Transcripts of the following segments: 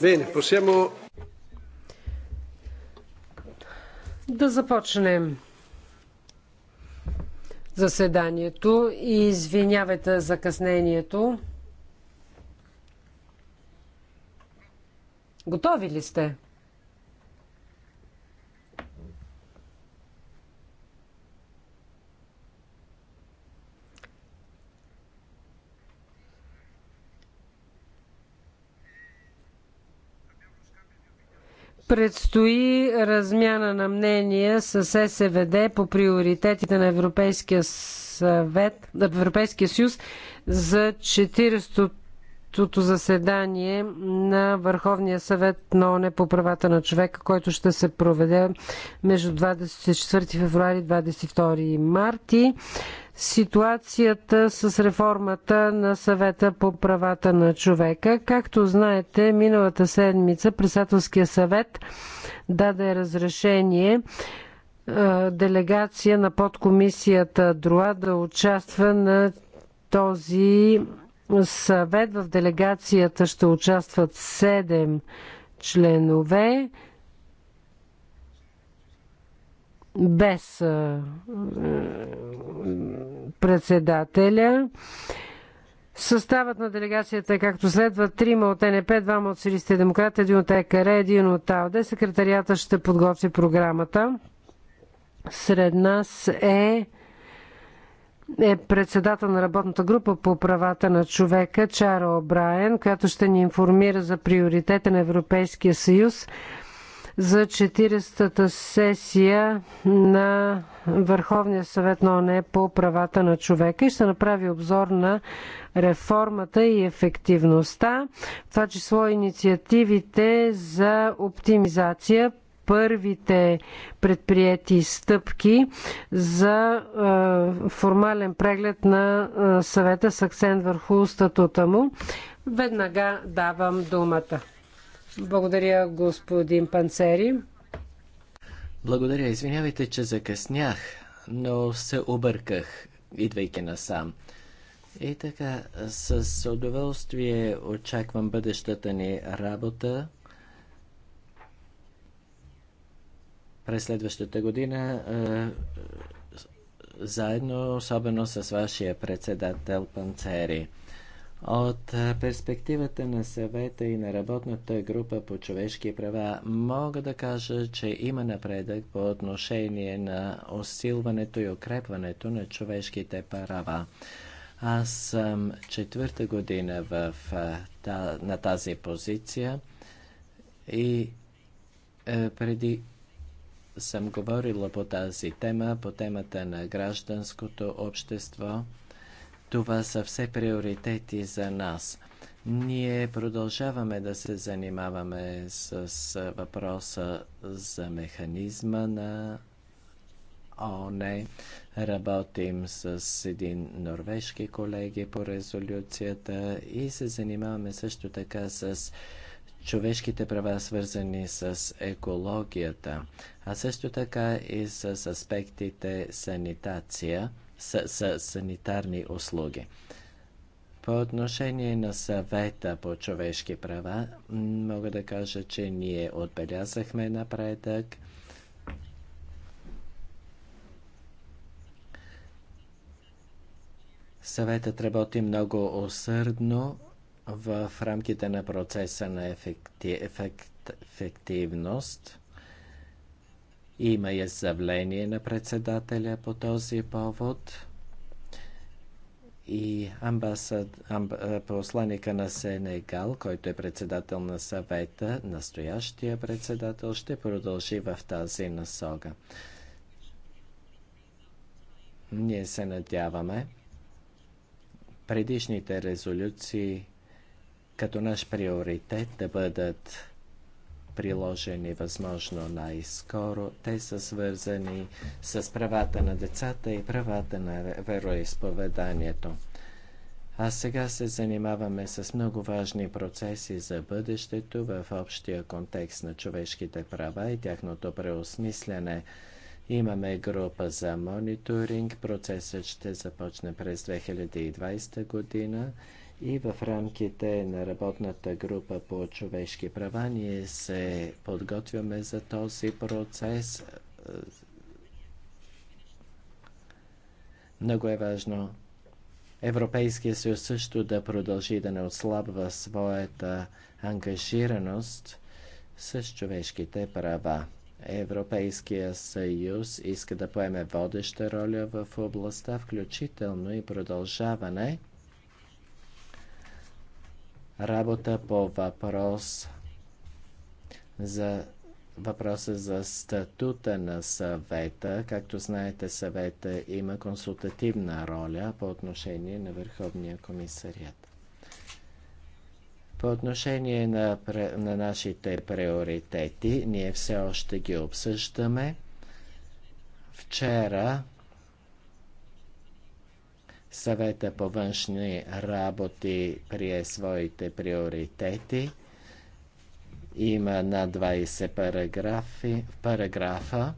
Bene, possiamo... Да започнем заседанието и извинявайте за къснението. Готови ли сте? Предстои размяна на мнения с СВД по приоритетите на Европейския съвет, Европейския съюз за 40-то следващото заседание на Върховния съвет на ОНЕ по правата на човека, който ще се проведе между 24 февруари и 22 марти. Ситуацията с реформата на съвета по правата на човека. Както знаете, миналата седмица председателския съвет даде разрешение е, делегация на подкомисията ДРОА да участва на този съвет в делегацията ще участват 7 членове без е, председателя. Съставът на делегацията е както следва. Трима от НП, двама от Сирийските демократи, един от ЕКР, един от АОД. Секретарията ще подготви програмата. Сред нас е е председател на работната група по правата на човека Чара Обраен, която ще ни информира за приоритета на Европейския съюз за 40-та сесия на Върховния съвет на ОНЕ по правата на човека и ще направи обзор на реформата и ефективността, в това число инициативите за оптимизация първите предприяти стъпки за формален преглед на съвета с акцент върху статута му. Веднага давам думата. Благодаря, господин Панцери. Благодаря. Извинявайте, че закъснях, но се обърках, идвайки насам. И така, с удоволствие очаквам бъдещата ни работа през следващата година е, заедно, особено с вашия председател Панцери. От е, перспективата на съвета и на работната група по човешки права мога да кажа, че има напредък по отношение на усилването и укрепването на човешките права. Аз съм четвърта година в, е, на тази позиция и преди съм говорила по тази тема, по темата на гражданското общество. Това са все приоритети за нас. Ние продължаваме да се занимаваме с въпроса за механизма на ООН. Работим с един норвежки колеги по резолюцията и се занимаваме също така с човешките права, свързани с екологията, а също така и с аспектите санитация, с, с санитарни услуги. По отношение на съвета по човешки права, мога да кажа, че ние отбелязахме напредък. Съветът работи много усърдно в рамките на процеса на ефекти, ефект, ефективност. Има изявление на председателя по този повод и амбасад, амб, посланика на Сенегал, който е председател на съвета, настоящия председател, ще продължи в тази насога. Ние се надяваме предишните резолюции като наш приоритет да бъдат приложени възможно най-скоро. Те са свързани с правата на децата и правата на вероисповеданието. А сега се занимаваме с много важни процеси за бъдещето в общия контекст на човешките права и тяхното преосмислене. Имаме група за мониторинг. Процесът ще започне през 2020 година и в рамките на работната група по човешки права ние се подготвяме за този процес. Много е важно Европейския съюз също да продължи да не отслабва своята ангажираност с човешките права. Европейския съюз иска да поеме водеща роля в областта, включително и продължаване работа по въпрос за въпроса за статута на съвета. Както знаете, съвета има консултативна роля по отношение на Върховния комисарият. По отношение на, на нашите приоритети, ние все още ги обсъждаме. Вчера Съвета по външни работи прие своите приоритети. Има на 20 параграфи, параграфа.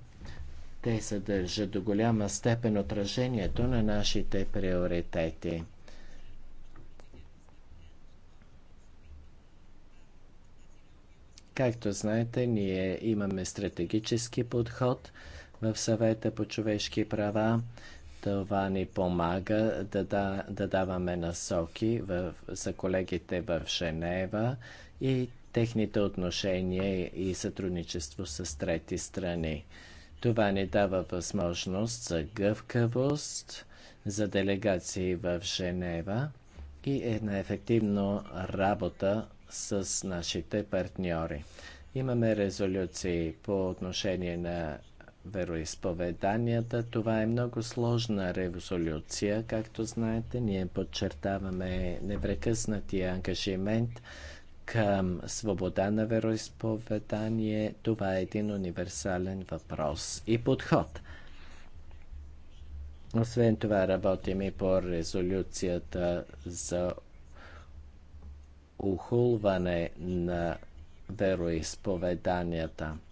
Те съдържат до голяма степен отражението на нашите приоритети. Както знаете, ние имаме стратегически подход в съвета по човешки права. Това ни помага да, да, да даваме насоки в, за колегите в Женева и техните отношения и сътрудничество с трети страни. Това ни дава възможност за гъвкавост, за делегации в Женева и една ефективна работа с нашите партньори. Имаме резолюции по отношение на вероисповеданията. Това е много сложна революция, както знаете. Ние подчертаваме непрекъснатия ангажимент към свобода на вероисповедание. Това е един универсален въпрос и подход. Освен това работим и по резолюцията за ухулване на вероисповеданията –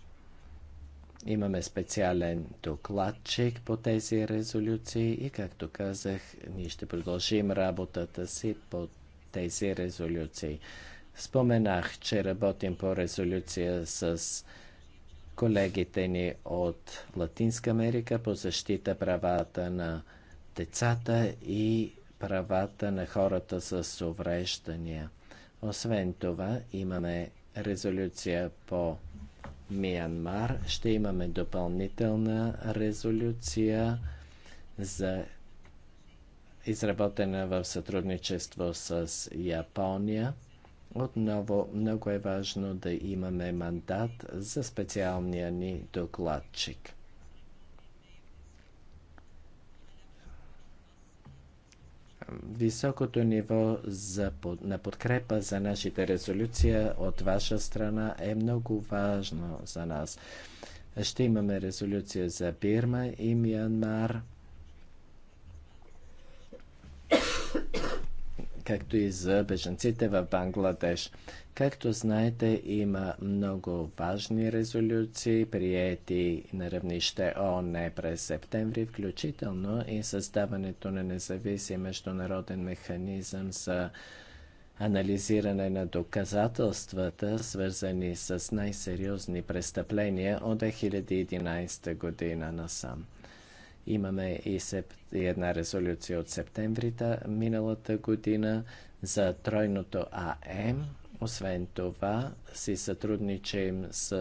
Имаме специален докладчик по тези резолюции и, както казах, ние ще продължим работата си по тези резолюции. Споменах, че работим по резолюция с колегите ни от Латинска Америка по защита правата на децата и правата на хората с увреждания. Освен това, имаме резолюция по Миянмар. Ще имаме допълнителна резолюция за изработена в сътрудничество с Япония. Отново много е важно да имаме мандат за специалния ни докладчик. Високото ниво за, на подкрепа за нашите резолюция от ваша страна е много важно за нас. Ще имаме резолюция за Бирма и Мянмар, както и за беженците в Бангладеш. Както знаете, има много важни резолюции, приети на равнище ООН през септември, включително и създаването на независим международен механизъм за анализиране на доказателствата, свързани с най-сериозни престъпления от 2011 година насам. Имаме и, една резолюция от септември миналата година за тройното АМ – освен това, си сътрудничим с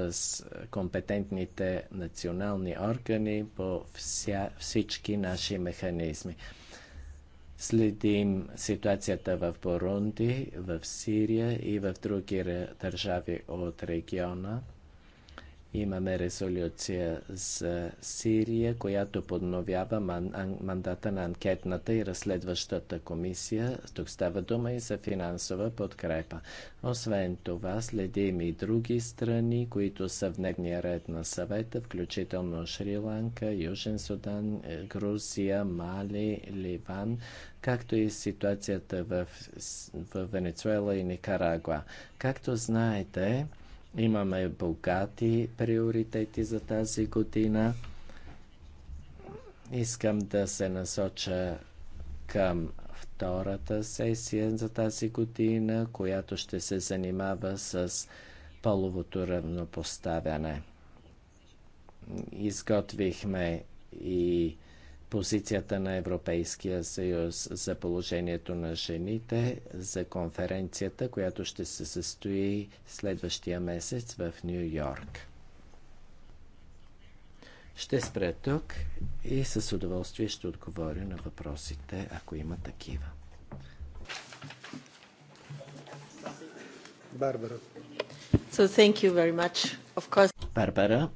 е, компетентните национални органи по вся, всички наши механизми. Следим ситуацията в Бурунди, в Сирия и в други държави от региона. Имаме резолюция за Сирия, която подновява мандата на анкетната и разследващата комисия. Тук става дума и за финансова подкрепа. Освен това, следим и други страни, които са в дневния ред на съвета, включително Шри-Ланка, Южен Судан, е, Грузия, Мали, Ливан, както и ситуацията в, в Венецуела и Никарагуа. Както знаете, Имаме богати приоритети за тази година. Искам да се насоча към втората сесия за тази година, която ще се занимава с половото равнопоставяне. Изготвихме и позицията на Европейския съюз за положението на жените за конференцията, която ще се състои следващия месец в Нью Йорк. Ще спре тук и с удоволствие ще отговоря на въпросите, ако има такива. Барбара. So thank you very much. Of course. Барбара,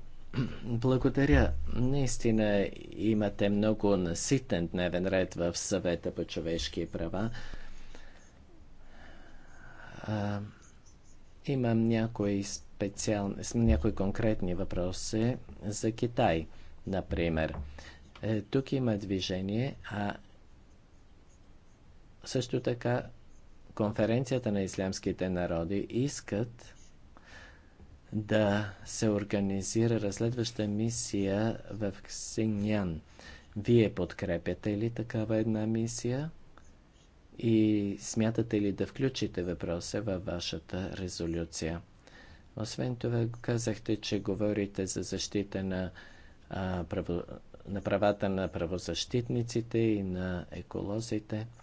благодаря. Наистина имате много наситен дневен ред в съвета по човешки права. А, имам някои, специални, някои конкретни въпроси за Китай, например. Е, тук има движение, а също така конференцията на ислямските народи искат да се организира разследваща мисия в Ксиньян. Вие подкрепяте ли такава една мисия? И смятате ли да включите въпроса във вашата резолюция? Освен това, казахте, че говорите за защита на, а, право, на правата на правозащитниците и на еколозите –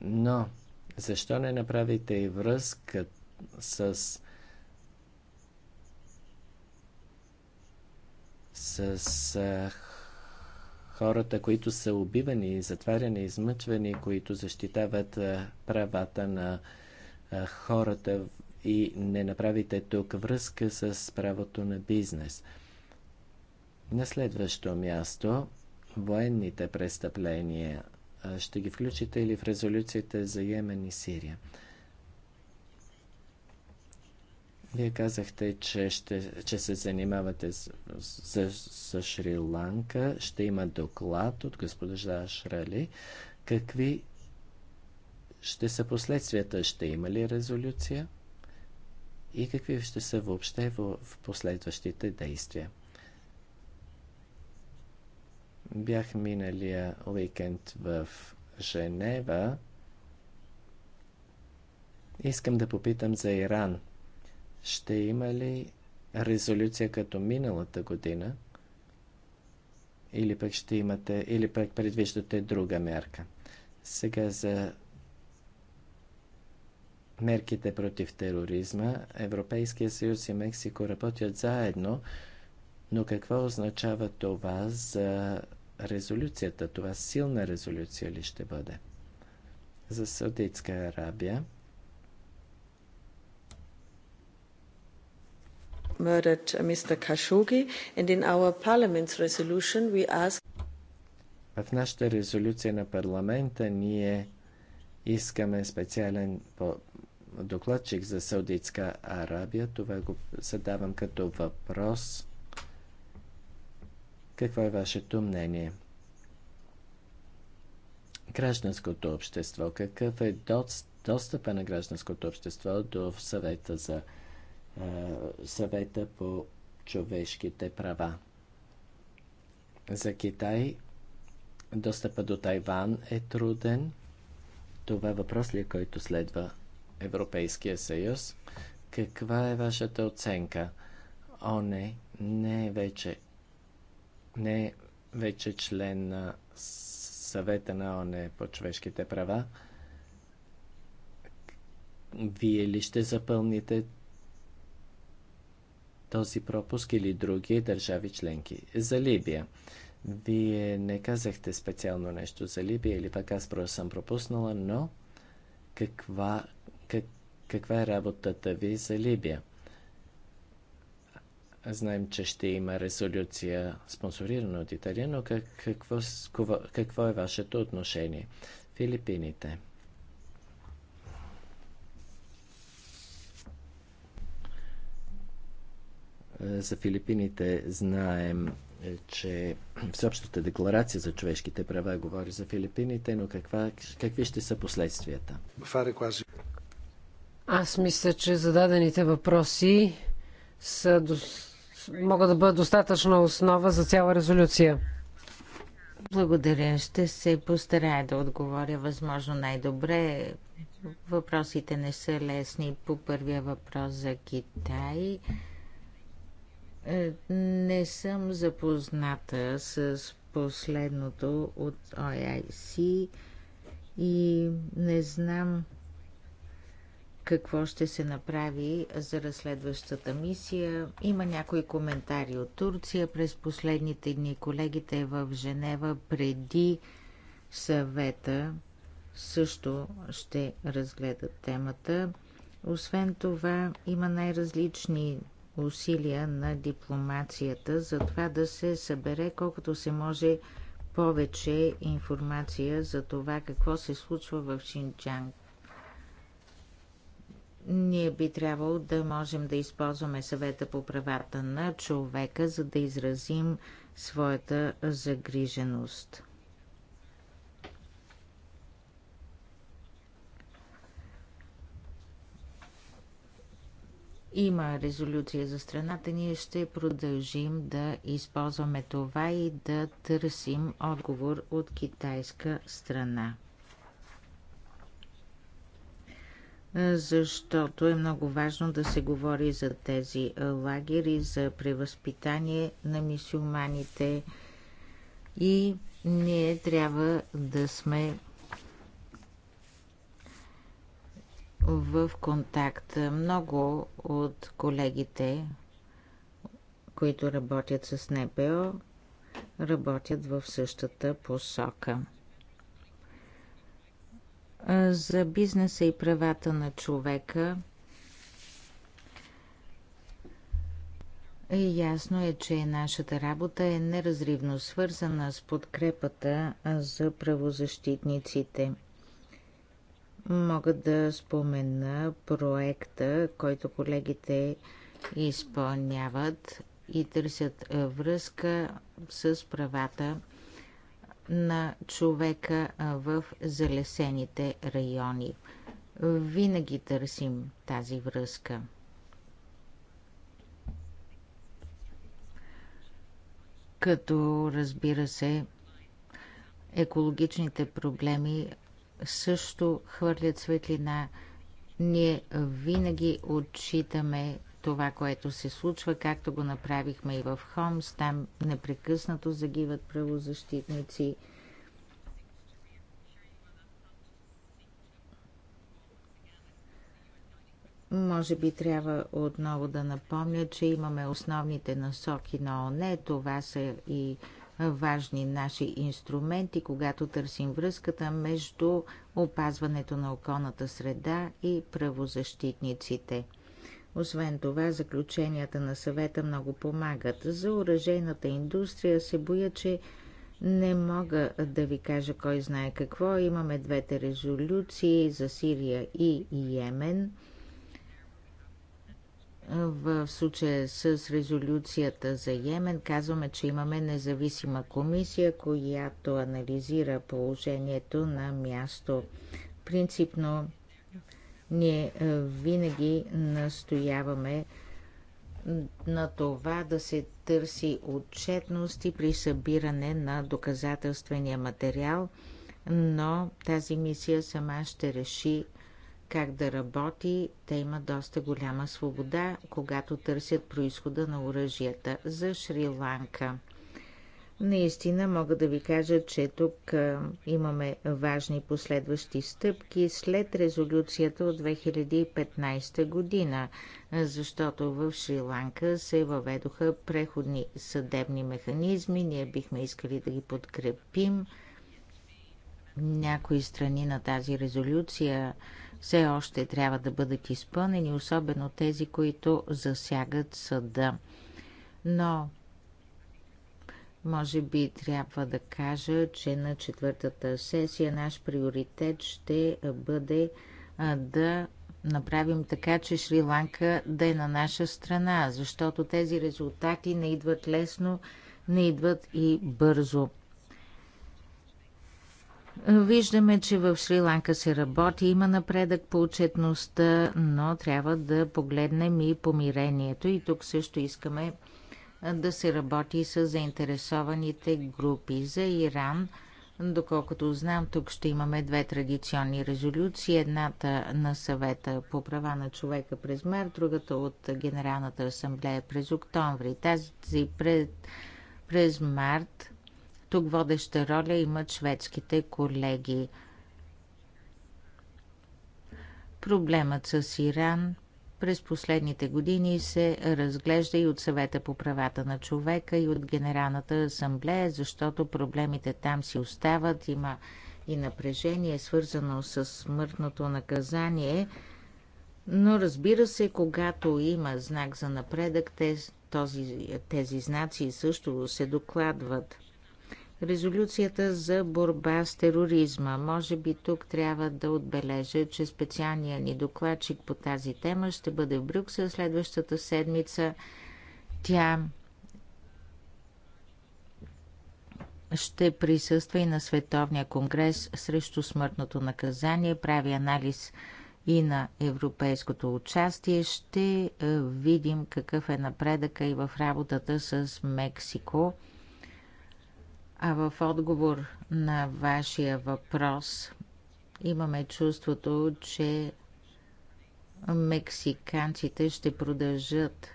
Но защо не направите и връзка с с а, хората, които са убивани, затваряни, измъчвани, които защитават а, правата на а, хората и не направите тук връзка с правото на бизнес. На следващо място, военните престъпления – ще ги включите ли в резолюцията за Йемен и Сирия? Вие казахте, че, ще, че се занимавате с, с, с Шри-Ланка. Ще има доклад от госпожа Шрали. Какви ще са последствията? Ще има ли резолюция? И какви ще са въобще в, в последващите действия? Бях миналия уикенд в Женева. Искам да попитам за Иран. Ще има ли резолюция като миналата година? Или пък ще имате, или пък предвиждате друга мерка. Сега за мерките против тероризма. Европейския съюз и Мексико работят заедно, но какво означава това за резолюцията, това силна резолюция ли ще бъде? За Саудитска Арабия. murdered Mr. Khashoggi, and in our parliament's resolution we ask. В нашата резолюция на парламента ние искаме специален докладчик за Саудитска Арабия. Това го задавам като въпрос какво е вашето мнение? Гражданското общество. Какъв е достъпа на гражданското общество до съвета, за, съвета по човешките права? За Китай достъпа до Тайван е труден. Това е въпрос ли който следва Европейския съюз? Каква е вашата оценка? О, не, не е вече не е вече член на съвета на ОНЕ по човешките права, вие ли ще запълните този пропуск или други държави членки? За Либия. Вие не казахте специално нещо за Либия или пък аз просто съм пропуснала, но каква, как, каква е работата ви за Либия? Знаем, че ще има резолюция, спонсорирана от Италия, но как, какво, какво е вашето отношение? Филипините. Е, за Филипините знаем, е, че Всеобщата декларация за човешките права говори за Филипините, но каква, какви ще са последствията? Аз мисля, че зададените въпроси са достатъчно могат да бъдат достатъчна основа за цяла резолюция. Благодаря. Ще се постарая да отговоря възможно най-добре. Въпросите не са лесни. По първия въпрос за Китай. Е, не съм запозната с последното от OIC и не знам какво ще се направи за разследващата мисия. Има някои коментари от Турция през последните дни. Колегите в Женева преди съвета също ще разгледат темата. Освен това, има най-различни усилия на дипломацията за това да се събере колкото се може повече информация за това какво се случва в Шинчанг ние би трябвало да можем да използваме съвета по правата на човека, за да изразим своята загриженост. Има резолюция за страната. Ние ще продължим да използваме това и да търсим отговор от китайска страна. защото е много важно да се говори за тези лагери, за превъзпитание на мисюлманите и ние трябва да сме в контакт. Много от колегите, които работят с НПО, работят в същата посока за бизнеса и правата на човека. Ясно е, че нашата работа е неразривно свързана с подкрепата за правозащитниците. Мога да спомена проекта, който колегите изпълняват и търсят връзка с правата на човека в залесените райони. Винаги търсим тази връзка. Като разбира се, екологичните проблеми също хвърлят светлина. Ние винаги отчитаме това, което се случва, както го направихме и в Холмс. Там непрекъснато загиват правозащитници. Може би трябва отново да напомня, че имаме основните насоки на ОНЕ. Това са и важни наши инструменти, когато търсим връзката между опазването на околната среда и правозащитниците. Освен това, заключенията на съвета много помагат. За оръжейната индустрия се боя, че не мога да ви кажа кой знае какво. Имаме двете резолюции за Сирия и Йемен. В случая с резолюцията за Йемен казваме, че имаме независима комисия, която анализира положението на място. Принципно ние е, винаги настояваме на това да се търси отчетност и при събиране на доказателствения материал, но тази мисия сама ще реши как да работи. Те имат доста голяма свобода, когато търсят происхода на оръжията за Шри-Ланка. Наистина мога да ви кажа, че тук имаме важни последващи стъпки след резолюцията от 2015 година, защото в Шри-Ланка се въведоха преходни съдебни механизми. Ние бихме искали да ги подкрепим. Някои страни на тази резолюция все още трябва да бъдат изпълнени, особено тези, които засягат съда. Но може би трябва да кажа, че на четвъртата сесия наш приоритет ще бъде да направим така, че Шри-Ланка да е на наша страна, защото тези резултати не идват лесно, не идват и бързо. Виждаме, че в Шри-Ланка се работи, има напредък по отчетността, но трябва да погледнем и помирението. И тук също искаме да се работи с заинтересованите групи. За Иран, доколкото знам, тук ще имаме две традиционни резолюции. Едната на съвета по права на човека през мер, другата от Генералната асамблея през октомври. Тази пред, през март тук водеща роля имат шведските колеги. Проблемът с Иран през последните години се разглежда и от съвета по правата на човека и от Генералната асамблея, защото проблемите там си остават. Има и напрежение, свързано с смъртното наказание. Но разбира се, когато има знак за напредък, тези, тези знаци също се докладват. Резолюцията за борба с тероризма. Може би тук трябва да отбележа, че специалният ни докладчик по тази тема ще бъде в Брюксел следващата седмица. Тя ще присъства и на Световния конгрес срещу смъртното наказание, прави анализ и на европейското участие. Ще видим какъв е напредъка и в работата с Мексико – а в отговор на вашия въпрос имаме чувството, че мексиканците ще продължат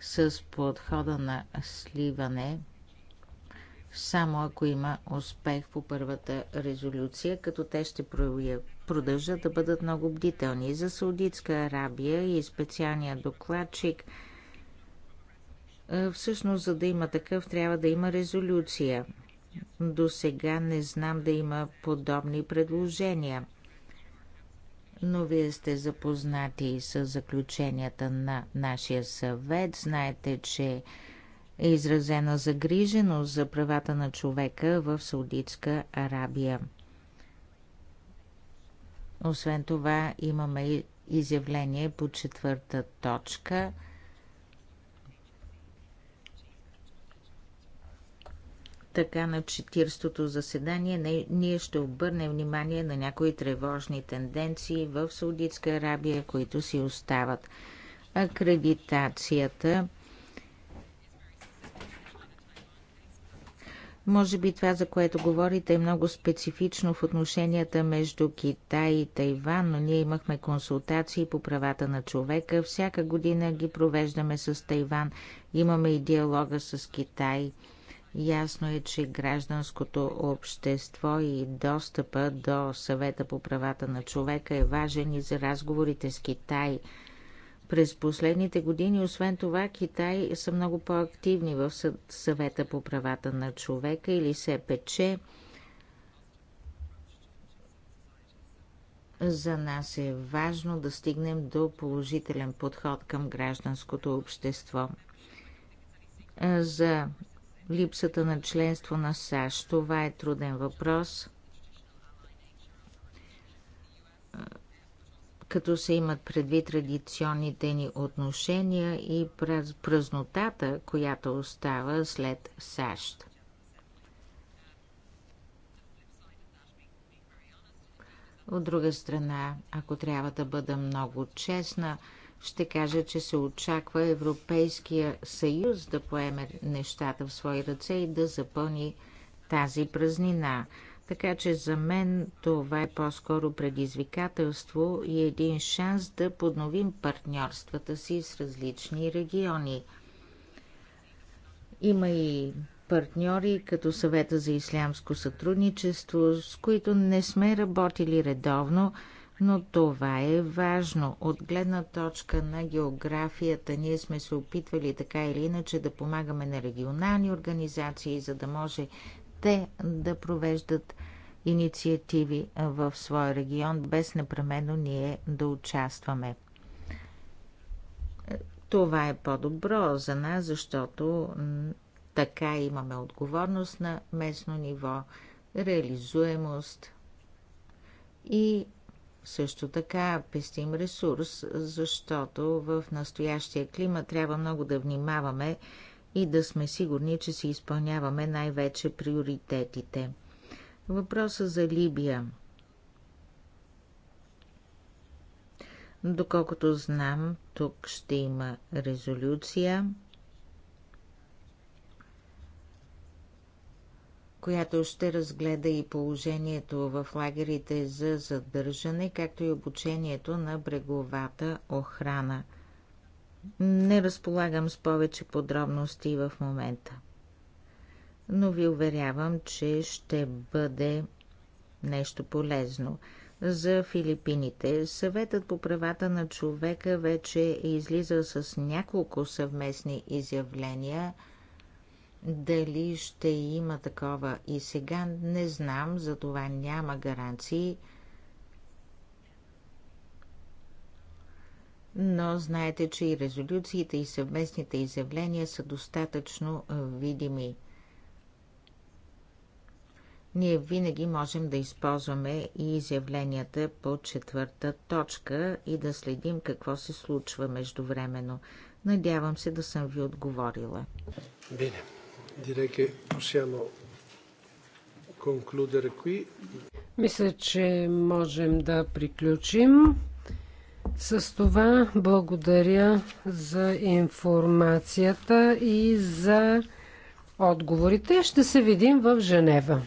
с подхода на сливане, само ако има успех по първата резолюция, като те ще продължат да бъдат много бдителни. За Саудитска Арабия и специалния докладчик, всъщност за да има такъв, трябва да има резолюция – до сега не знам да има подобни предложения. Но вие сте запознати с заключенията на нашия съвет. Знаете, че е изразена загриженост за правата на човека в Саудитска Арабия. Освен това имаме изявление по четвърта точка – Така на 40-то заседание ние ще обърнем внимание на някои тревожни тенденции в Саудитска Арабия, които си остават. Акредитацията Може би това, за което говорите, е много специфично в отношенията между Китай и Тайван, но ние имахме консултации по правата на човека. Всяка година ги провеждаме с Тайван. Имаме и диалога с Китай – Ясно е, че гражданското общество и достъпа до съвета по правата на човека е важен и за разговорите с Китай. През последните години, освен това, Китай са много по-активни в съвета по правата на човека или се пече За нас е важно да стигнем до положителен подход към гражданското общество. За липсата на членство на САЩ. Това е труден въпрос. Като се имат предвид традиционните ни отношения и празнотата, която остава след САЩ. От друга страна, ако трябва да бъда много честна, ще кажа, че се очаква Европейския съюз да поеме нещата в свои ръце и да запълни тази празнина. Така че за мен това е по-скоро предизвикателство и един шанс да подновим партньорствата си с различни региони. Има и партньори като съвета за ислямско сътрудничество, с които не сме работили редовно – но това е важно. От гледна точка на географията ние сме се опитвали така или иначе да помагаме на регионални организации, за да може те да провеждат инициативи в своя регион, без непременно ние да участваме. Това е по-добро за нас, защото така имаме отговорност на местно ниво, реализуемост и също така пестим ресурс, защото в настоящия климат трябва много да внимаваме и да сме сигурни, че си изпълняваме най-вече приоритетите. Въпроса за Либия. Доколкото знам, тук ще има резолюция. която ще разгледа и положението в лагерите за задържане, както и обучението на бреговата охрана. Не разполагам с повече подробности в момента, но ви уверявам, че ще бъде нещо полезно. За Филипините съветът по правата на човека вече е излиза с няколко съвместни изявления – дали ще има такова и сега, не знам, за това няма гаранции. Но знаете, че и резолюциите и съвместните изявления са достатъчно видими. Ние винаги можем да използваме и изявленията по четвърта точка и да следим какво се случва междувременно. Надявам се да съм ви отговорила. Видим. Direi che possiamo concludere qui. Мисля, че можем да приключим. С това благодаря за информацията и за отговорите. Ще се видим в Женева.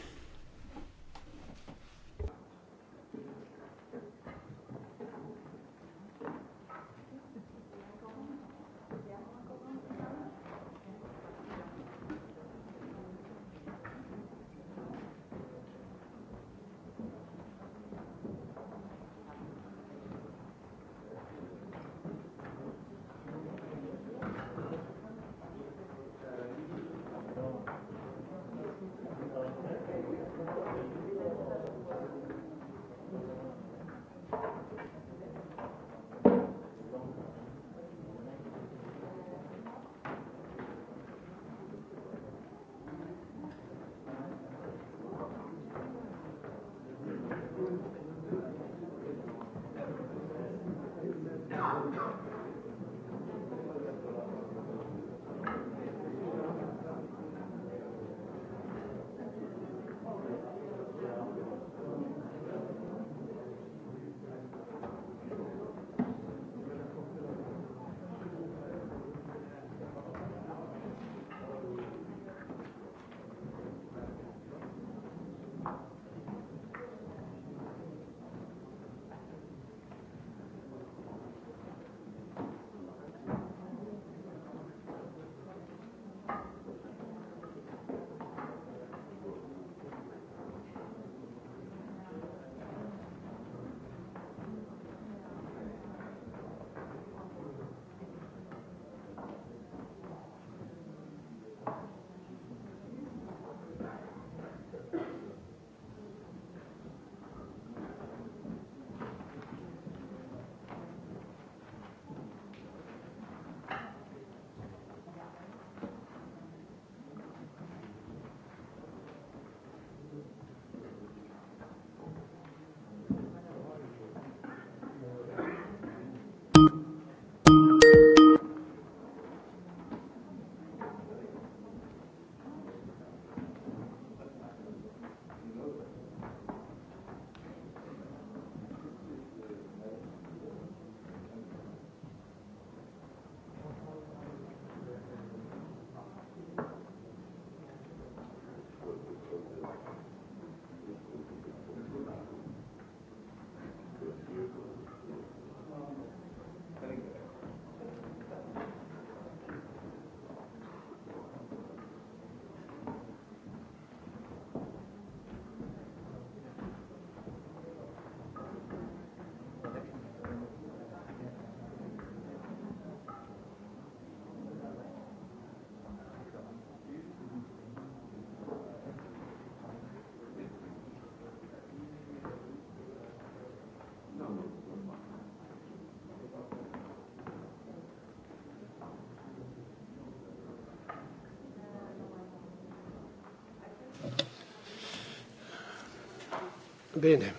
Bene.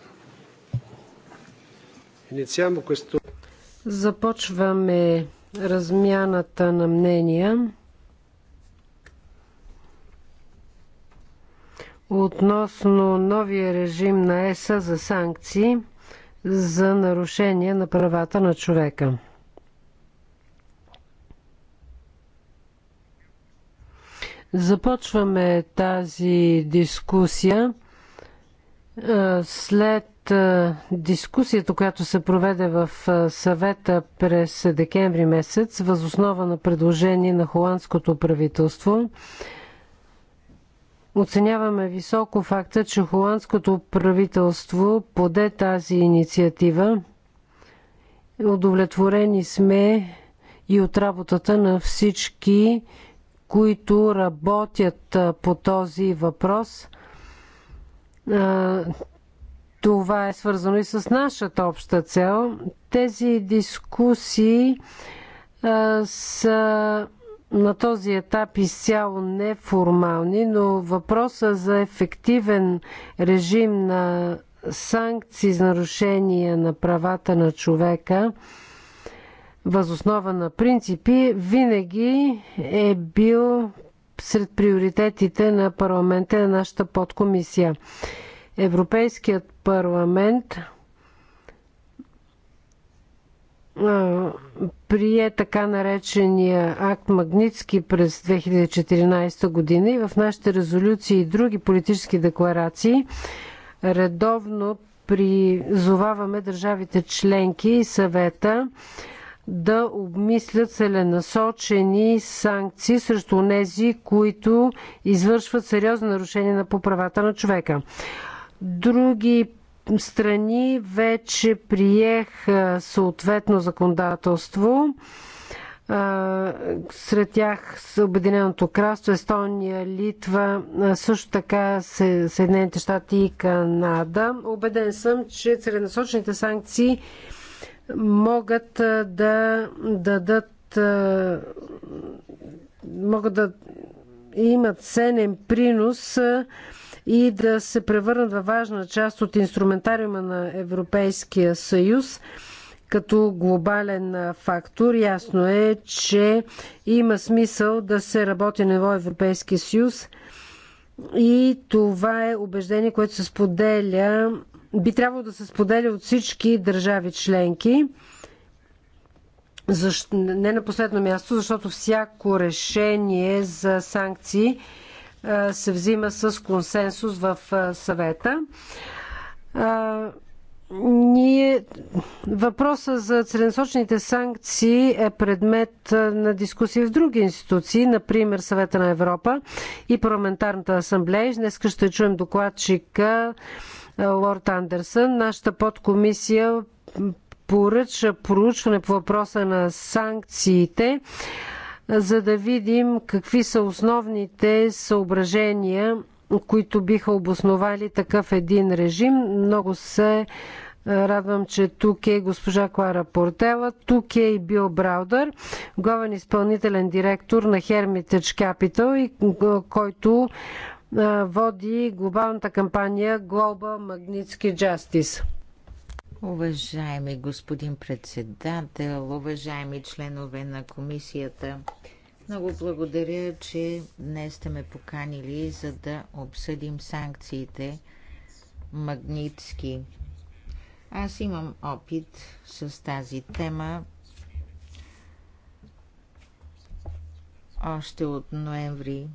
Iniziamo questo... Започваме размяната на мнения относно новия режим на ЕСА за санкции за нарушение на правата на човека. Започваме тази дискусия. Е, след е, дискусията, която се проведе в е, съвета през декември месец, възоснова на предложение на холандското правителство, Оценяваме високо факта, че холандското правителство поде тази инициатива. Удовлетворени сме и от работата на всички, които работят по този въпрос. Това е свързано и с нашата обща цел. Тези дискусии са на този етап изцяло неформални, но въпроса за ефективен режим на санкции за нарушения на правата на човека възоснова на принципи винаги е бил сред приоритетите на парламента на е нашата подкомисия. Европейският парламент прие така наречения акт Магницки през 2014 година и в нашите резолюции и други политически декларации редовно призоваваме държавите членки и съвета да обмислят целенасочени санкции срещу тези, които извършват сериозни нарушения на поправата на човека. Други страни вече приех съответно законодателство. Сред тях с Обединеното кралство, Естония, Литва, също така Съединените щати и Канада. Обеден съм, че целенасочените санкции могат да дадат могат да имат ценен принос и да се превърнат във важна част от инструментариума на Европейския съюз като глобален фактор. Ясно е, че има смисъл да се работи на ниво Европейски съюз и това е убеждение, което се споделя би трябвало да се споделя от всички държави членки. Защо, не на последно място, защото всяко решение за санкции се взима с консенсус в съвета. Ние... Въпроса за целенсочните санкции е предмет на дискусии в други институции, например Съвета на Европа и Парламентарната асамблея. Днес ще чуем докладчика лорд Андерсън. Нашата подкомисия поръча проучване по въпроса на санкциите, за да видим какви са основните съображения, които биха обосновали такъв един режим. Много се е, Радвам, че тук е госпожа Клара Портела, тук е и Бил Браудър, главен изпълнителен директор на Hermitage Capital, е, който води глобалната кампания Global Magnitsky Justice. Уважаеми господин председател, уважаеми членове на комисията, много благодаря, че днес сте ме поканили, за да обсъдим санкциите Магнитски. Аз имам опит с тази тема още от ноември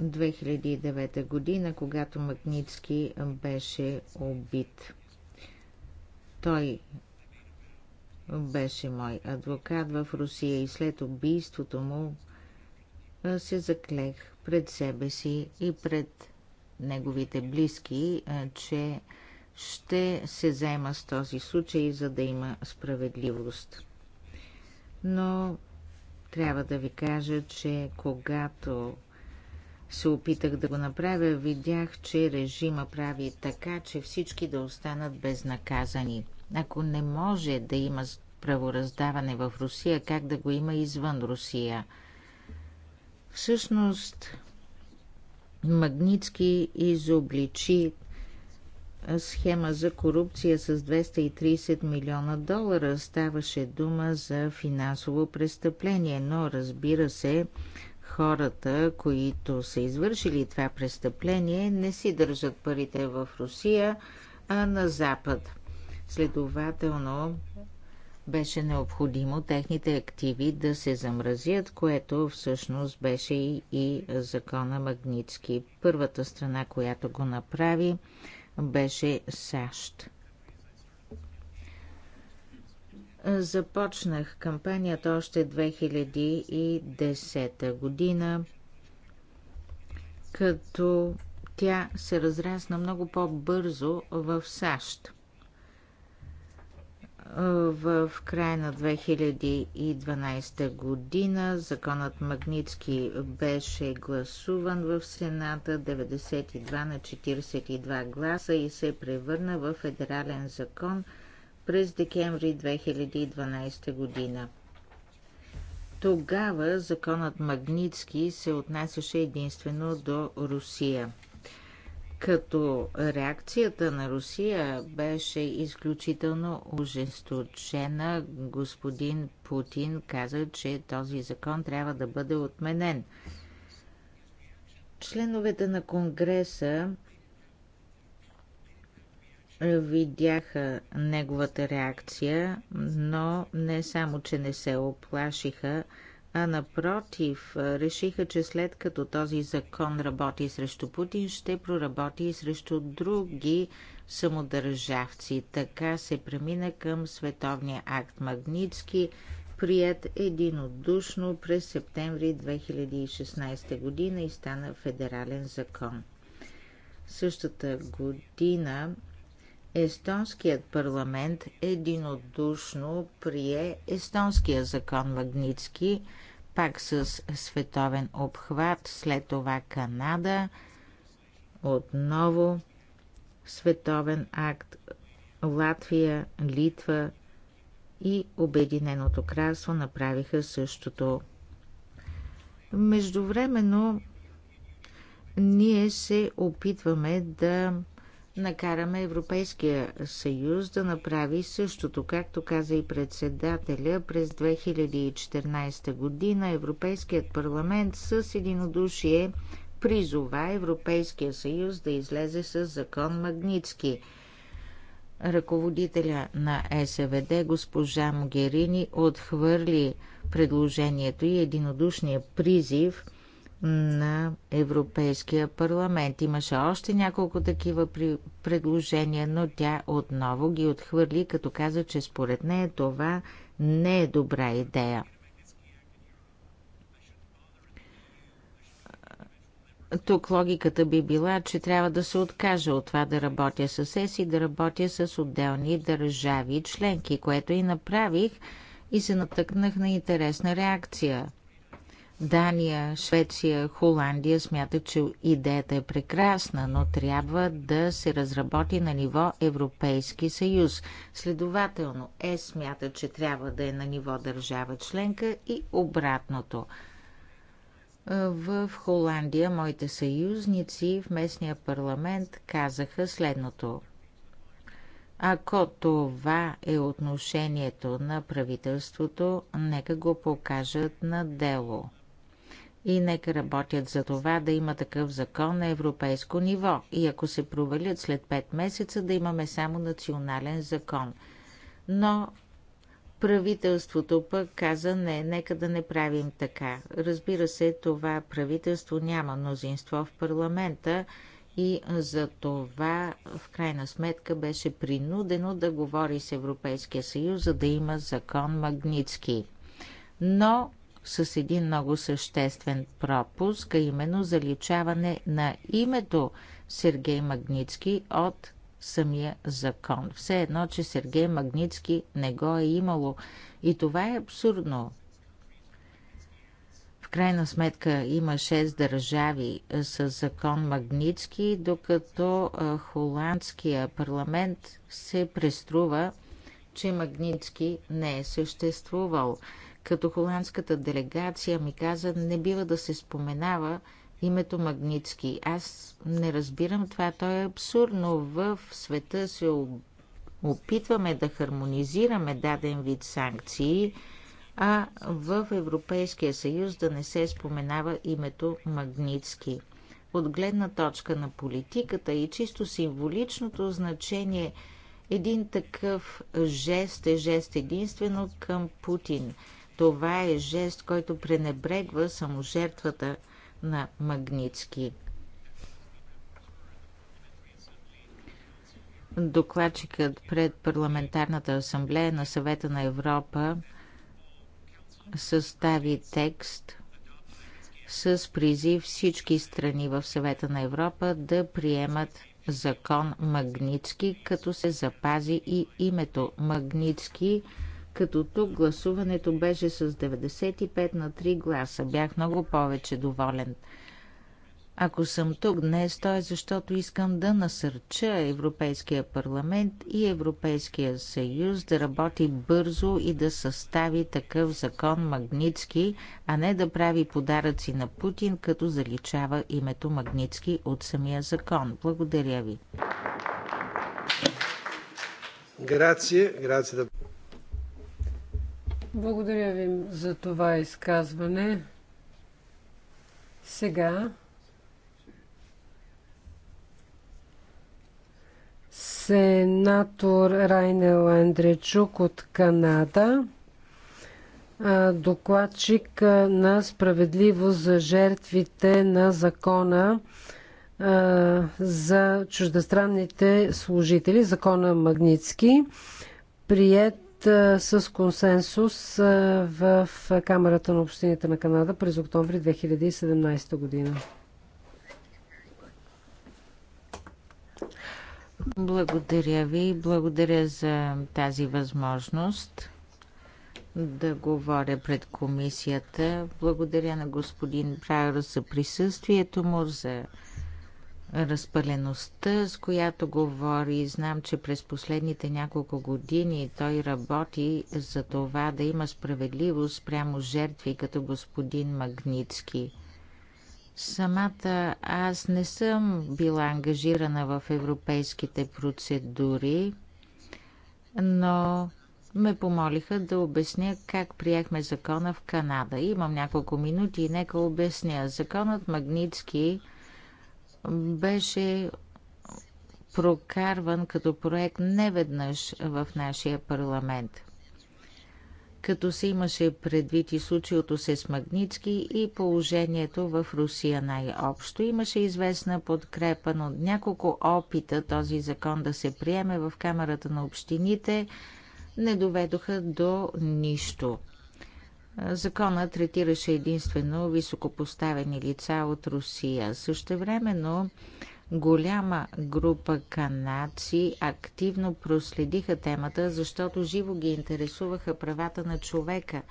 2009 година, когато Магницки беше убит. Той беше мой адвокат в Русия и след убийството му се заклех пред себе си и пред неговите близки, че ще се заема с този случай, за да има справедливост. Но трябва да ви кажа, че когато се опитах да го направя, видях, че режима прави така, че всички да останат безнаказани. Ако не може да има правораздаване в Русия, как да го има извън Русия? Всъщност, Магницки изобличи схема за корупция с 230 милиона долара. Ставаше дума за финансово престъпление, но разбира се, хората, които са извършили това престъпление, не си държат парите в Русия, а на Запад. Следователно, беше необходимо техните активи да се замразят, което всъщност беше и закона Магницки. Първата страна, която го направи, беше САЩ. Започнах кампанията още 2010 година, като тя се разрасна много по-бързо в САЩ. В края на 2012 година законът Магницки беше гласуван в Сената 92 на 42 гласа и се превърна в федерален закон – през декември 2012 година. Тогава законът Магнитски се отнасяше единствено до Русия. Като реакцията на Русия беше изключително ужесточена, господин Путин каза, че този закон трябва да бъде отменен. Членовете на Конгреса видяха неговата реакция, но не само, че не се оплашиха, а напротив, решиха, че след като този закон работи срещу Путин, ще проработи и срещу други самодържавци. Така се премина към световния акт Магницки, прият единодушно през септември 2016 година и стана федерален закон. Същата година Естонският парламент единодушно прие естонския закон Магницки, пак с световен обхват, след това Канада, отново световен акт, Латвия, Литва и Обединеното кралство направиха същото. Междувременно ние се опитваме да накараме Европейския съюз да направи същото, както каза и председателя през 2014 година. Европейският парламент с единодушие призова Европейския съюз да излезе с закон Магницки. Ръководителя на СВД госпожа Могерини отхвърли предложението и единодушния призив – на Европейския парламент. Имаше още няколко такива предложения, но тя отново ги отхвърли, като каза, че според нея това не е добра идея. Тук логиката би била, че трябва да се откажа от това да работя с ЕС и да работя с отделни държави и членки, което и направих и се натъкнах на интересна реакция – Дания, Швеция, Холандия смятат, че идеята е прекрасна, но трябва да се разработи на ниво Европейски съюз. Следователно, Е смята, че трябва да е на ниво държава членка и обратното. В Холандия моите съюзници в местния парламент казаха следното. Ако това е отношението на правителството, нека го покажат на дело и нека работят за това да има такъв закон на европейско ниво и ако се провалят след 5 месеца да имаме само национален закон. Но правителството пък каза не, нека да не правим така. Разбира се, това правителство няма мнозинство в парламента и за това в крайна сметка беше принудено да говори с Европейския съюз, за да има закон Магницки. Но с един много съществен пропуск, а именно заличаване на името Сергей Магницки от самия закон. Все едно, че Сергей Магницки не го е имало. И това е абсурдно. В крайна сметка има шест държави с закон Магницки, докато холандския парламент се преструва, че Магницки не е съществувал като холандската делегация ми каза, не бива да се споменава името Магницки. Аз не разбирам това. То е абсурдно. В света се опитваме да хармонизираме даден вид санкции, а в Европейския съюз да не се споменава името Магницки. От гледна точка на политиката и чисто символичното значение, един такъв жест е жест единствено към Путин – това е жест, който пренебрегва саможертвата на Магницки. Докладчикът пред Парламентарната асамблея на съвета на Европа състави текст с призив всички страни в съвета на Европа да приемат закон Магницки, като се запази и името Магницки – като тук гласуването беше с 95 на 3 гласа. Бях много повече доволен. Ако съм тук днес, то е защото искам да насърча Европейския парламент и Европейския съюз да работи бързо и да състави такъв закон Магницки, а не да прави подаръци на Путин, като заличава името Магницки от самия закон. Благодаря ви. Грация, грация да... Благодаря ви за това изказване. Сега сенатор Райнел Андречук от Канада, докладчик на справедливост за жертвите на закона за чуждестранните служители, закона Магницки, прият с консенсус в Камерата на общините на Канада през октомври 2017 година. Благодаря ви. Благодаря за тази възможност да говоря пред комисията. Благодаря на господин Брайер за присъствието му, за разпалеността, с която говори. Знам, че през последните няколко години той работи за това да има справедливост прямо жертви, като господин Магницки. Самата аз не съм била ангажирана в европейските процедури, но ме помолиха да обясня как приехме закона в Канада. Имам няколко минути и нека обясня. Законът Магницки беше прокарван като проект неведнъж в нашия парламент. Като се имаше предвид и случилото се с Магницки и положението в Русия най-общо, имаше известна подкрепа, но няколко опита този закон да се приеме в Камерата на общините не доведоха до нищо. Закона третираше единствено високопоставени лица от Русия. Също Същевременно голяма група канадци активно проследиха темата, защото живо ги интересуваха правата на човека.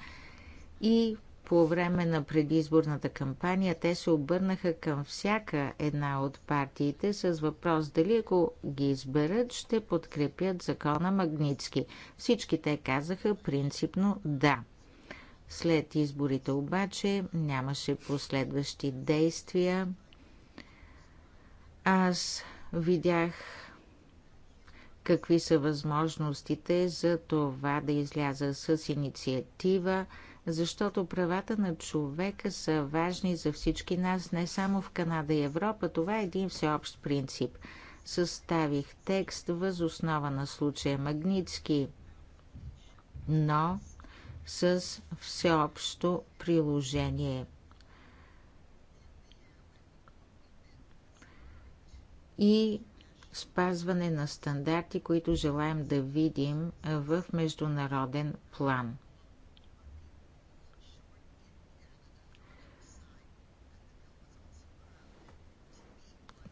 И по време на предизборната кампания те се обърнаха към всяка една от партиите с въпрос дали ако ги изберат ще подкрепят закона Магницки. Всички те казаха принципно да – след изборите обаче нямаше последващи действия. Аз видях какви са възможностите за това да изляза с инициатива, защото правата на човека са важни за всички нас, не само в Канада и Европа. Това е един всеобщ принцип. Съставих текст въз основа на случая Магницки, но с всеобщо приложение. И спазване на стандарти, които желаем да видим в международен план.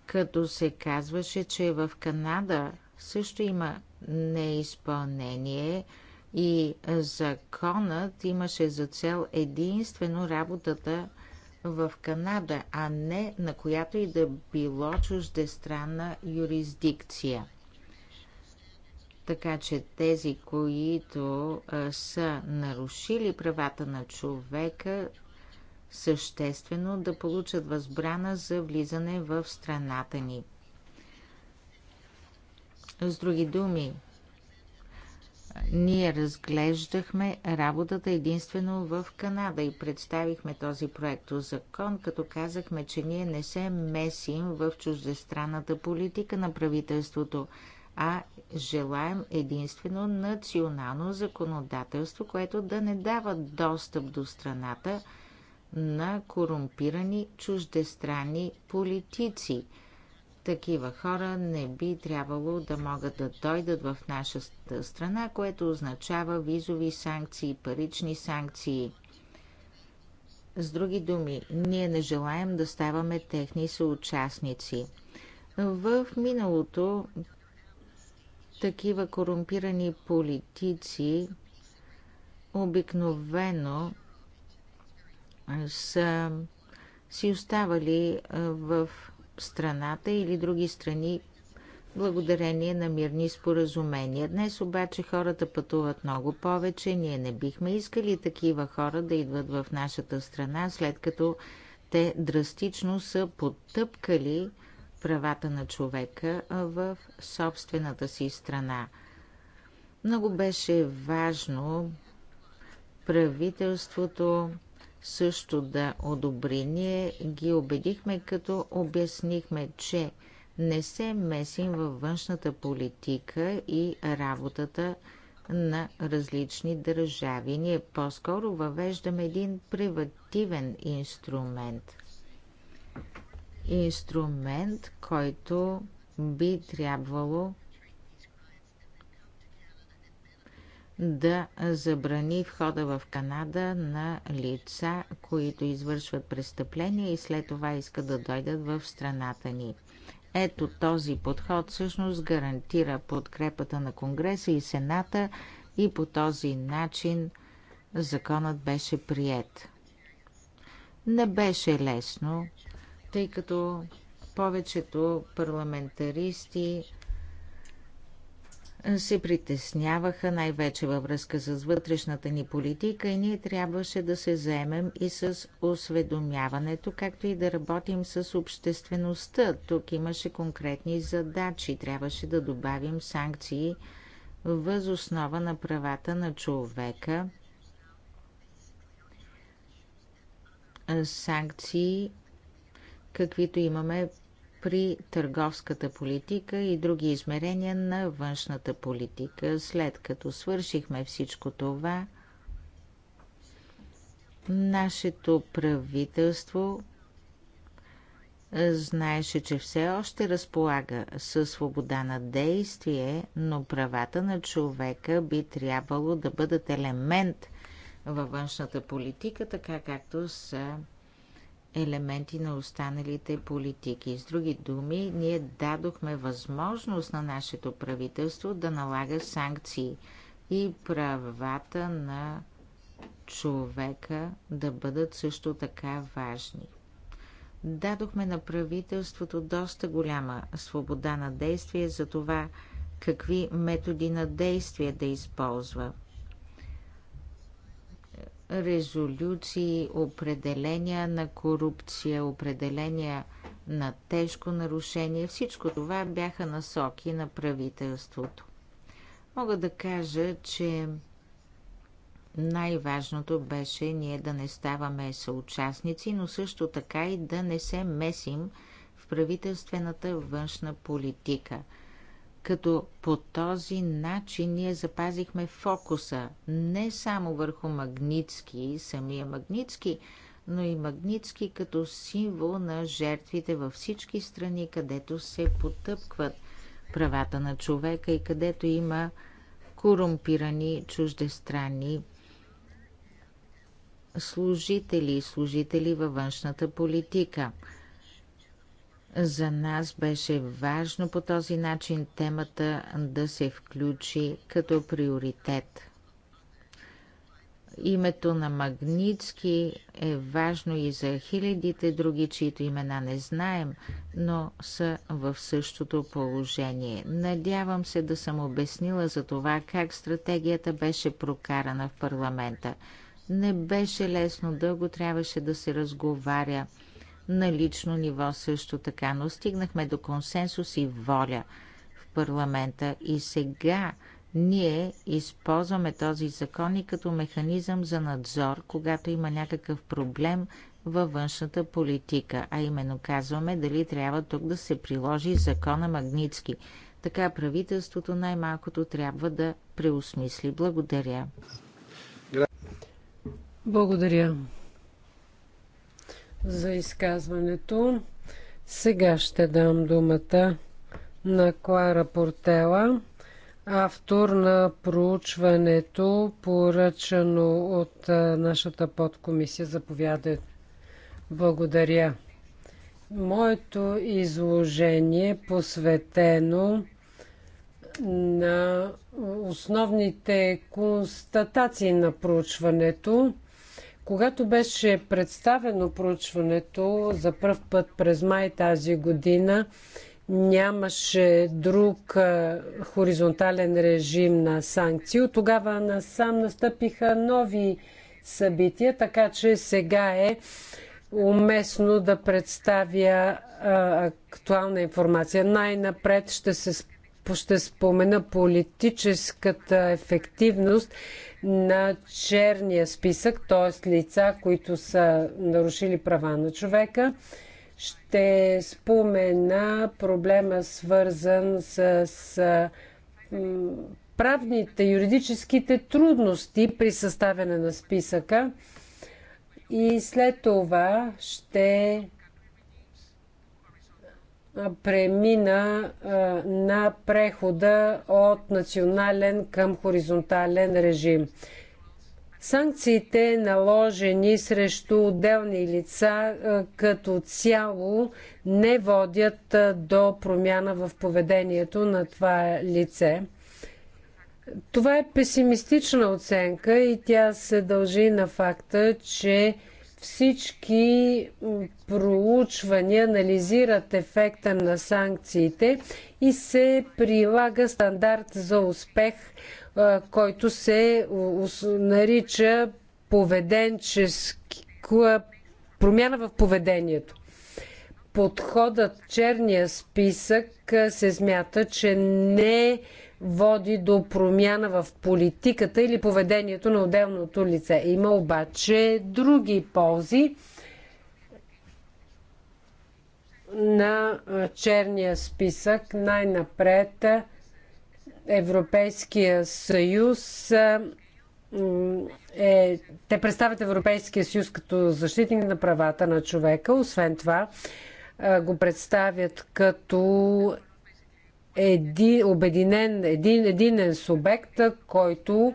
Като се казваше, че в Канада също има неизпълнение, и законът имаше за цел единствено работата в Канада, а не на която и да било чуждестранна юрисдикция. Така че тези, които са нарушили правата на човека, съществено да получат възбрана за влизане в страната ни. С други думи, ние разглеждахме работата единствено в Канада и представихме този проект закон, като казахме, че ние не се месим в чуждестранната политика на правителството, а желаем единствено национално законодателство, което да не дава достъп до страната на корумпирани чуждестранни политици – такива хора не би трябвало да могат да дойдат в нашата страна, което означава визови санкции, парични санкции. С други думи, ние не желаем да ставаме техни съучастници. В миналото такива корумпирани политици обикновено са си оставали в страната или други страни благодарение на мирни споразумения. Днес обаче хората пътуват много повече. Ние не бихме искали такива хора да идват в нашата страна, след като те драстично са потъпкали правата на човека в собствената си страна. Много беше важно правителството също да одобри. Ние ги убедихме, като обяснихме, че не се месим във външната политика и работата на различни държави. Ние по-скоро въвеждаме един превативен инструмент. Инструмент, който би трябвало да забрани входа в Канада на лица, които извършват престъпления и след това искат да дойдат в страната ни. Ето този подход всъщност гарантира подкрепата на Конгреса и Сената и по този начин законът беше прият. Не беше лесно, тъй като повечето парламентаристи се притесняваха най-вече във връзка с вътрешната ни политика и ние трябваше да се заемем и с осведомяването, както и да работим с обществеността. Тук имаше конкретни задачи. Трябваше да добавим санкции въз основа на правата на човека, санкции, каквито имаме при търговската политика и други измерения на външната политика. След като свършихме всичко това, нашето правителство знаеше, че все още разполага със свобода на действие, но правата на човека би трябвало да бъдат елемент във външната политика, така както са елементи на останалите политики. С други думи, ние дадохме възможност на нашето правителство да налага санкции и правата на човека да бъдат също така важни. Дадохме на правителството доста голяма свобода на действие за това какви методи на действие да използва – резолюции, определения на корупция, определения на тежко нарушение. Всичко това бяха насоки на правителството. Мога да кажа, че най-важното беше ние да не ставаме съучастници, но също така и да не се месим в правителствената външна политика – като по този начин ние запазихме фокуса не само върху магнитски, самия магнитски, но и магнитски като символ на жертвите във всички страни, където се потъпкват правата на човека и където има корумпирани чуждестранни служители и служители във външната политика – за нас беше важно по този начин темата да се включи като приоритет. Името на Магницки е важно и за хилядите други, чието имена не знаем, но са в същото положение. Надявам се да съм обяснила за това как стратегията беше прокарана в парламента. Не беше лесно, дълго трябваше да се разговаря – на лично ниво също така, но стигнахме до консенсус и воля в парламента и сега ние използваме този закон и като механизъм за надзор, когато има някакъв проблем във външната политика, а именно казваме дали трябва тук да се приложи закона Магницки. Така правителството най-малкото трябва да преосмисли. Благодаря. Благодаря за изказването. Сега ще дам думата на Клара Портела, автор на проучването, поръчано от нашата подкомисия. Заповядайте. Благодаря. Моето изложение е посветено на основните констатации на проучването – когато беше представено проучването за първ път през май тази година, нямаше друг хоризонтален режим на санкции. От тогава насам настъпиха нови събития, така че сега е уместно да представя а, актуална информация. Най-напред ще се ще спомена политическата ефективност на черния списък, т.е. лица, които са нарушили права на човека. Ще спомена проблема свързан с, с правните, юридическите трудности при съставяне на списъка. И след това ще премина на прехода от национален към хоризонтален режим. Санкциите, наложени срещу отделни лица, като цяло не водят до промяна в поведението на това лице. Това е песимистична оценка и тя се дължи на факта, че всички проучвания анализират ефекта на санкциите и се прилага стандарт за успех, който се нарича поведенческа промяна в поведението. Подходът черния списък се смята, че не води до промяна в политиката или поведението на отделното лице. Има обаче други ползи на черния списък. Най-напред Европейския съюз е, те представят Европейския съюз като защитник на правата на човека. Освен това, го представят като един, обединен, един единен субект, който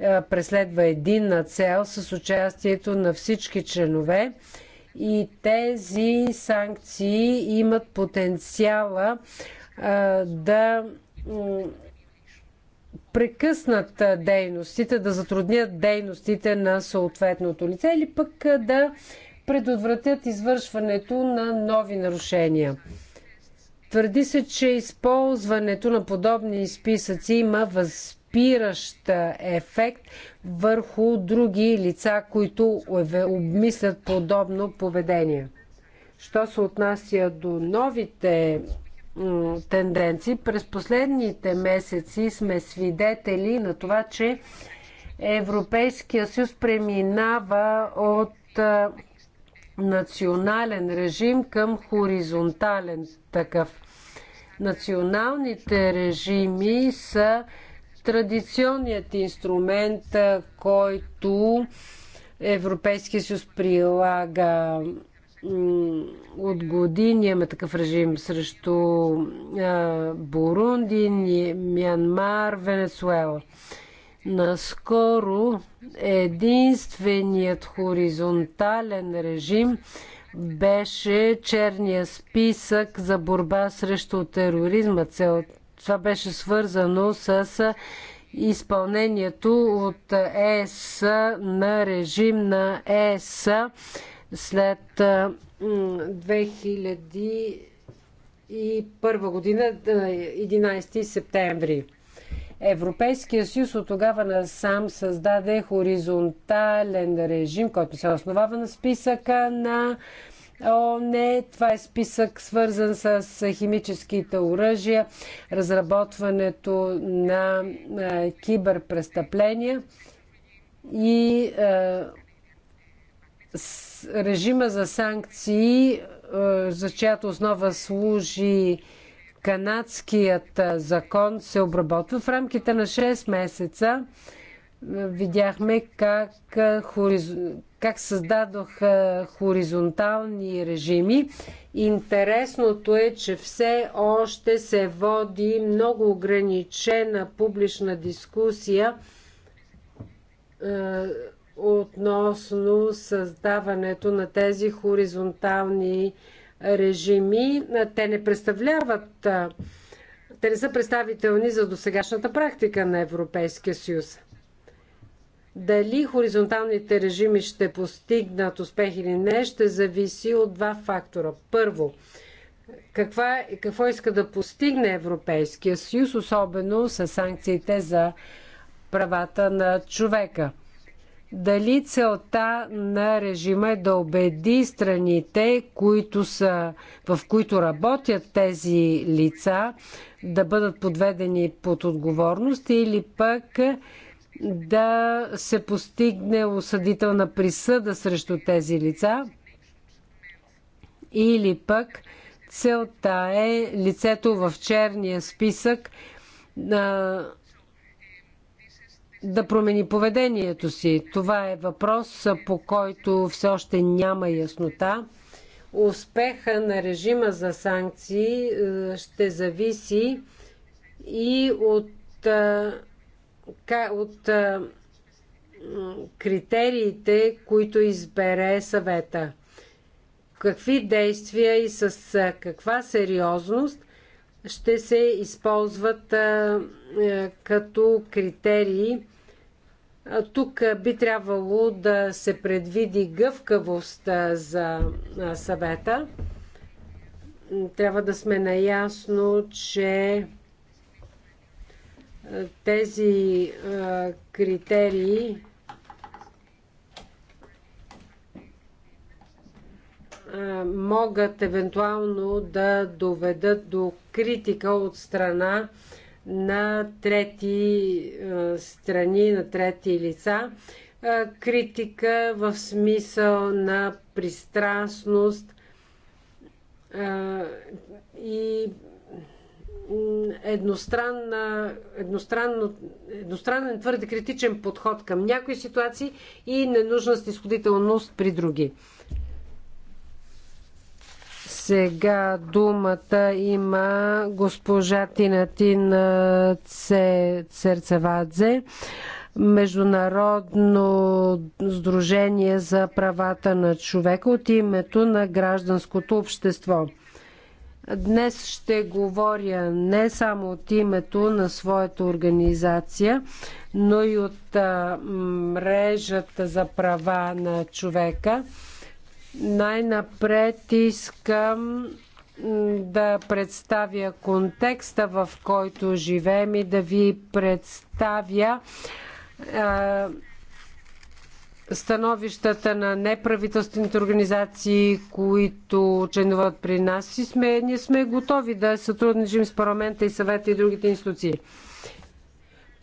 е, преследва единна цел с участието на всички членове и тези санкции имат потенциала е, да прекъснат дейностите, да затруднят дейностите на съответното лице или пък е, да предотвратят извършването на нови нарушения. Твърди се, че използването на подобни списъци има възпиращ ефект върху други лица, които обмислят подобно поведение. Що се отнася до новите тенденции, през последните месеци сме свидетели на това, че Европейския съюз преминава от национален режим към хоризонтален такъв. Националните режими са традиционният инструмент, който Европейския съюз прилага от години имаме такъв режим срещу Бурунди, Мянмар, Венецуела. Наскоро единственият хоризонтален режим беше черния списък за борба срещу тероризма. Цел... Това беше свързано с изпълнението от ЕС на режим на ЕС след 2001 година, 11 септември. Европейския съюз от тогава насам създаде хоризонтален режим, който се основава на списъка на О, не, това е списък свързан с химическите оръжия, разработването на е, киберпрестъпления и е, режима за санкции, е, за чиято основа служи канадският закон се обработва в рамките на 6 месеца. Видяхме как, хориз... как създадох хоризонтални режими. Интересното е, че все още се води много ограничена публична дискусия относно създаването на тези хоризонтални режими режими. Те не представляват, те не са представителни за досегашната практика на Европейския съюз. Дали хоризонталните режими ще постигнат успех или не, ще зависи от два фактора. Първо, каква, какво иска да постигне Европейския съюз, особено с санкциите за правата на човека – дали целта на режима е да убеди страните, които са, в които работят тези лица, да бъдат подведени под отговорност или пък да се постигне осъдителна присъда срещу тези лица или пък целта е лицето в черния списък да да промени поведението си. Това е въпрос, по който все още няма яснота. Успеха на режима за санкции е, ще зависи и от, е, от е, критериите, които избере съвета. Какви действия и с каква сериозност ще се използват като критерии тук би трябвало да се предвиди гъвкавост за съвета. Трябва да сме наясно, че тези критерии могат евентуално да доведат до критика от страна на трети е, страни, на трети лица. Е, критика в смисъл на пристрастност е, и едностранна, едностранно, едностранен твърде критичен подход към някои ситуации и ненужна снисходителност при други. Сега думата има госпожа Тинатин Церцевадзе, Международно сдружение за правата на човека от името на гражданското общество. Днес ще говоря не само от името на своята организация, но и от мрежата за права на човека – най-напред искам да представя контекста, в който живеем и да ви представя становищата на неправителствените организации, които членуват при нас и сме, ние сме готови да сътрудничим с парламента и съвета и другите институции.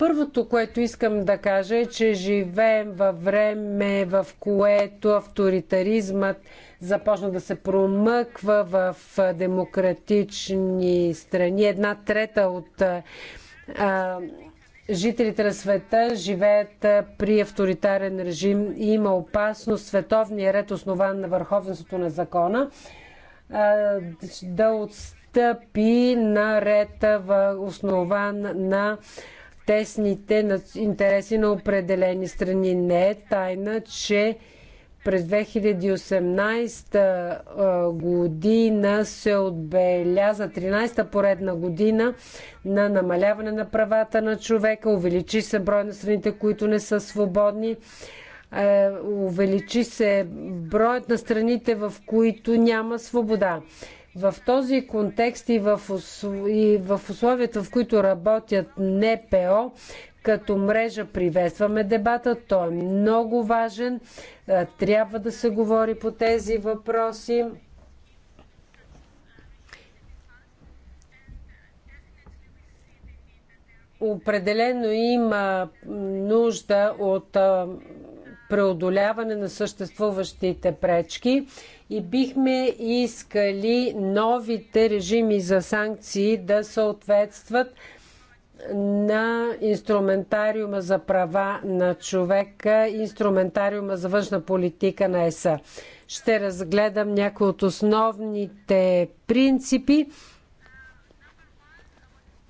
Първото, което искам да кажа е, че живеем във време, в което авторитаризмът започна да се промъква в демократични страни. Една трета от а, жителите на света живеят при авторитарен режим и има опасност световния ред, основан на върховенството на закона, да отстъпи на ред, основан на тесните интереси на определени страни. Не е тайна, че през 2018 година се отбеляза 13-та поредна година на намаляване на правата на човека, увеличи се брой на страните, които не са свободни, е, увеличи се броят на страните, в които няма свобода. В този контекст и в, и в условията, в които работят НПО, като мрежа приветстваме дебата. Той е много важен. Е, трябва да се говори по тези въпроси. Определено има нужда от е, преодоляване на съществуващите пречки и бихме искали новите режими за санкции да съответстват на инструментариума за права на човека, инструментариума за външна политика на ЕСА. Ще разгледам някои от основните принципи.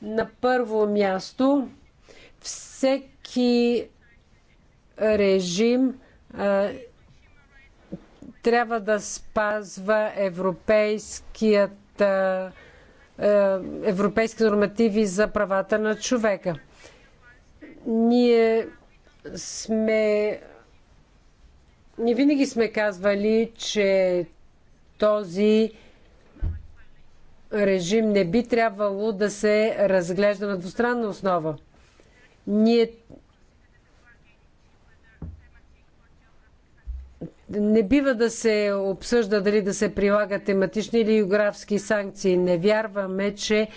На първо място, всеки режим трябва да спазва европейският, е, европейски нормативи за правата на човека. Ние сме. Ние винаги сме казвали, че този режим не би трябвало да се разглежда на двустранна основа. Ние Не бива да се обсъжда дали да се прилагат тематични или географски санкции. Не вярваме, че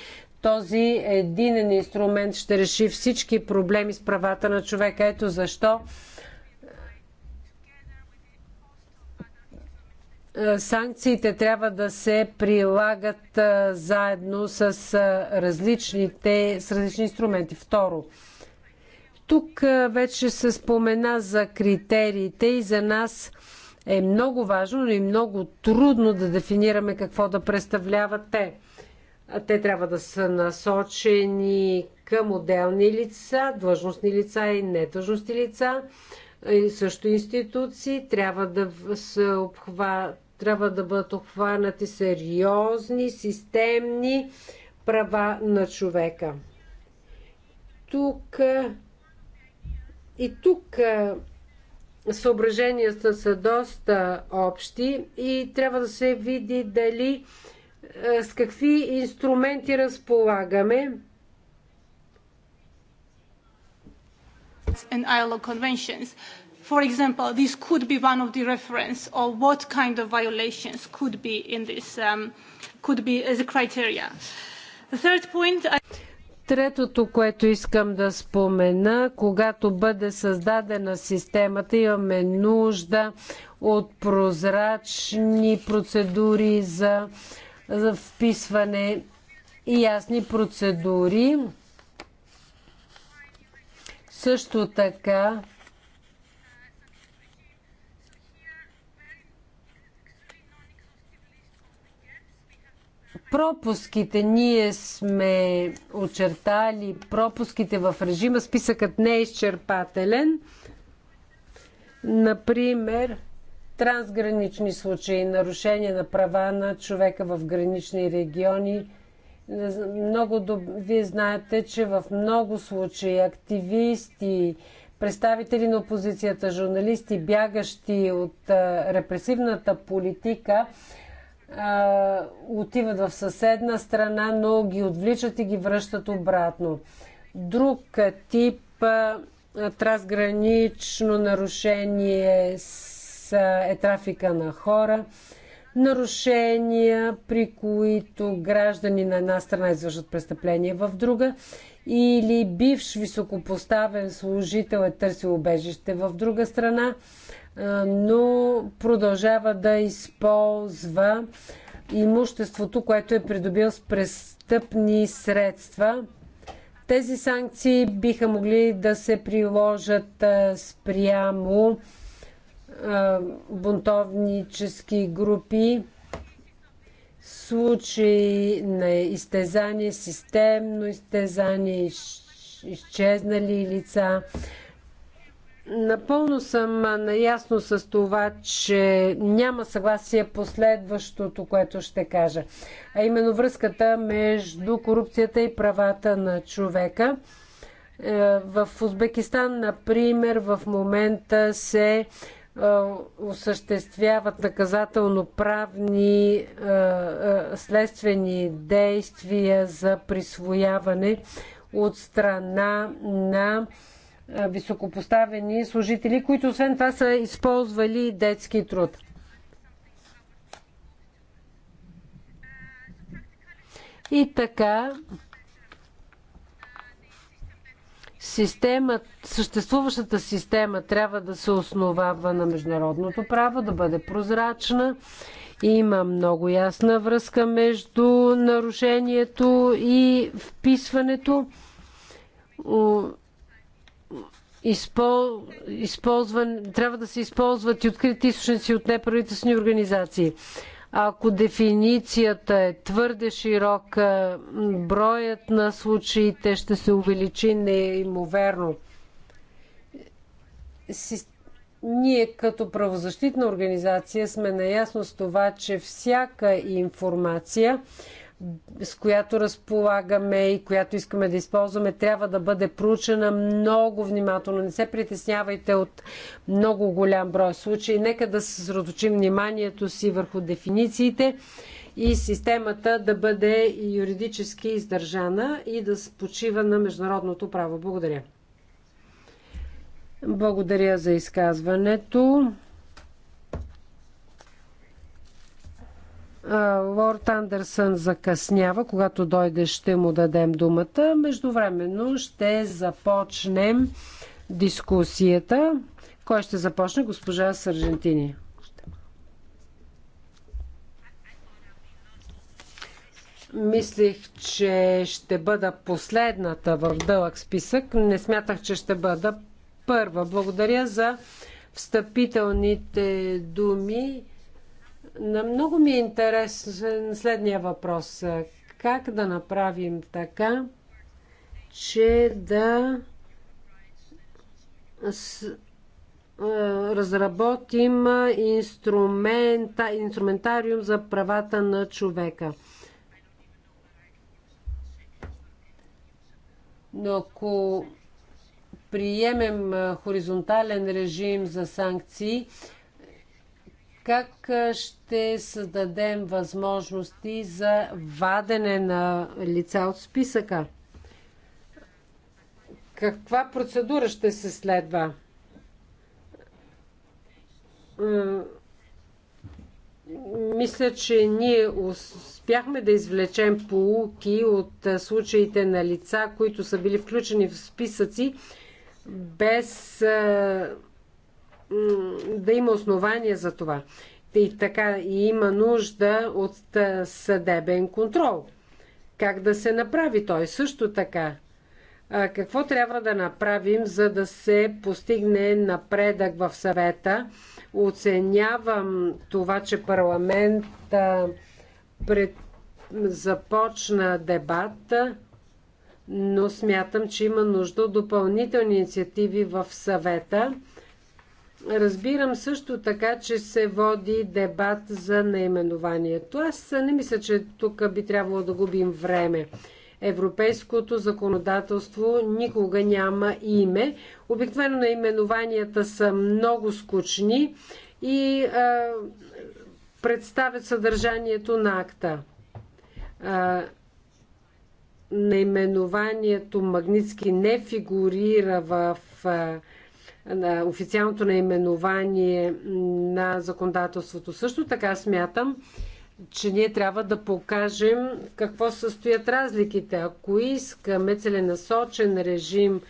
този единен инструмент ще реши всички проблеми с правата на човека. Ето защо е, санкциите трябва да се прилагат е, заедно с, е, различните, с различни инструменти. Второ, тук вече се спомена за критериите и за нас – е много важно, но и много трудно да дефинираме какво да представляват те. Те трябва да са насочени към отделни лица, длъжностни лица и недлъжностни лица, и също институции. Трябва да, се обхва... трябва да бъдат обхванати сериозни, системни права на човека. Тук и тук съображенията са доста общи и трябва да се види дали с какви инструменти разполагаме. And ILO conventions. For example, this could be one of the reference or what kind of violations could be in this um, could be as a criteria. The third point. I Третото, което искам да спомена, когато бъде създадена системата, имаме нужда от прозрачни процедури за, за вписване и ясни процедури. Също така пропуските. Ние сме очертали пропуските в режима. Списъкът не е изчерпателен. Например, трансгранични случаи, нарушение на права на човека в гранични региони. Много доб... Вие знаете, че в много случаи активисти, представители на опозицията, журналисти, бягащи от репресивната политика, отиват в съседна страна, но ги отвличат и ги връщат обратно. Друг тип трансгранично нарушение е трафика на хора. Нарушения, при които граждани на една страна извършват престъпление в друга или бивш високопоставен служител е търсил убежище в друга страна е, но продължава да използва имуществото, което е придобил с престъпни средства. Тези санкции биха могли да се приложат е, спрямо е, бунтовнически групи, случаи на изтезание, системно изтезание, изчезнали лица, Напълно съм наясно с това, че няма съгласие последващото, което ще кажа, а именно връзката между корупцията и правата на човека. Е, в Узбекистан, например, в момента се е, осъществяват наказателно-правни е, следствени действия за присвояване от страна на е, високопоставени служители, които освен това са използвали детски труд. И така, система, съществуващата система трябва да се основава на международното право, да бъде прозрачна. Има много ясна връзка между нарушението и вписването изпол... използван... трябва да се използват и открити източници от неправителствени организации. Ако дефиницията е твърде широка, броят на случаите ще се увеличи неимоверно. Ние като правозащитна организация сме наясно с това, че всяка информация, с която разполагаме и която искаме да използваме, трябва да бъде проучена много внимателно. Не се притеснявайте от много голям брой случаи. Нека да съсредоточим вниманието си върху дефинициите и системата да бъде юридически издържана и да почива на международното право. Благодаря. Благодаря за изказването. Лорд Андерсън закъснява. Когато дойде, ще му дадем думата. Междувременно ще започнем дискусията. Кой ще започне? Госпожа Сържентини. Мислих, че ще бъда последната в дълъг списък. Не смятах, че ще бъда първа. Благодаря за встъпителните думи. На много ми е интересен следния въпрос. Как да направим така, че да с, разработим инструмента, инструментариум за правата на човека. Но ако приемем хоризонтален режим за санкции, как ще създадем възможности за вадене на лица от списъка? Каква процедура ще се следва? мисля, че ние успяхме да извлечем полуки от случаите на лица, които са били включени в списъци без да има основания за това. И така и има нужда от съдебен контрол. Как да се направи той е също така? Какво трябва да направим, за да се постигне напредък в съвета? Оценявам това, че парламент пред... започна дебат, но смятам, че има нужда от допълнителни инициативи в съвета Разбирам също така, че се води дебат за наименованието. Аз не мисля, че тук би трябвало да губим време. Европейското законодателство никога няма име. Обикновено наименованията са много скучни и а, представят съдържанието на акта. А, наименованието Магнитски не фигурира в а, на официалното наименование на законодателството. Също така смятам, че ние трябва да покажем какво състоят разликите. Ако искаме целенасочен режим,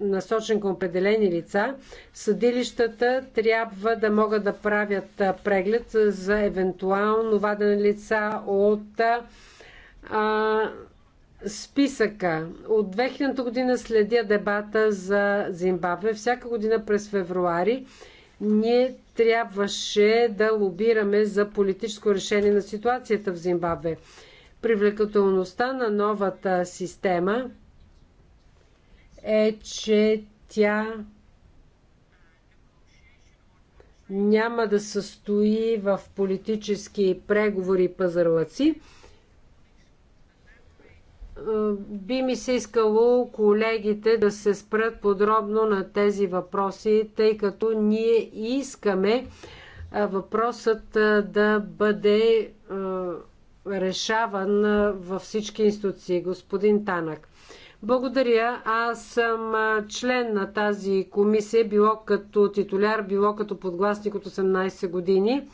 насочен към определени лица, съдилищата трябва да могат да правят преглед за евентуално вадени лица от списъка. От 2000 година следя дебата за Зимбабве. Всяка година през февруари ние трябваше да лобираме за политическо решение на ситуацията в Зимбабве. Привлекателността на новата система е, че тя няма да състои в политически преговори и пазарлаци, би ми се искало колегите да се спрат подробно на тези въпроси, тъй като ние искаме въпросът да бъде решаван във всички институции. Господин Танък. Благодаря. Аз съм член на тази комисия, било като титуляр, било като подгласник от 18 години.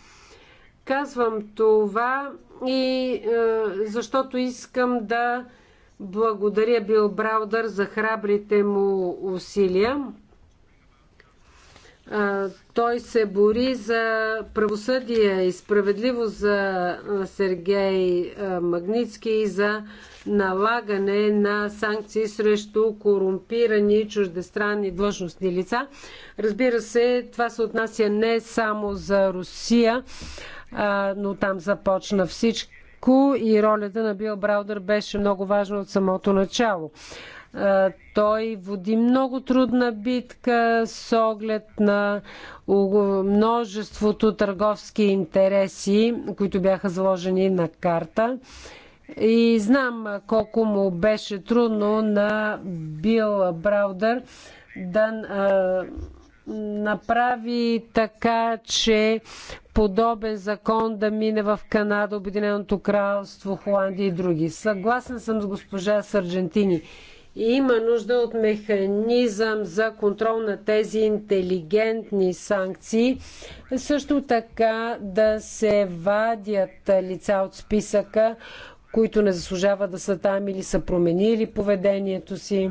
Казвам това и защото искам да благодаря Бил Браудър за храбрите му усилия. Той се бори за правосъдие и справедливо за Сергей Магницки и за налагане на санкции срещу корумпирани чуждестранни длъжностни лица. Разбира се, това се отнася не само за Русия, но там започна всички Ку и ролята на Бил Браудър беше много важна от самото начало. Той води много трудна битка с оглед на множеството търговски интереси, които бяха заложени на карта. И знам колко му беше трудно на Бил Браудър да направи така, че подобен закон да мине в Канада, Обединеното кралство, Холандия и други. Съгласен съм с госпожа Сарджентини. Има нужда от механизъм за контрол на тези интелигентни санкции. Също така да се вадят лица от списъка, които не заслужават да са там или са променили поведението си.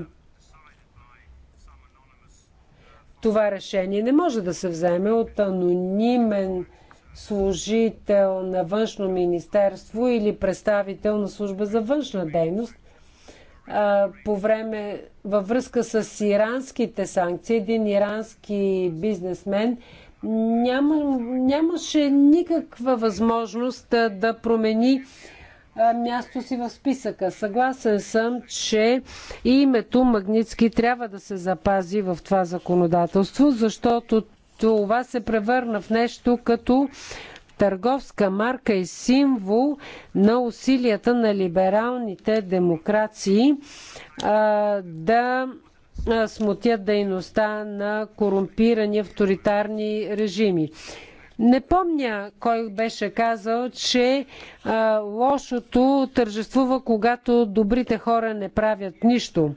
Това решение не може да се вземе от анонимен служител на външно министерство или представител на служба за външна дейност. По време, във връзка с иранските санкции, един ирански бизнесмен няма, нямаше никаква възможност да промени място си в списъка. Съгласен съм, че името Магницки трябва да се запази в това законодателство, защото това се превърна в нещо като търговска марка и символ на усилията на либералните демокрации а, да смутят дейността на корумпирани авторитарни режими. Не помня кой беше казал, че а, лошото тържествува, когато добрите хора не правят нищо.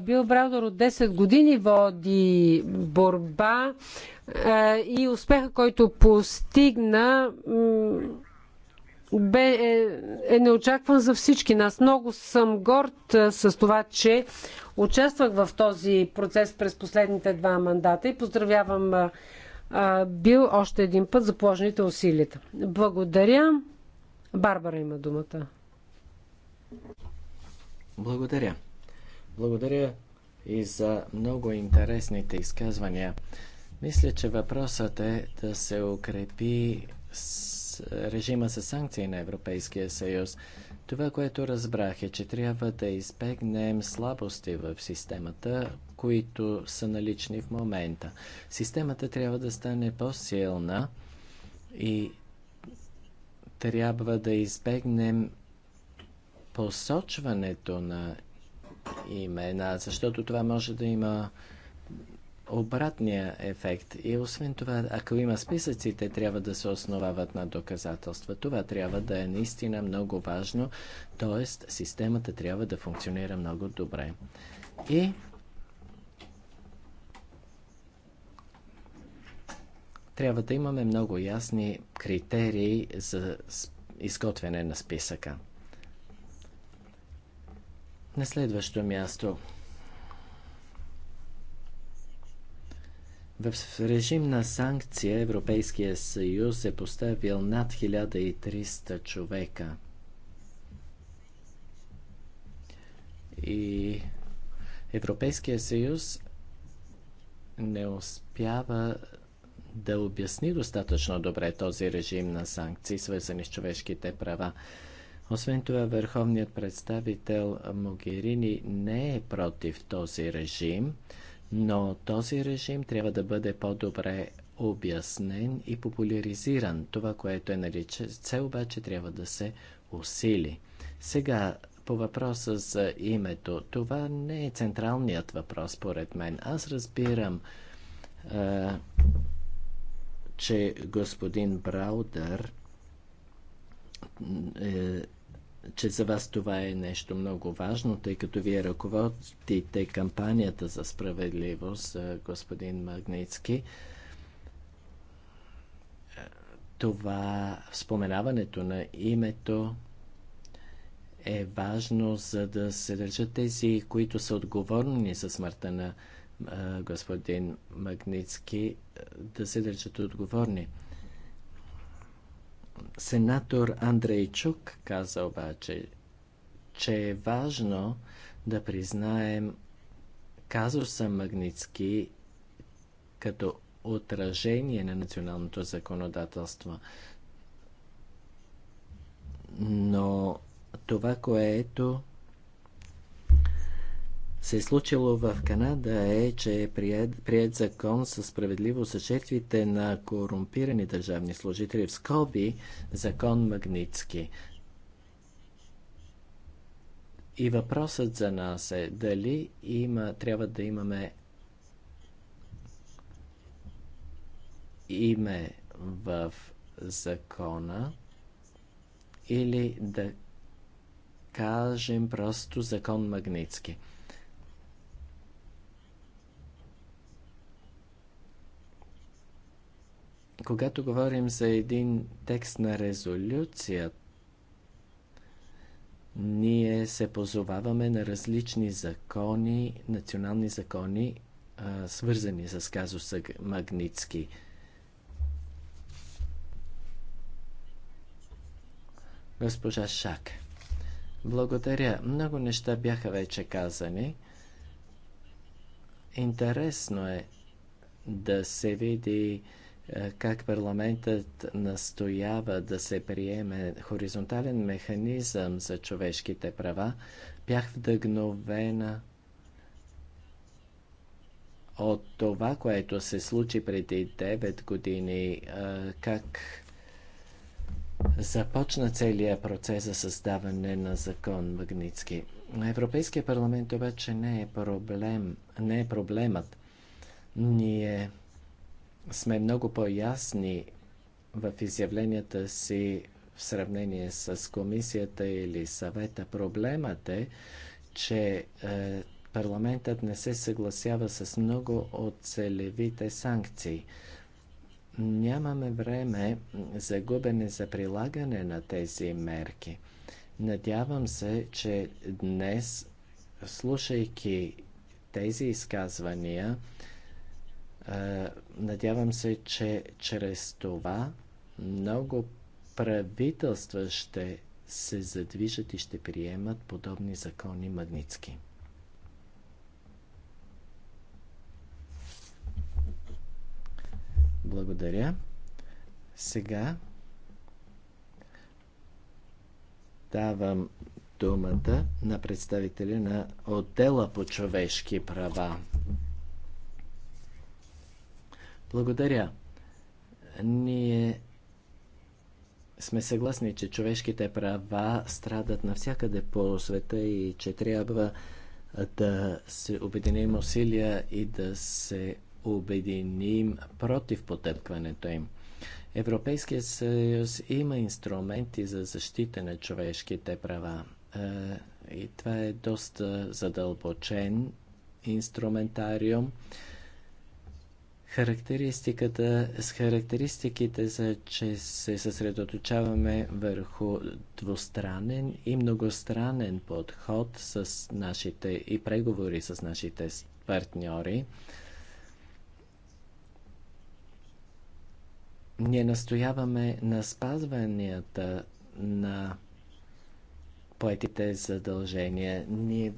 Бил Браудър от 10 години води борба и успеха, който постигна бе, е, е неочакван за всички нас. Много съм горд е, с това, че участвах в този процес през последните два мандата и поздравявам е, е, бил още един път за положените усилията. Благодаря. Барбара има думата. Благодаря. Благодаря и за много интересните изказвания. Мисля, че въпросът е да се укрепи режима за санкции на Европейския съюз. Това, което разбрах е, че трябва да избегнем слабости в системата, които са налични в момента. Системата трябва да стане по-силна и трябва да избегнем посочването на имена, защото това може да има обратния ефект. И освен това, ако има списъци, те трябва да се основават на доказателства. Това трябва да е наистина много важно, т.е. системата трябва да функционира много добре. И трябва да имаме много ясни критерии за изготвяне на списъка. На следващо място В режим на санкция Европейския съюз е поставил над 1300 човека. И Европейския съюз не успява да обясни достатъчно добре този режим на санкции, свързани с човешките права. Освен това, върховният представител Могерини не е против този режим – но този режим трябва да бъде по-добре обяснен и популяризиран. Това, което е налице, обаче трябва да се усили. Сега, по въпроса за името, това не е централният въпрос, според мен. Аз разбирам, е, че господин Браудър е, че за вас това е нещо много важно, тъй като вие ръководите кампанията за справедливост, господин Магницки. Това споменаването на името е важно, за да се държат тези, които са отговорни за смъртта на господин Магницки, да се държат отговорни. Сенатор Андрейчук каза обаче, че е важно да признаем казуса Магницки като отражение на националното законодателство. Но това, което се е случило в Канада е, че е прият, прият закон със справедливо за жертвите на корумпирани държавни служители в Скоби, закон Магницки. И въпросът за нас е дали има, трябва да имаме име в закона или да кажем просто закон Магницки. когато говорим за един текст на резолюция, ние се позоваваме на различни закони, национални закони, свързани с казуса Магницки. Госпожа Шак, благодаря. Много неща бяха вече казани. Интересно е да се види е, как парламентът настоява да се приеме хоризонтален механизъм за човешките права, бях вдъхновена от това, което се случи преди 9 години, е, как започна целият процес за създаване на закон Магницки. Европейския парламент обаче не е проблем, не е проблемът. Ние сме много по-ясни в изявленията си в сравнение с комисията или съвета. Проблемът е, че е, парламентът не се съгласява с много от целевите санкции. Нямаме време за губене за прилагане на тези мерки. Надявам се, че днес, слушайки тези изказвания, е, надявам се, че чрез това много правителства ще се задвижат и ще приемат подобни закони магнитски. Благодаря. Сега давам думата на представителя на отдела по човешки права благодаря. Ние сме съгласни, че човешките права страдат навсякъде по света и че трябва да се обединим усилия и да се обединим против потъпкването им. Европейския съюз има инструменти за защита на човешките права. Е, и това е доста задълбочен инструментариум. Характеристиката, с характеристиките са, че се съсредоточаваме върху двустранен и многостранен подход с нашите и преговори с нашите партньори. Ние настояваме на спазванията на поетите задължения. Ние,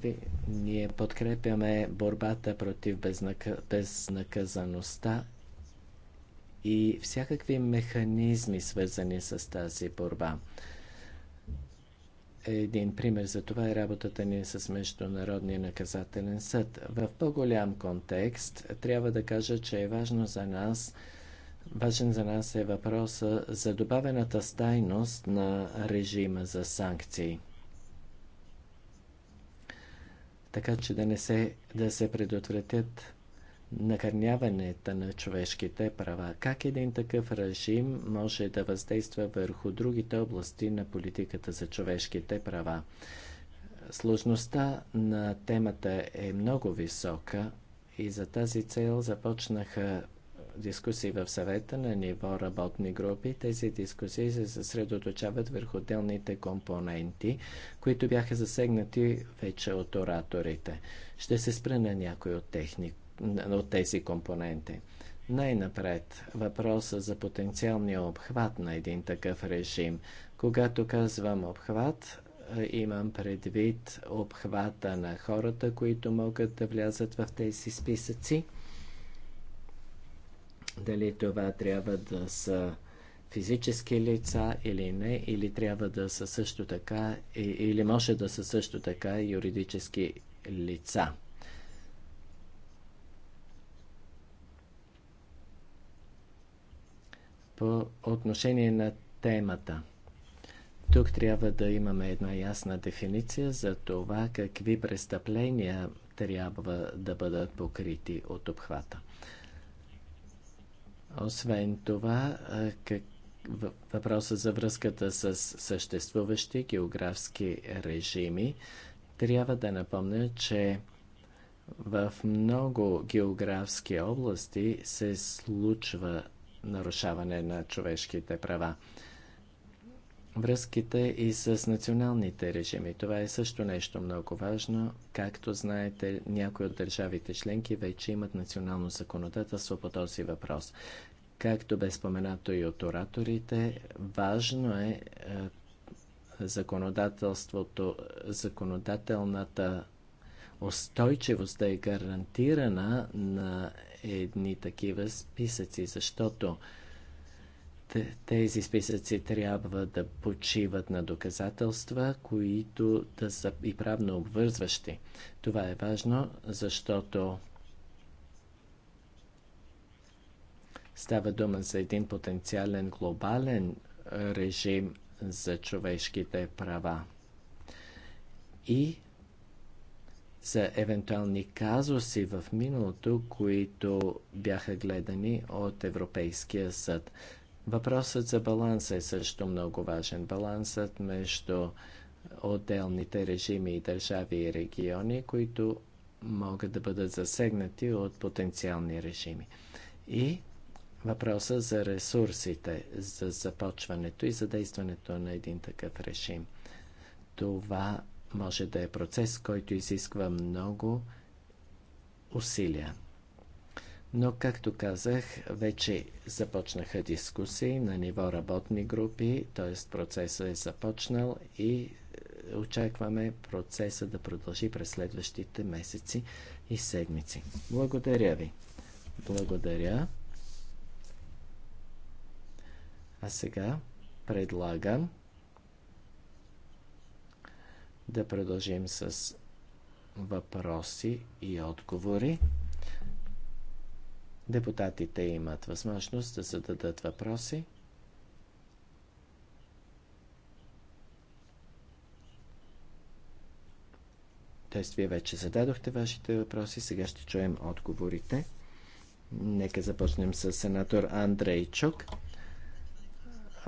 ние подкрепяме борбата против безнака, безнаказаността и всякакви механизми, свързани с тази борба. Един пример за това е работата ни с Международния наказателен съд. В по-голям контекст трябва да кажа, че е важно за нас Важен за нас е въпроса за добавената стайност на режима за санкции. така че да не се, да се предотвратят накърняването на човешките права. Как един такъв режим може да въздейства върху другите области на политиката за човешките права? Сложността на темата е много висока и за тази цел започнаха дискусии в съвета на ниво работни групи. Тези дискусии се съсредоточават върху отделните компоненти, които бяха засегнати вече от ораторите. Ще се спра на някои от, техни... от тези компоненти. Най-напред въпроса за потенциалния обхват на един такъв режим. Когато казвам обхват, е, имам предвид обхвата на хората, които могат да влязат в тези списъци дали това трябва да са физически лица или не, или трябва да са също така, или може да са също така юридически лица. По отношение на темата. Тук трябва да имаме една ясна дефиниция за това какви престъпления трябва да бъдат покрити от обхвата. Освен това, как, въпроса за връзката с съществуващи географски режими, трябва да напомня, че в много географски области се случва нарушаване на човешките права. Връзките и с националните режими. Това е също нещо много важно. Както знаете, някои от държавите членки вече имат национално законодателство по този въпрос. Както бе споменато и от ораторите, важно е, е законодателството, законодателната устойчивост да е гарантирана на едни такива списъци, защото тези списъци трябва да почиват на доказателства, които да са и правно обвързващи. Това е важно, защото Става дума за един потенциален глобален режим за човешките права и за евентуални казуси в миналото, които бяха гледани от Европейския съд. Въпросът за баланса е също много важен. Балансът между отделните режими и държави и региони, които могат да бъдат засегнати от потенциални режими. И въпроса за ресурсите за започването и за действането на един такъв режим. Това може да е процес, който изисква много усилия. Но, както казах, вече започнаха дискусии на ниво работни групи, т.е. процесът е започнал и е, очакваме процеса да продължи през следващите месеци и седмици. Благодаря ви! Благодаря! А сега предлагам да продължим с въпроси и отговори. Депутатите имат възможност да зададат въпроси. Тоест, вие вече зададохте вашите въпроси, сега ще чуем отговорите. Нека започнем с сенатор Андрей Чук.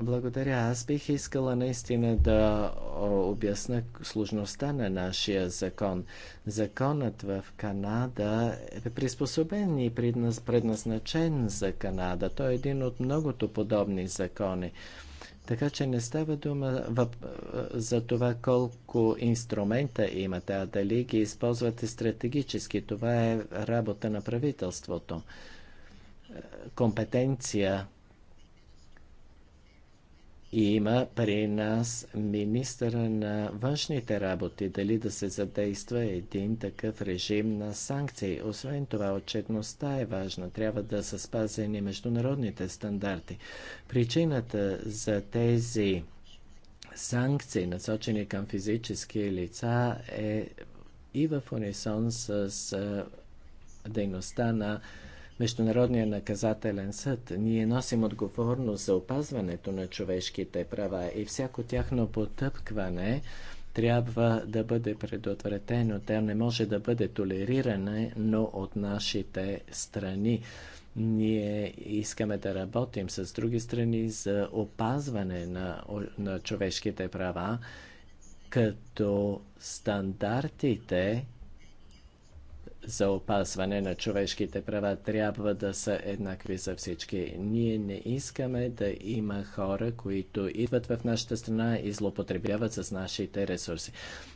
Благодаря. Аз бих искала наистина да обясна сложността на нашия закон. Законът в Канада е приспособен и предназначен за Канада. Той е един от многото подобни закони. Така че не става дума за това колко инструмента имате, а дали ги използвате стратегически. Това е работа на правителството. Е, компетенция има при нас министъра на външните работи, дали да се задейства един такъв режим на санкции. Освен това, отчетността е важна. Трябва да са спазени международните стандарти. Причината за тези санкции, насочени към физически лица, е и в унисон с дейността на Международния наказателен съд, ние носим отговорност за опазването на човешките права и всяко тяхно потъпкване трябва да бъде предотвратено. Тя не може да бъде толерирана, но от нашите страни. Ние искаме да работим с други страни за опазване на, на човешките права, като стандартите за опазване на човешките права трябва да са еднакви за всички. Ние не искаме да има хора, които идват в нашата страна и злоупотребяват с нашите ресурси.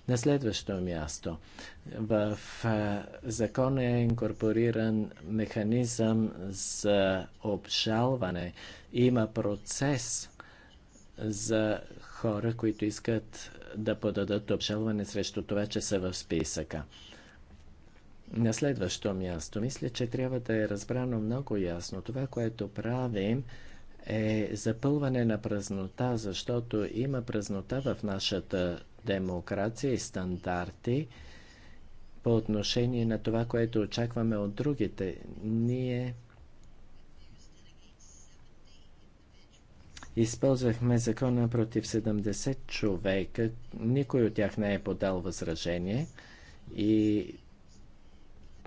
На следващо място, в закона е инкорпориран механизъм за обжалване. Има процес за хора, които искат да подадат обжалване срещу това, че са в списъка. На следващо място, мисля, че трябва да е разбрано много ясно. Това, което правим, е запълване на празнота, защото има празнота в нашата демокрация и стандарти по отношение на това, което очакваме от другите. Ние използвахме закона против 70 човека, никой от тях не е подал възражение и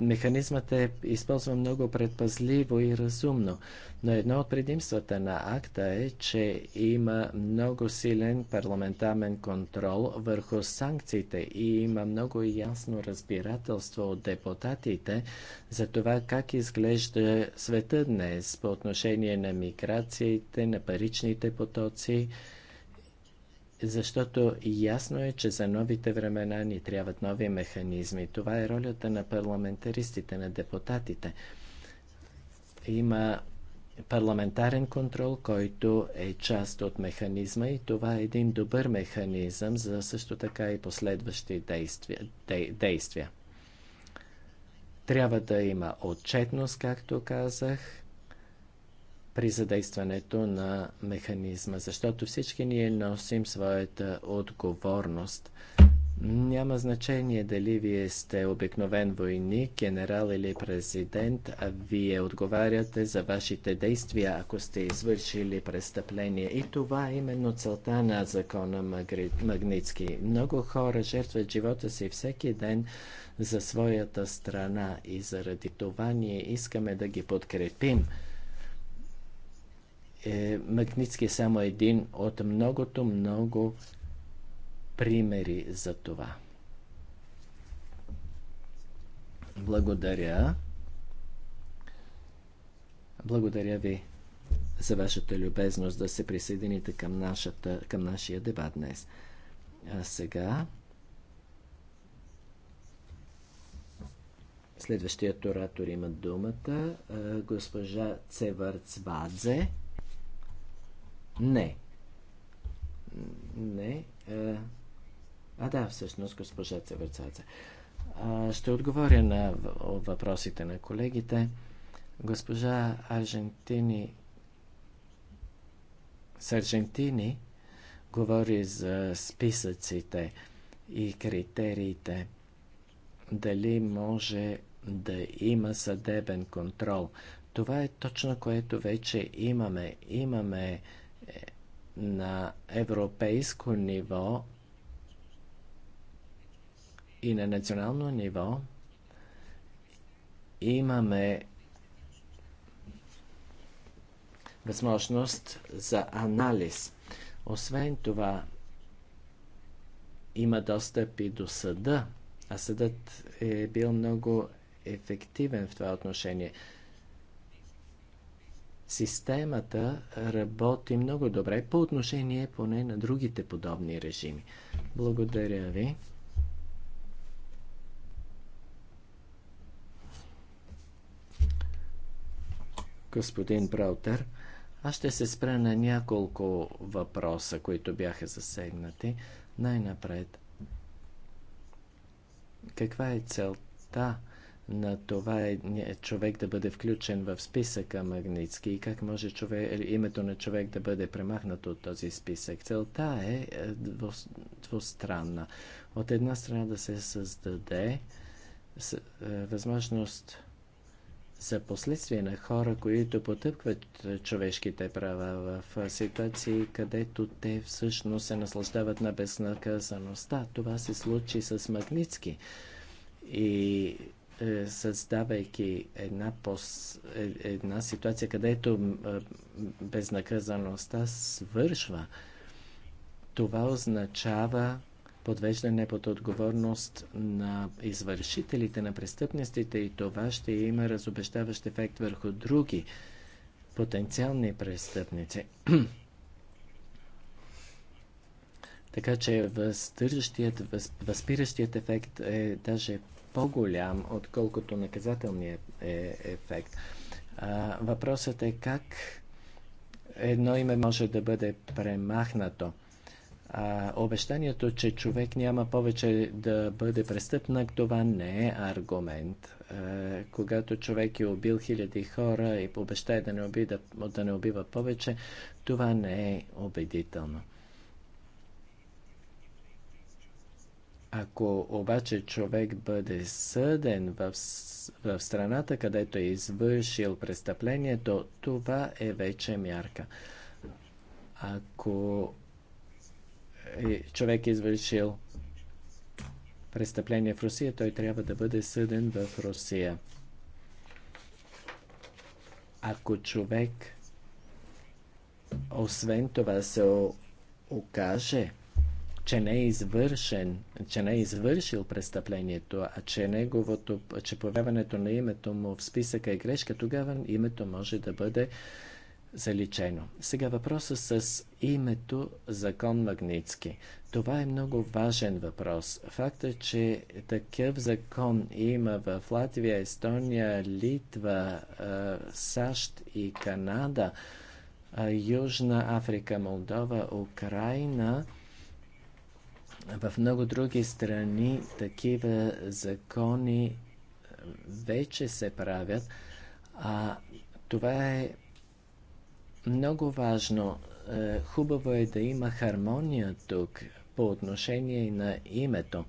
Механизмът е използван много предпазливо и разумно, но едно от предимствата на акта е, че има много силен парламентарен контрол върху санкциите и има много ясно разбирателство от депутатите за това как изглежда света днес по отношение на миграциите, на паричните потоци защото ясно е, че за новите времена ни трябват нови механизми. Това е ролята на парламентаристите, на депутатите. Има парламентарен контрол, който е част от механизма и това е един добър механизъм за също така и последващи действия. Де, действия. Трябва да има отчетност, както казах, при задействането на механизма, защото всички ние носим своята отговорност. Няма значение дали вие сте обикновен войник, генерал или президент, а вие отговаряте за вашите действия, ако сте извършили престъпление. И това е именно целта на закона Магницки. Много хора жертват живота си всеки ден за своята страна и заради това ние искаме да ги подкрепим е, Магницки е само един от многото, много примери за това. Благодаря. Благодаря ви за вашата любезност да се присъедините към, нашата, към нашия дебат днес. А сега следващият оратор има думата госпожа Цевърцвадзе. Не. Не. А да, всъщност, госпожа Цеверцаца. Ще отговоря на въпросите на колегите. Госпожа Аржентини с Аржентини говори за списъците и критериите. Дали може да има съдебен контрол. Това е точно което вече имаме. Имаме на европейско ниво и на национално ниво имаме възможност за анализ. Освен това, има достъп и до съда, а съдът е бил много ефективен в това отношение. Системата работи много добре по отношение поне на другите подобни режими. Благодаря ви. господин Браутер. Аз ще се спра на няколко въпроса, които бяха засегнати. Най-напред, каква е целта на това е човек да бъде включен в списъка Магницки и как може човек, името на човек да бъде премахнато от този списък. Целта е, е двустранна. От една страна да се създаде е, възможност за последствие на хора, които потъпкват е, човешките права в ситуации, където те всъщност се наслаждават на безнаказаността. Това се случи с Магницки. И е, създавайки една, пос, е, една ситуация, където безнаказаността свършва. Това означава подвеждане под отговорност на извършителите, на престъпностите и това ще има разобещаващ ефект върху други потенциални престъпници. така че въздържащият, възпиращият ефект е даже по-голям, отколкото наказателният е ефект. А, въпросът е как едно име може да бъде премахнато. А, обещанието, че човек няма повече да бъде престъпник, това не е аргумент. А, когато човек е убил хиляди хора и обещае да не, обида, да не убива повече, това не е убедително. Ако обаче човек бъде съден в, в страната, където е извършил престъплението, това е вече мярка. Ако е, човек е извършил престъпление в Русия, той трябва да бъде съден в Русия. Ако човек освен това се окаже, че не е извършен, че не е извършил престъплението, а че неговото, че появяването на името му в списъка е грешка, тогава името може да бъде заличено. Сега въпроса с името закон Магницки. Това е много важен въпрос. Факта, че такъв закон има в Латвия, Естония, Литва, САЩ и Канада, Южна Африка, Молдова, Украина – в много други страни такива закони вече се правят, а това е много важно. Е, хубаво е да има хармония тук по отношение на името.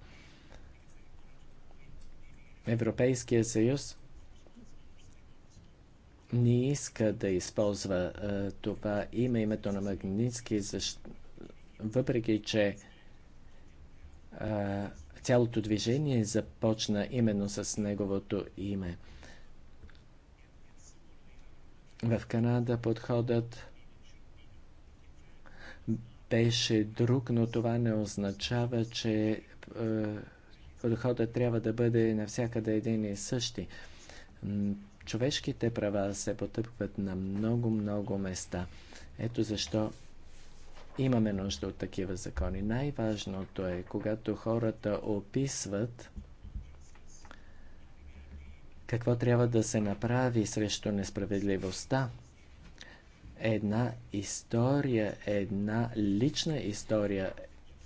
Европейския съюз не иска да използва е, това име, името на Магнитски, защ... въпреки че цялото движение започна именно с неговото име. В Канада подходът беше друг, но това не означава, че е, подходът трябва да бъде навсякъде един и същи. Човешките права се потъпват на много-много места. Ето защо Имаме нужда от такива закони. Най-важното е, когато хората описват какво трябва да се направи срещу несправедливостта. Една история, една лична история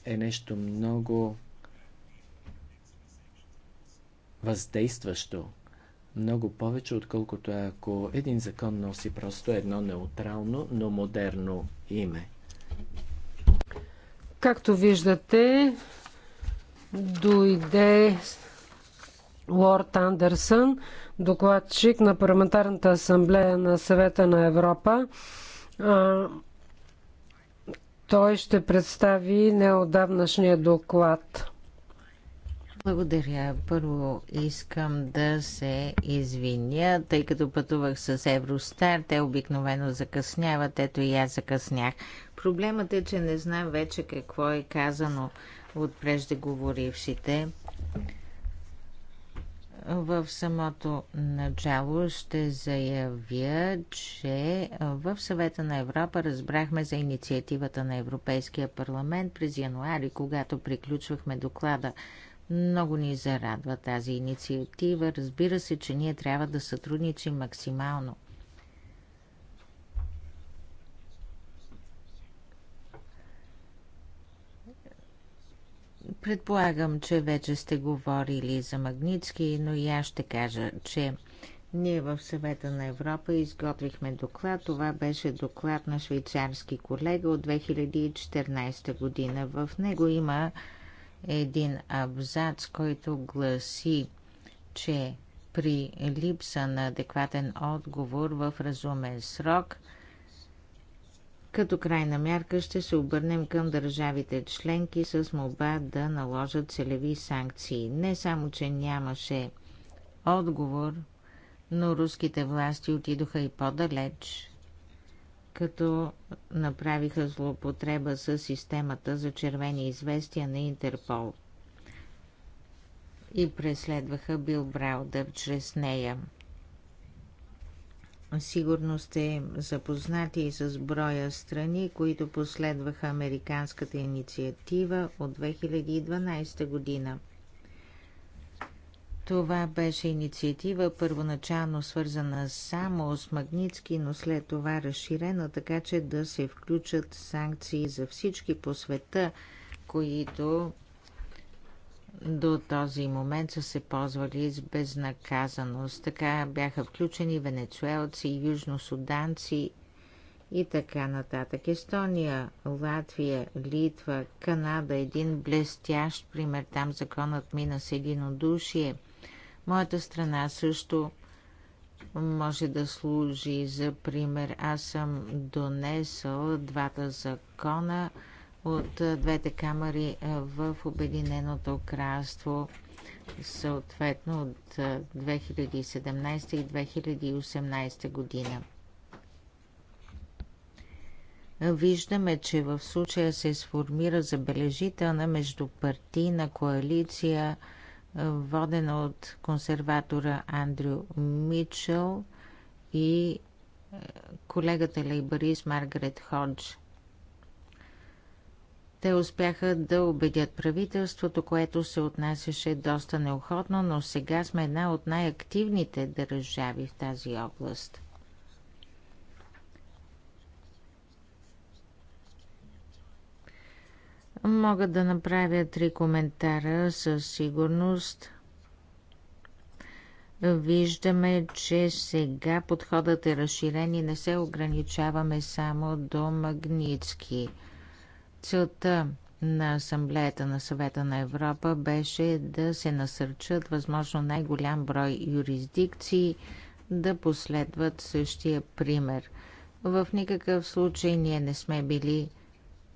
е нещо много въздействащо. Много повече, отколкото ако един закон носи просто едно неутрално, но модерно име. Както виждате, дойде Лорд Андерсън, докладчик на Парламентарната асамблея на съвета на Европа. Той ще представи неодавнашния доклад. Благодаря. Първо искам да се извиня, тъй като пътувах с Евростар. Те обикновено закъсняват. Ето и аз закъснях. Проблемът е, че не знам вече какво е казано от преждеговорившите. В самото начало ще заявя, че в съвета на Европа разбрахме за инициативата на Европейския парламент през януари, когато приключвахме доклада. Много ни зарадва тази инициатива. Разбира се, че ние трябва да сътрудничим максимално. Предполагам, че вече сте говорили за Магницки, но и аз ще кажа, че ние в съвета на Европа изготвихме доклад. Това беше доклад на швейцарски колега от 2014 година. В него има един абзац, който гласи, че при липса на адекватен отговор в разумен срок като крайна мярка ще се обърнем към държавите членки с молба да наложат целеви санкции. Не само, че нямаше отговор, но руските власти отидоха и по-далеч, като направиха злоупотреба с системата за червени известия на Интерпол и преследваха Бил Браудър чрез нея. Сигурно сте запознати и с броя страни, които последваха американската инициатива от 2012 година. Това беше инициатива, първоначално свързана само с Магницки, но след това разширена, така че да се включат санкции за всички по света, които до този момент са се ползвали с безнаказаност. Така бяха включени венецуелци, южносуданци и така нататък. Естония, Латвия, Литва, Канада, един блестящ пример. Там законът мина с единодушие. Моята страна също може да служи за пример. Аз съм донесъл двата закона – от двете камери в Обединеното кралство, съответно от 2017 и 2018 година. Виждаме, че в случая се сформира забележителна междупартийна коалиция, водена от консерватора Андрю Мичел и колегата лейбарист Маргарет Ходж – те успяха да убедят правителството, което се отнасяше доста неохотно, но сега сме една от най-активните държави в тази област. Мога да направя три коментара със сигурност. Виждаме, че сега подходът е разширен и не се ограничаваме само до магнитски. Целта на Асамблеята на съвета на Европа беше да се насърчат възможно най-голям брой юрисдикции да последват същия пример. В никакъв случай ние не сме били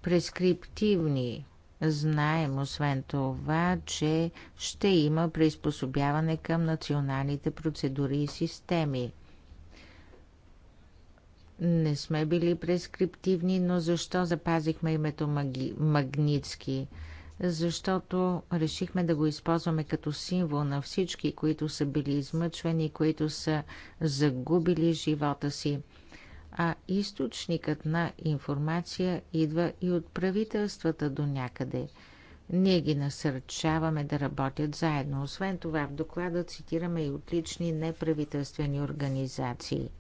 прескриптивни. Знаем, освен това, че ще има приспособяване към националните процедури и системи – не сме били прескриптивни, но защо запазихме името маги... Магницки? Защото решихме да го използваме като символ на всички, които са били измъчвани, които са загубили живота си. А източникът на информация идва и от правителствата до някъде. Ние ги насърчаваме да работят заедно. Освен това, в доклада цитираме и отлични неправителствени организации –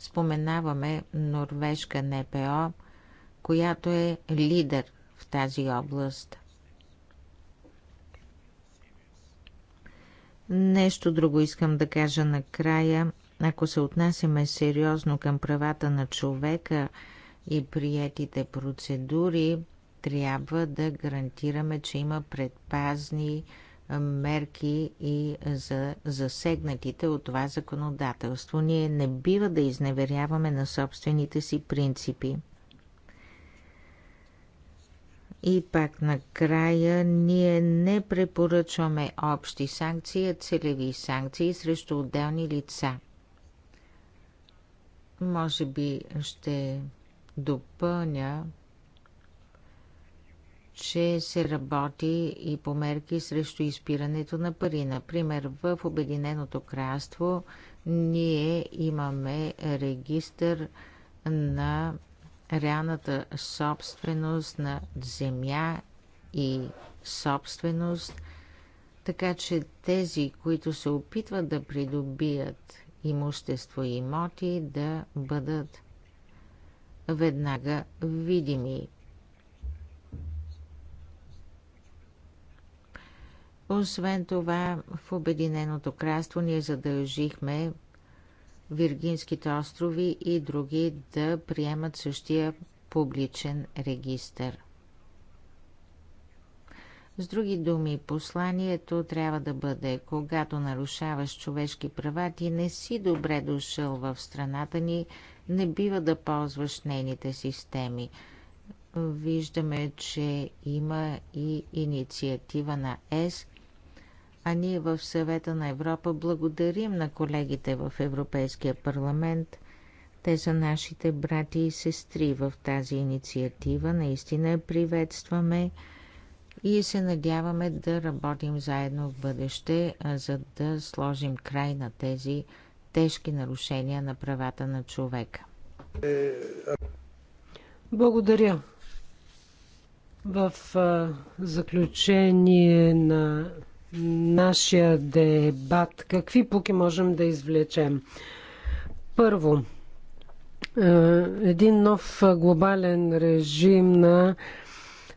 Споменаваме норвежка НПО, която е лидер в тази област. Нещо друго искам да кажа накрая. Ако се отнасяме сериозно към правата на човека и приетите процедури, трябва да гарантираме, че има предпазни мерки и за засегнатите от това законодателство. Ние не бива да изневеряваме на собствените си принципи. И пак накрая ние не препоръчваме общи санкции, а целеви санкции срещу отделни лица. Може би ще допълня че се работи и по мерки срещу изпирането на пари. Например, в Обединеното кралство ние имаме регистър на реалната собственост на земя и собственост, така че тези, които се опитват да придобият имущество и имоти, да бъдат веднага видими Освен това, в Обединеното кралство ние задължихме Виргинските острови и други да приемат същия публичен регистър. С други думи, посланието трябва да бъде, когато нарушаваш човешки права, ти не си добре дошъл в страната ни, не бива да ползваш нейните системи. Виждаме, че има и инициатива на ЕС а ние в съвета на Европа благодарим на колегите в Европейския парламент. Те са нашите брати и сестри в тази инициатива. Наистина я приветстваме и се надяваме да работим заедно в бъдеще, за да сложим край на тези тежки нарушения на правата на човека. Благодаря. В заключение на нашия дебат. Какви пуки можем да извлечем? Първо, е, един нов глобален режим на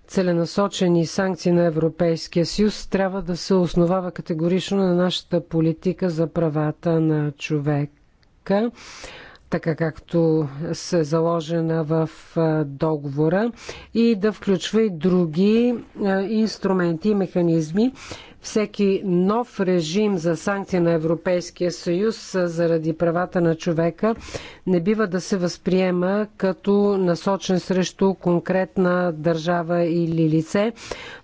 целенасочени санкции на Европейския съюз трябва да се основава категорично на нашата политика за правата на човека, така както се заложена в е, договора, и да включва и други е, инструменти и механизми, всеки нов режим за санкции на Европейския съюз заради правата на човека не бива да се възприема като насочен срещу конкретна държава или лице,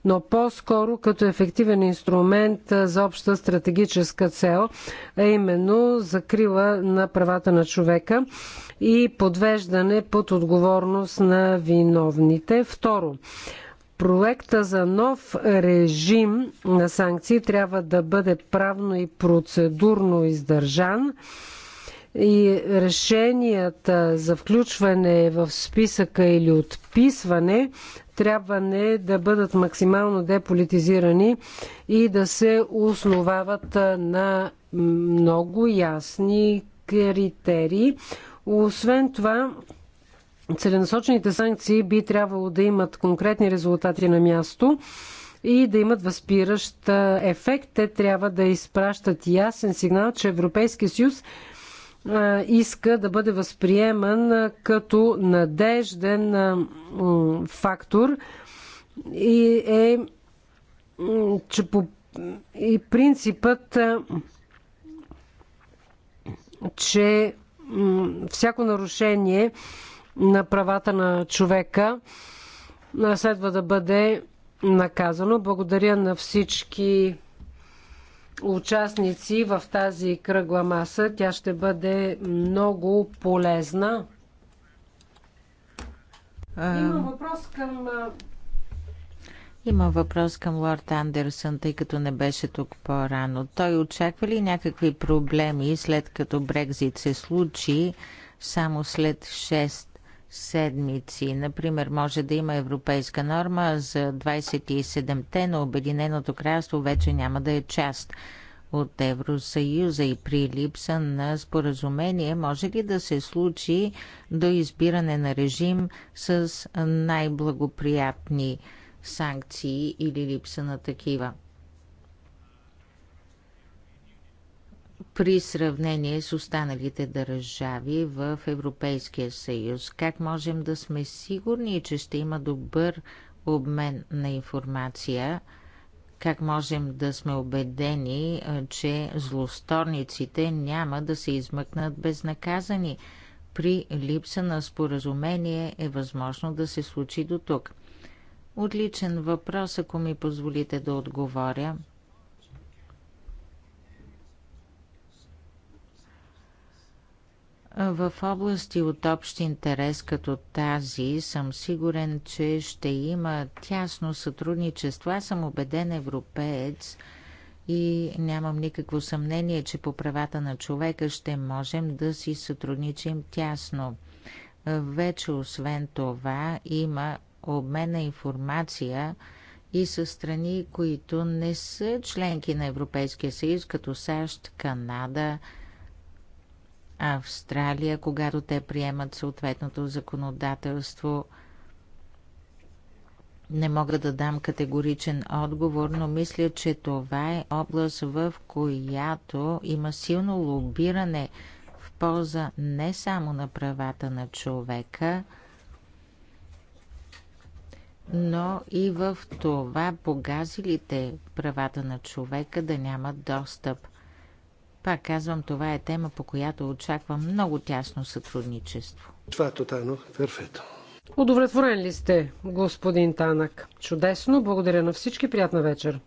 но по-скоро като ефективен инструмент за обща стратегическа цел, а именно закрила на правата на човека и подвеждане под отговорност на виновните. Второ, Проекта за нов режим на санкции трябва да бъде правно и процедурно издържан и решенията за включване в списъка или отписване трябва не да бъдат максимално деполитизирани и да се основават на много ясни критерии. Освен това, целенасочените санкции би трябвало да имат конкретни резултати на място и да имат възпиращ ефект. Те трябва да изпращат ясен сигнал, че Европейския съюз иска да бъде възприеман като надежден фактор и е че по и принципът че всяко нарушение на правата на човека следва да бъде наказано. Благодаря на всички участници в тази кръгла маса. Тя ще бъде много полезна. Има въпрос към. Има въпрос към лорд Андерсън, тъй като не беше тук по-рано. Той очаква ли някакви проблеми след като Брекзит се случи само след 6 седмици. Например, може да има европейска норма за 27-те, но Обединеното кралство вече няма да е част от Евросъюза и при липса на споразумение може ли да се случи до избиране на режим с най-благоприятни санкции или липса на такива? при сравнение с останалите държави в Европейския съюз? Как можем да сме сигурни, че ще има добър обмен на информация? Как можем да сме убедени, че злосторниците няма да се измъкнат безнаказани? При липса на споразумение е възможно да се случи до тук. Отличен въпрос, ако ми позволите да отговоря – В области от общ интерес като тази съм сигурен, че ще има тясно сътрудничество. Аз съм убеден европеец и нямам никакво съмнение, че по правата на човека ще можем да си сътрудничим тясно. Вече освен това има обмен на информация и са страни, които не са членки на Европейския съюз, като САЩ, Канада – Австралия, когато те приемат съответното законодателство. Не мога да дам категоричен отговор, но мисля, че това е област, в която има силно лобиране в полза не само на правата на човека, но и в това погазилите правата на човека да нямат достъп – пак казвам, това е тема, по която очаквам много тясно сътрудничество. Това е тотално перфето. Удовлетворен ли сте, господин Танък? Чудесно, благодаря на всички, приятна вечер.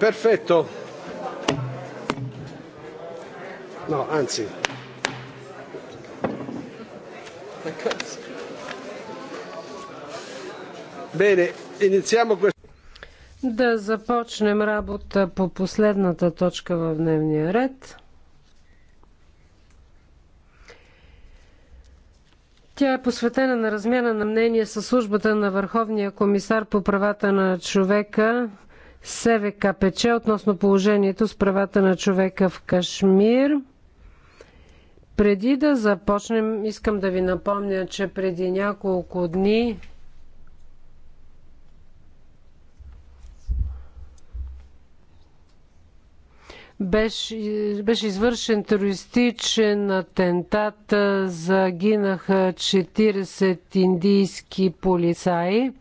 Perfetto. No, anzi. Bene, iniziamo questo. Да започнем работа по последната точка в дневния ред. Тя е посветена на размяна на мнение със службата на Върховния комисар по правата на човека СВКПЧ относно положението с правата на човека в Кашмир. Преди да започнем, искам да ви напомня, че преди няколко дни беше, беше извършен терористичен атентат. Загинаха 40 индийски полицаи.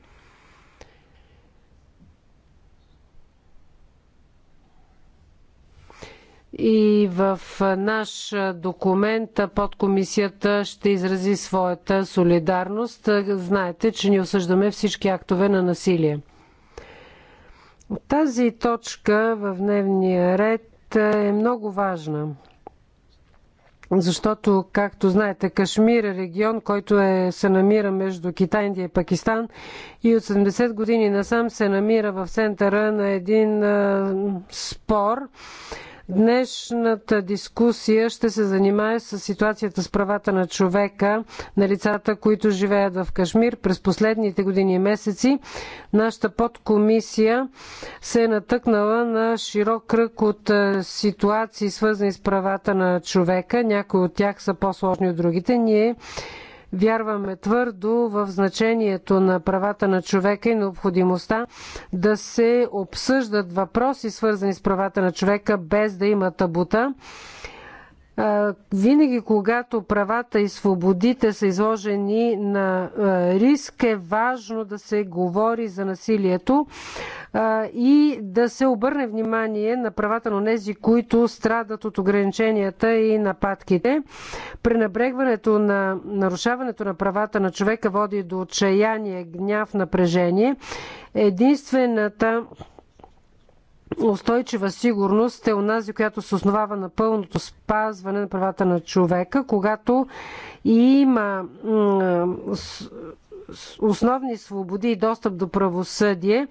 и в наш документ подкомисията ще изрази своята солидарност. Знаете, че ни осъждаме всички актове на насилие. Тази точка в дневния ред е много важна. Защото, както знаете, Кашмир е регион, който е, се намира между Китай, Индия и Пакистан и от 70 години насам се намира в центъра на един а, спор Днешната дискусия ще се занимае с ситуацията с правата на човека, на лицата, които живеят в Кашмир. През последните години и месеци нашата подкомисия се е натъкнала на широк кръг от е, ситуации, свързани с правата на човека. Някои от тях са по-сложни от другите. Ние Вярваме твърдо в значението на правата на човека и необходимостта да се обсъждат въпроси, свързани с правата на човека, без да има табута винаги когато правата и свободите са изложени на риск, е важно да се говори за насилието и да се обърне внимание на правата на тези, които страдат от ограниченията и нападките. Пренебрегването на нарушаването на правата на човека води до отчаяние, гняв, напрежение. Единствената устойчива сигурност е онази, която се основава на пълното спазване на правата на човека, когато има основни свободи и достъп до правосъдие,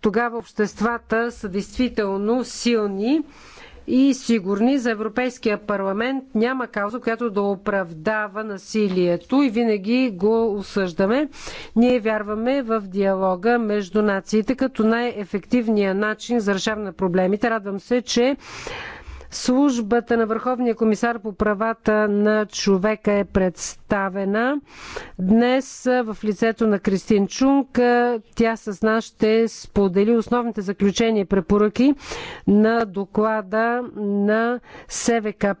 тогава обществата са действително силни и сигурни за Европейския парламент няма кауза, която да оправдава насилието и винаги го осъждаме. Ние вярваме в диалога между нациите като най-ефективния начин за решаване на проблемите. Радвам се, че Службата на Върховния комисар по правата на човека е представена днес в лицето на Кристин Чунг. Тя с нас ще сподели основните заключения и препоръки на доклада на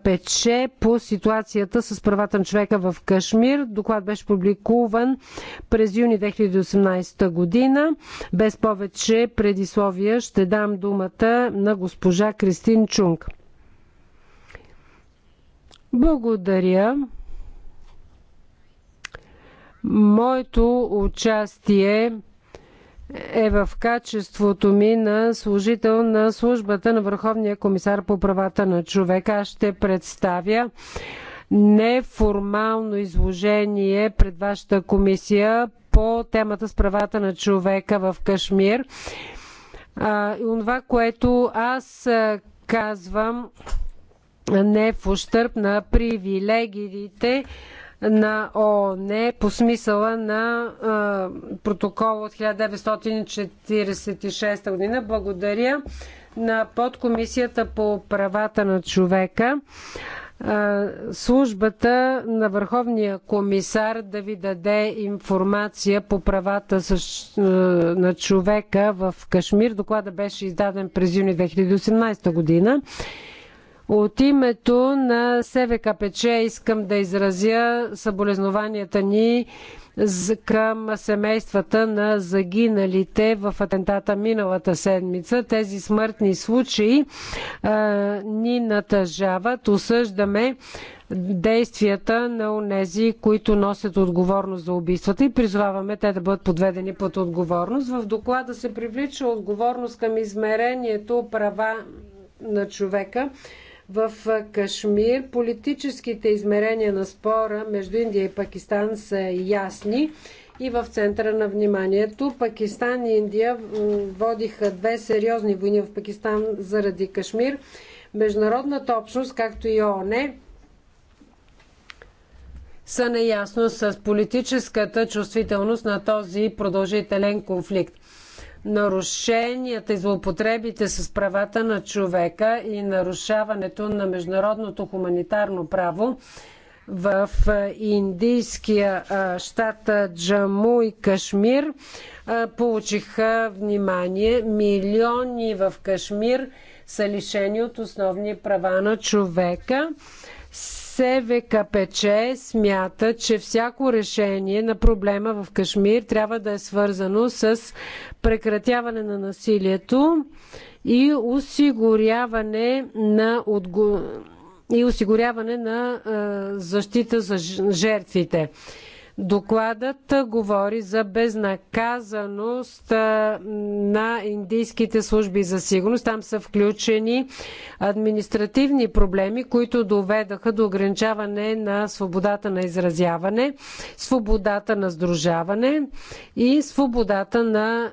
Пече по ситуацията с правата на човека в Кашмир. Доклад беше публикуван през юни 2018 година. Без повече предисловия ще дам думата на госпожа Кристин Чунг. Благодаря. Моето участие е в качеството ми на служител на службата на Върховния комисар по правата на човека. Аз ще представя неформално изложение пред вашата комисия по темата с правата на човека в Кашмир. А, това, което аз казвам не в ущърп на привилегиите на ООН по смисъла на протокола от 1946 година. Благодаря на подкомисията по правата на човека службата на Върховния комисар да ви даде информация по правата на човека в Кашмир. Доклада беше издаден през юни 2018 година. От името на СВКПЧ искам да изразя съболезнованията ни към семействата на загиналите в атентата миналата седмица. Тези смъртни случаи а, ни натъжават. Осъждаме действията на онези, които носят отговорност за убийствата и призоваваме те да бъдат подведени под отговорност. В доклада се привлича отговорност към измерението права на човека в Кашмир политическите измерения на спора между Индия и Пакистан са ясни и в центъра на вниманието. Пакистан и Индия водиха две сериозни войни в Пакистан заради Кашмир. Международната общност, както и ООН, са неясно с политическата чувствителност на този продължителен конфликт нарушенията и злоупотребите с правата на човека и нарушаването на международното хуманитарно право в индийския щат Джаму и Кашмир получиха внимание. Милиони в Кашмир са лишени от основни права на човека. СВКПЧ смята, че всяко решение на проблема в Кашмир трябва да е свързано с прекратяване на насилието и осигуряване на, отго... и осигуряване на защита за жертвите. Докладът говори за безнаказаност на индийските служби за сигурност. Там са включени административни проблеми, които доведаха до ограничаване на свободата на изразяване, свободата на сдружаване и свободата на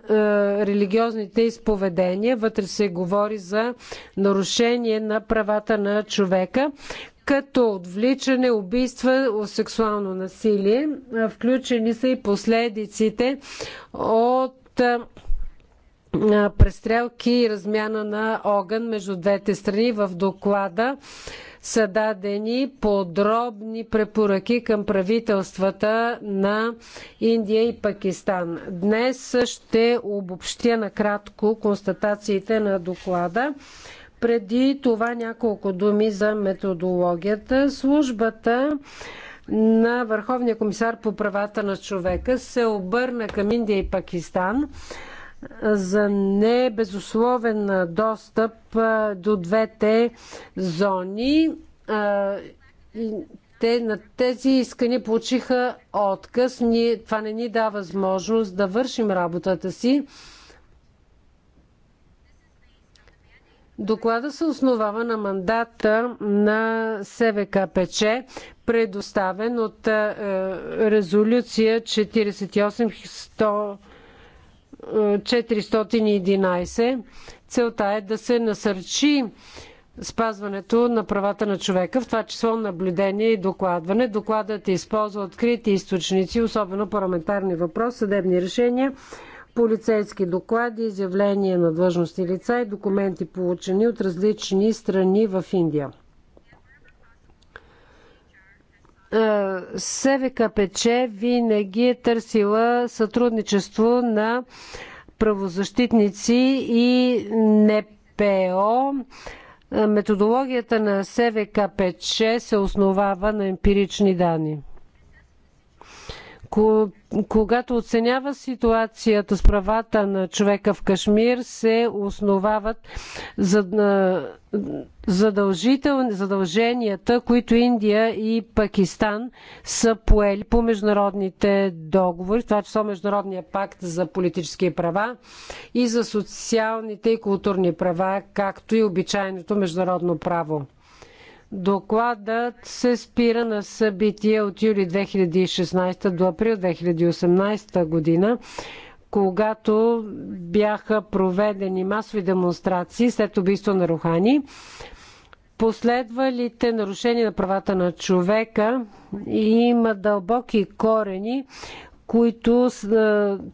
религиозните изповедения. Вътре се говори за нарушение на правата на човека като отвличане, убийства, сексуално насилие. Включени са и последиците от престрелки и размяна на огън между двете страни. В доклада са дадени подробни препоръки към правителствата на Индия и Пакистан. Днес ще обобщя накратко констатациите на доклада. Преди това няколко думи за методологията. Службата на Върховния комисар по правата на човека се обърна към Индия и Пакистан за небезусловен достъп до двете зони. Те на тези искани получиха отказ. това не ни дава възможност да вършим работата си. Доклада се основава на мандата на СВК пече, предоставен от е, резолюция 48411. Е, Целта е да се насърчи спазването на правата на човека, в това число наблюдение и докладване. Докладът е използва открити източници, особено парламентарни въпроси, съдебни решения полицейски доклади, изявления на длъжностни лица и документи получени от различни страни в Индия. Е, СВКПЧ винаги е търсила сътрудничество на правозащитници и НПО. Е, методологията на СВКПЧ се основава на емпирични данни когато оценява ситуацията с правата на човека в Кашмир, се основават задълженията, които Индия и Пакистан са поели по международните договори, това това число Международния пакт за политически права и за социалните и културни права, както и обичайното международно право. Докладът се спира на събития от юли 2016 до април 2018 година, когато бяха проведени масови демонстрации след убийство на Рухани. Последвалите нарушения на правата на човека има дълбоки корени които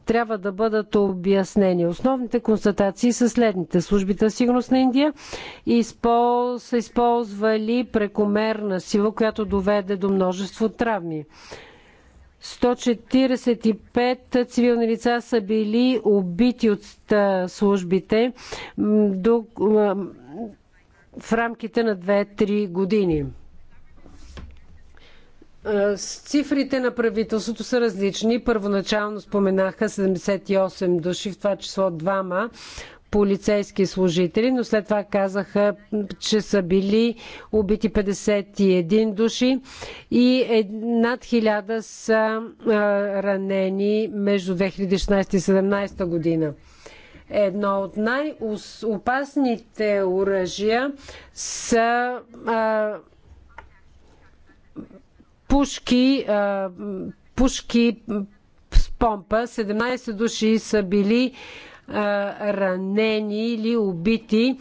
трябва да бъдат обяснени. Основните констатации са следните. Службите за сигурност на Индия са използвали прекомерна сила, която доведе до множество травми. 145 цивилни лица са били убити от службите в рамките на 2-3 години. Е, с цифрите на правителството са различни. Първоначално споменаха 78 души, в това число двама полицейски служители, но след това казаха, че са били убити 51 души и над 1000 са е, ранени между 2016 и 2017 година едно от най-опасните оръжия са а, е, пушки, пушки с помпа. 17 души са били ранени или убити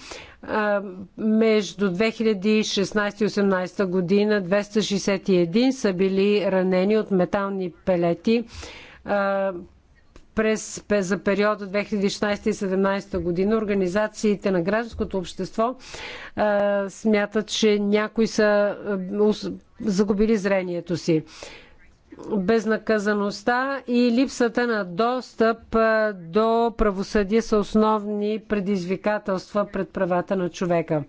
между 2016 и 2018 година 261 са били ранени от метални пелети през, за периода 2016-2017 година организациите на гражданското общество а, смятат, че някои са а, загубили зрението си. Безнаказаността и липсата на достъп а, до правосъдие са основни предизвикателства пред правата на човека.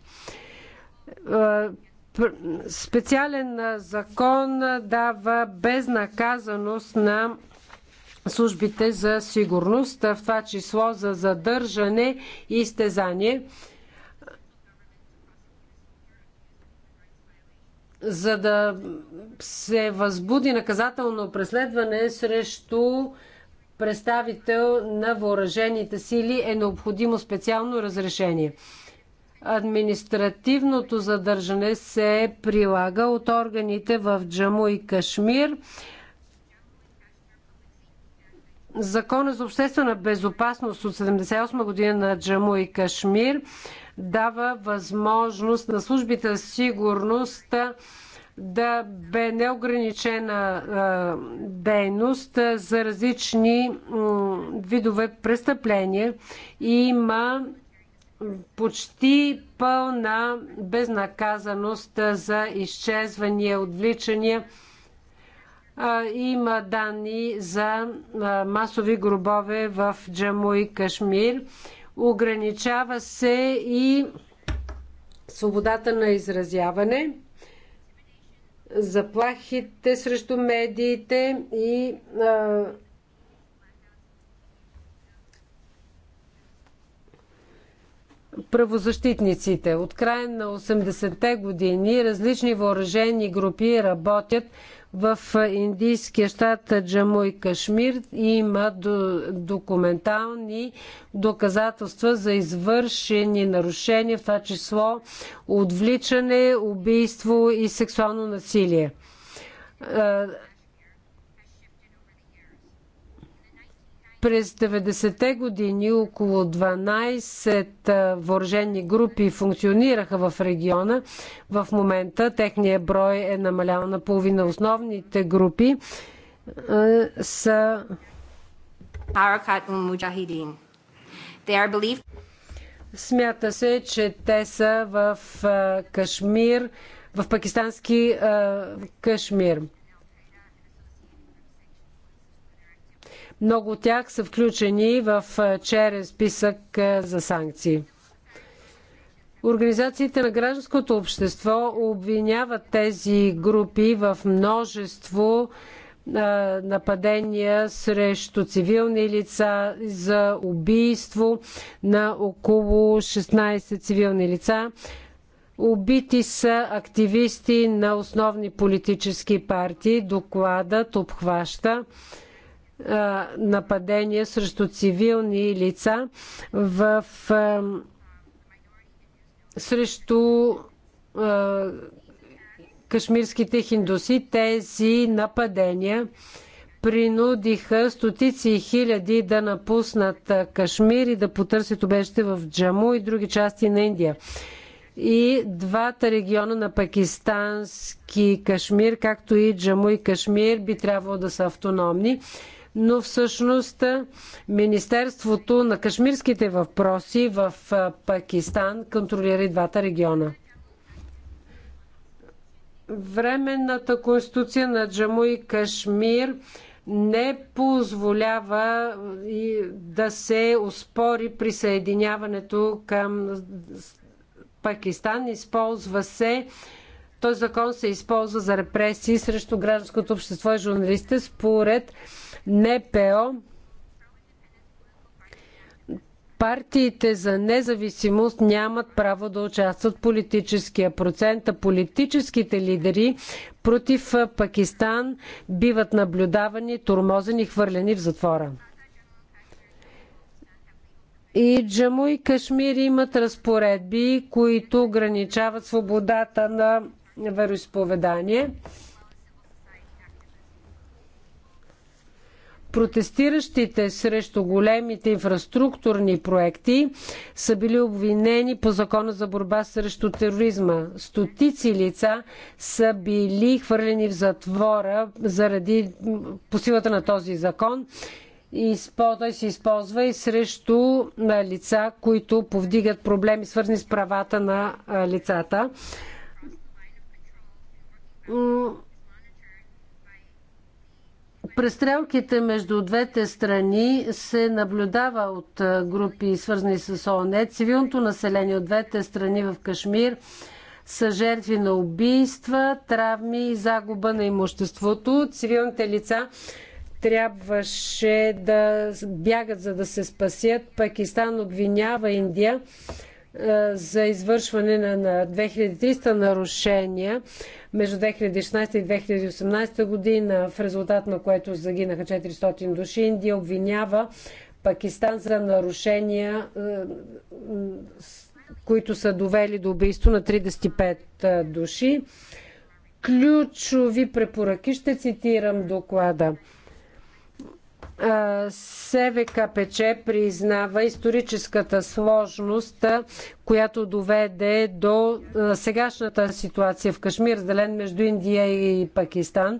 специален закон дава безнаказаност на службите за сигурност, в това число за задържане и стезание. За да се възбуди наказателно преследване срещу представител на въоръжените сили е необходимо специално разрешение. Административното задържане се прилага от органите в Джаму и Кашмир Закона за обществена безопасност от 1978 година на Джаму и Кашмир дава възможност на службите за сигурност да бе неограничена дейност за различни видове престъпления. и Има почти пълна безнаказаност за изчезвания, отвличания има данни за масови гробове в Джаму и Кашмир. Ограничава се и свободата на изразяване, заплахите срещу медиите и правозащитниците. От края на 80-те години различни въоръжени групи работят в индийския щат Джаму и Кашмир има документални доказателства за извършени нарушения, в това число отвличане, убийство и сексуално насилие През 90-те години около 12 въоръжени групи функционираха в региона. В момента техният брой е намалял на половина. Основните групи Аракат Муджахидин. Смята се, че те са в Кашмир, в пакистански Кашмир. Много от тях са включени в черен списък за санкции. Организациите на гражданското общество обвиняват тези групи в множество нападения срещу цивилни лица за убийство на около 16 цивилни лица. Убити са активисти на основни политически партии. Докладът обхваща нападения срещу цивилни лица в срещу кашмирските хиндуси. Тези нападения принудиха стотици и хиляди да напуснат Кашмир и да потърсят убежище в Джаму и други части на Индия. И двата региона на пакистански Кашмир, както и Джаму и Кашмир, би трябвало да са автономни но всъщност Министерството на кашмирските въпроси в Пакистан контролира и двата региона. Временната конституция на Джаму и Кашмир не позволява да се успори присъединяването към Пакистан. Използва се този закон се използва за репресии срещу гражданското общество и журналистите. Според НПО, партиите за независимост нямат право да участват в политическия процент, а политическите лидери против Пакистан биват наблюдавани, турмозени, хвърлени в затвора. И Джаму и Кашмир имат разпоредби, които ограничават свободата на вероисповедание. Протестиращите срещу големите инфраструктурни проекти са били обвинени по закона за борба срещу тероризма. Стотици лица са били хвърлени в затвора заради по силата на този закон. И той се използва и срещу лица, които повдигат проблеми, свързани с правата на лицата Престрелките между двете страни се наблюдава от групи свързани с ООН. Цивилното население от двете страни в Кашмир са жертви на убийства, травми и загуба на имуществото. Цивилните лица трябваше да бягат, за да се спасят. Пакистан обвинява Индия е, за извършване на, на 2300 нарушения между 2016 и 2018 година, в резултат на което загинаха 400 души. Индия обвинява Пакистан за нарушения, е, които са довели до убийство на 35 е, души. Ключови препоръки ще цитирам доклада. СВКПЧ признава историческата сложност, която доведе до сегашната ситуация в Кашмир, разделен между Индия и Пакистан.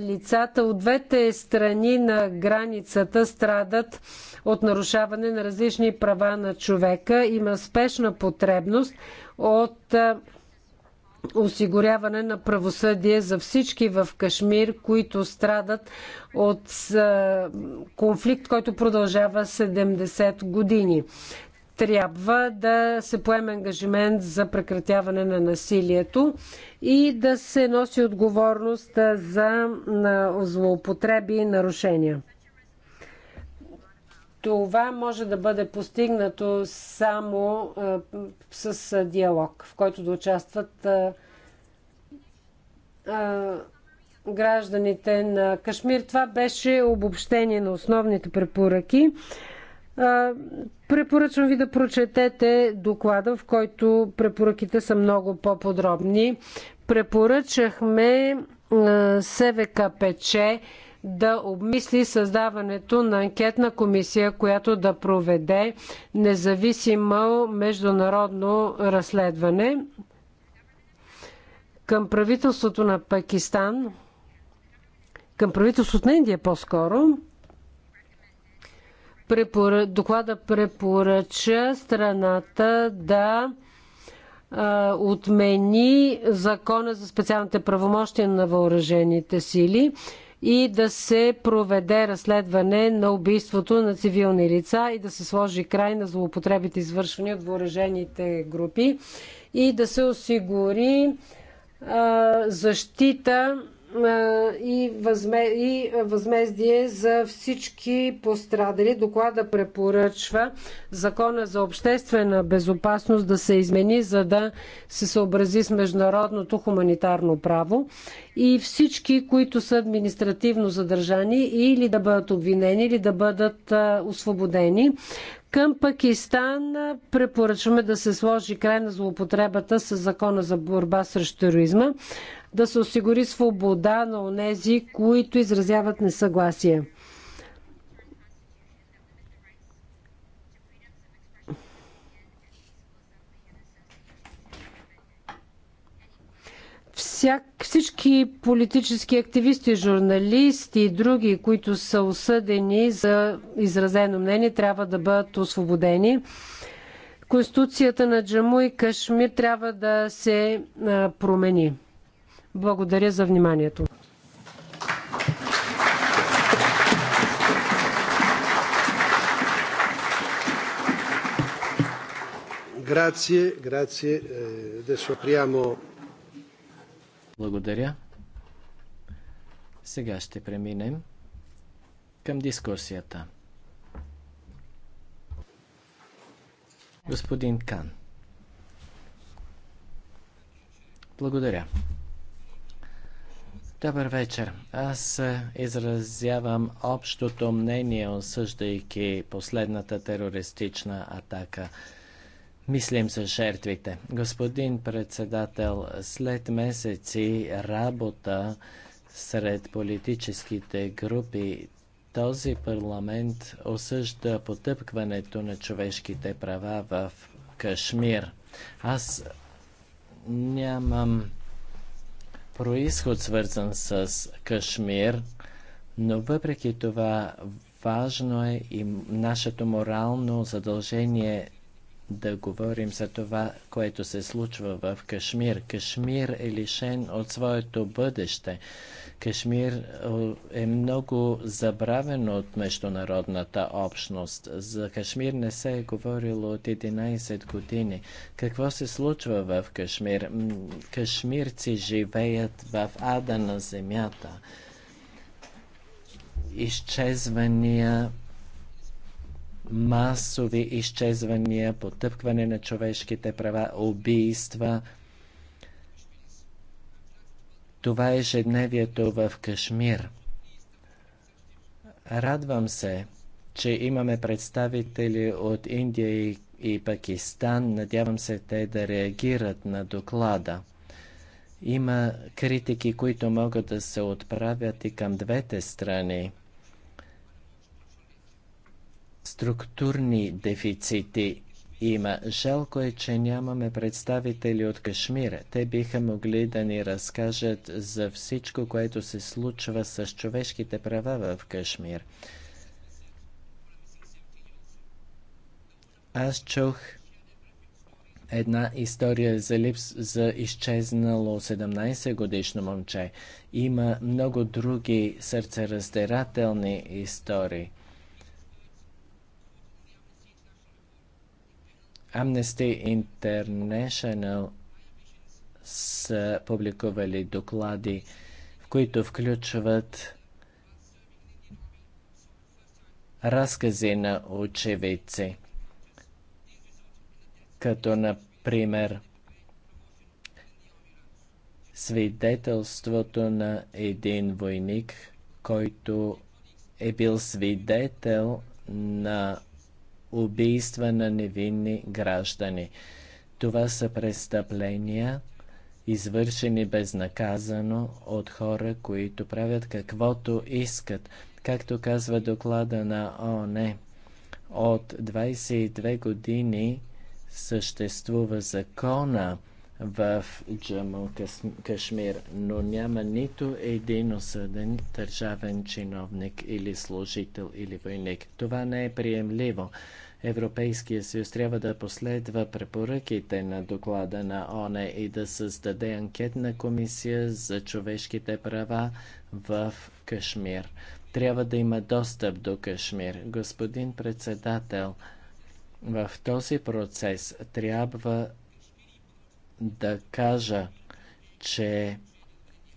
Лицата от двете страни на границата страдат от нарушаване на различни права на човека. Има спешна потребност от осигуряване на правосъдие за всички в Кашмир, които страдат от конфликт, който продължава 70 години. Трябва да се поеме ангажимент за прекратяване на насилието и да се носи отговорност за злоупотреби и нарушения. Това може да бъде постигнато само с диалог, в който да участват гражданите на Кашмир. Това беше обобщение на основните препоръки. Препоръчвам ви да прочетете доклада, в който препоръките са много по-подробни. Препоръчахме СВК пече да обмисли създаването на анкетна комисия, която да проведе независимо международно разследване към правителството на Пакистан, към правителството на Индия по-скоро, доклада препоръча страната да а, отмени закона за специалните правомощия на въоръжените сили и да се проведе разследване на убийството на цивилни лица и да се сложи край на злоупотребите, извършвани от въоръжените групи и да се осигури защита и, възме, и възмездие за всички пострадали. Доклада препоръчва закона за обществена безопасност да се измени, за да се съобрази с международното хуманитарно право и всички, които са административно задържани или да бъдат обвинени, или да бъдат освободени. Към Пакистан препоръчваме да се сложи край на злоупотребата с закона за борба срещу тероризма да се осигури свобода на онези, които изразяват несъгласие. всички политически активисти, журналисти и други, които са осъдени за изразено мнение, трябва да бъдат освободени. Конституцията на Джаму и Кашмир трябва да се промени. Благодаря за вниманието. Благодаря. Сега ще преминем към дискусията. Господин Кан. Благодаря. Добър вечер. Аз изразявам общото мнение, осъждайки последната терористична атака. Мислим за жертвите. Господин председател, след месеци работа сред политическите групи, този парламент осъжда потъпкването на човешките права в Кашмир. Аз нямам происход, свързан с Кашмир, но въпреки това важно е и нашето морално задължение да говорим за това, което се случва в Кашмир. Кашмир е лишен от своето бъдеще. Кашмир е много забравен от международната общност. За Кашмир не се е говорило от 11 години. Какво се случва в Кашмир? Кашмирци живеят в ада на земята. Изчезвания масови изчезвания, потъпкване на човешките права, убийства – това е ежедневието в Кашмир. Радвам се, че имаме представители от Индия и, и Пакистан. Надявам се те да реагират на доклада. Има критики, които могат да се отправят и към двете страни. Структурни дефицити има. Жалко е, че нямаме представители от Кашмир. Те биха могли да ни разкажат за всичко, което се случва с човешките права в Кашмир. Аз чух една история за липс за изчезнало 17 годишно момче. Има много други сърцераздирателни истории – Amnesty International са публикували доклади, в които включват разкази на очевидци, като например свидетелството на един войник, който е бил свидетел на убийства на невинни граждани. Това са престъпления, извършени безнаказано от хора, които правят каквото искат. Както казва доклада на ООН, от 22 години съществува закона, в Джаму Кашмир, но няма нито един осъден държавен чиновник или служител или войник. Това не е приемливо. Европейския съюз трябва да последва препоръките на доклада на ОНЕ и да създаде анкетна комисия за човешките права в Кашмир. Трябва да има достъп до Кашмир. Господин председател, в този процес трябва да кажа, че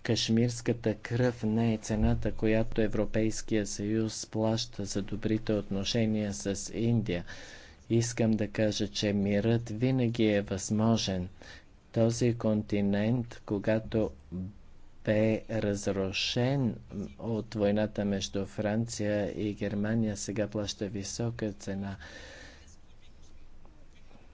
кашмирската кръв не е цената, която Европейския съюз плаща за добрите отношения с Индия. Искам да кажа, че мирът винаги е възможен. Този континент, когато бе разрушен от войната между Франция и Германия, сега плаща висока цена.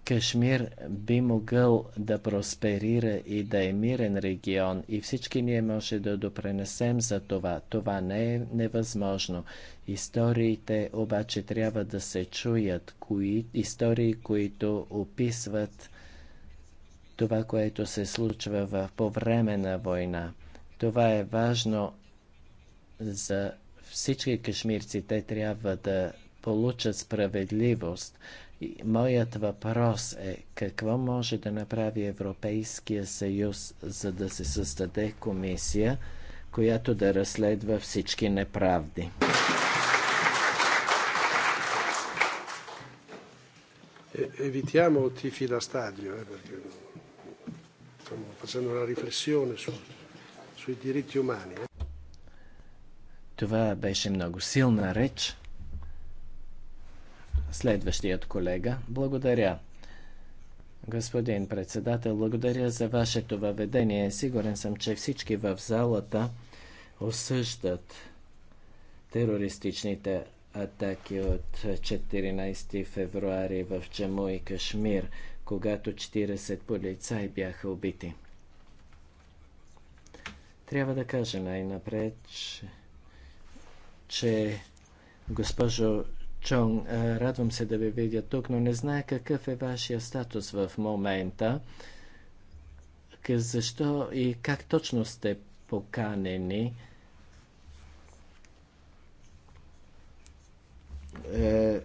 Кашмир би могъл да просперира и да е мирен регион и всички ние може да допренесем за това. Това не е невъзможно. Историите обаче трябва да се чуят, кои, истории, които описват това, което се случва в, по време на война. Това е важно за всички кашмирци. Те трябва да получат справедливост. Моят въпрос е какво може да направи Европейския съюз, за да се създаде комисия, която да разследва всички неправди? Е, Evitiamo tifi da stadio, eh, perché stiamo facendo una riflessione su, sui diritti umani. Eh. Това беше много силна реч. Следващият колега. Благодаря. Господин председател, благодаря за вашето въведение. Сигурен съм, че всички в залата осъждат терористичните атаки от 14 февруари в Чему и Кашмир, когато 40 полицаи бяха убити. Трябва да кажа най-напред, че госпожо Чон, е, радвам се да ви видя тук, но не знае какъв е вашия статус в момента. Защо и как точно сте поканени? Е,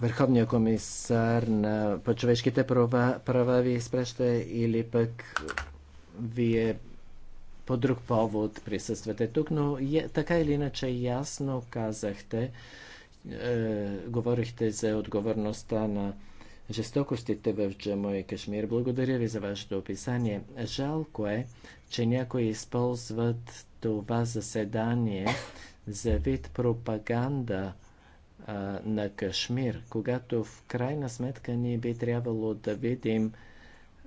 Върховният комисар на, по човешките права, права ви изпраща или пък вие по друг повод присъствате тук, но е, така или иначе ясно казахте, е, говорихте за отговорността на жестокостите в Джамо и Кашмир. Благодаря ви за вашето описание. Жалко е, че някои използват това заседание за вид пропаганда а, на Кашмир, когато в крайна сметка ние би трябвало да видим,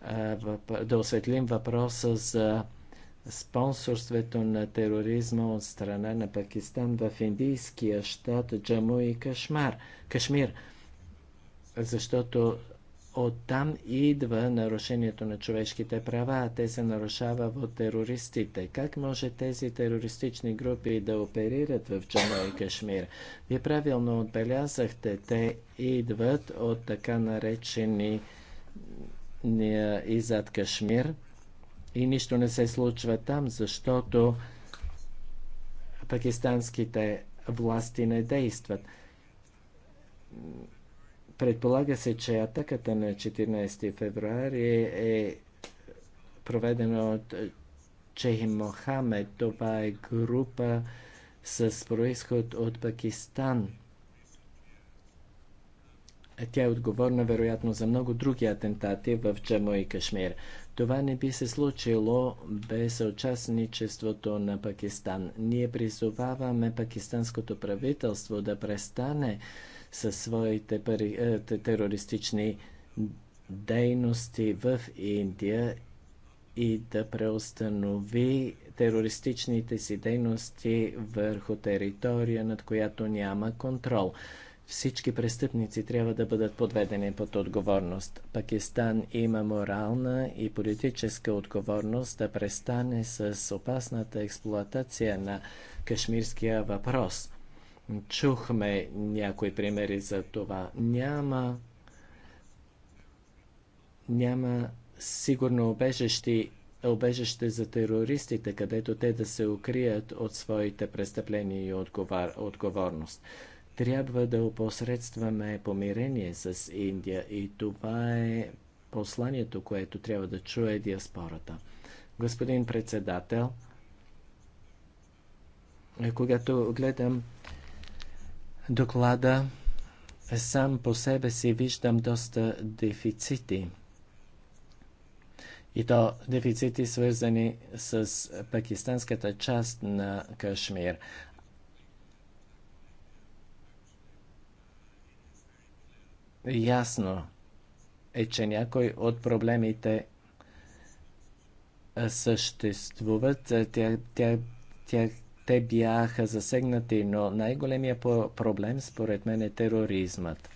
а, да осветлим въпроса за спонсорството на тероризма от страна на Пакистан в индийския щат Джаму и Кашмар, Кашмир, защото оттам идва нарушението на човешките права, а те се нарушава от терористите. Как може тези терористични групи да оперират в Джаму и Кашмир? Вие правилно отбелязахте, те идват от така наречени и зад Кашмир – и нищо не се случва там, защото пакистанските власти не действат. Предполага се, че атаката на 14 февруари е проведена от Чехи Мохамед. Това е група с происход от Пакистан – е, тя е отговорна вероятно за много други атентати в Джамо и Кашмир. Това не би се случило без участничеството на Пакистан. Ние призоваваме пакистанското правителство да престане със своите пари, е, терористични дейности в Индия и да преустанови терористичните си дейности върху територия, над която няма контрол. Всички престъпници трябва да бъдат подведени под отговорност. Пакистан има морална и политическа отговорност да престане с опасната експлоатация на кашмирския въпрос. Чухме някои примери за това. Няма няма сигурно обежище, обежище за терористите, където те да се укрият от своите престъпления и отговор, отговорност. Трябва да опосредстваме помирение с Индия и това е посланието, което трябва да чуе диаспората. Господин председател, е, когато гледам доклада, сам по себе си виждам доста дефицити. И то дефицити свързани с пакистанската част на Кашмир. Ясно е, че някои от проблемите съществуват. Тя, тя, тя, те бяха засегнати, но най-големия проблем според мен е тероризмът.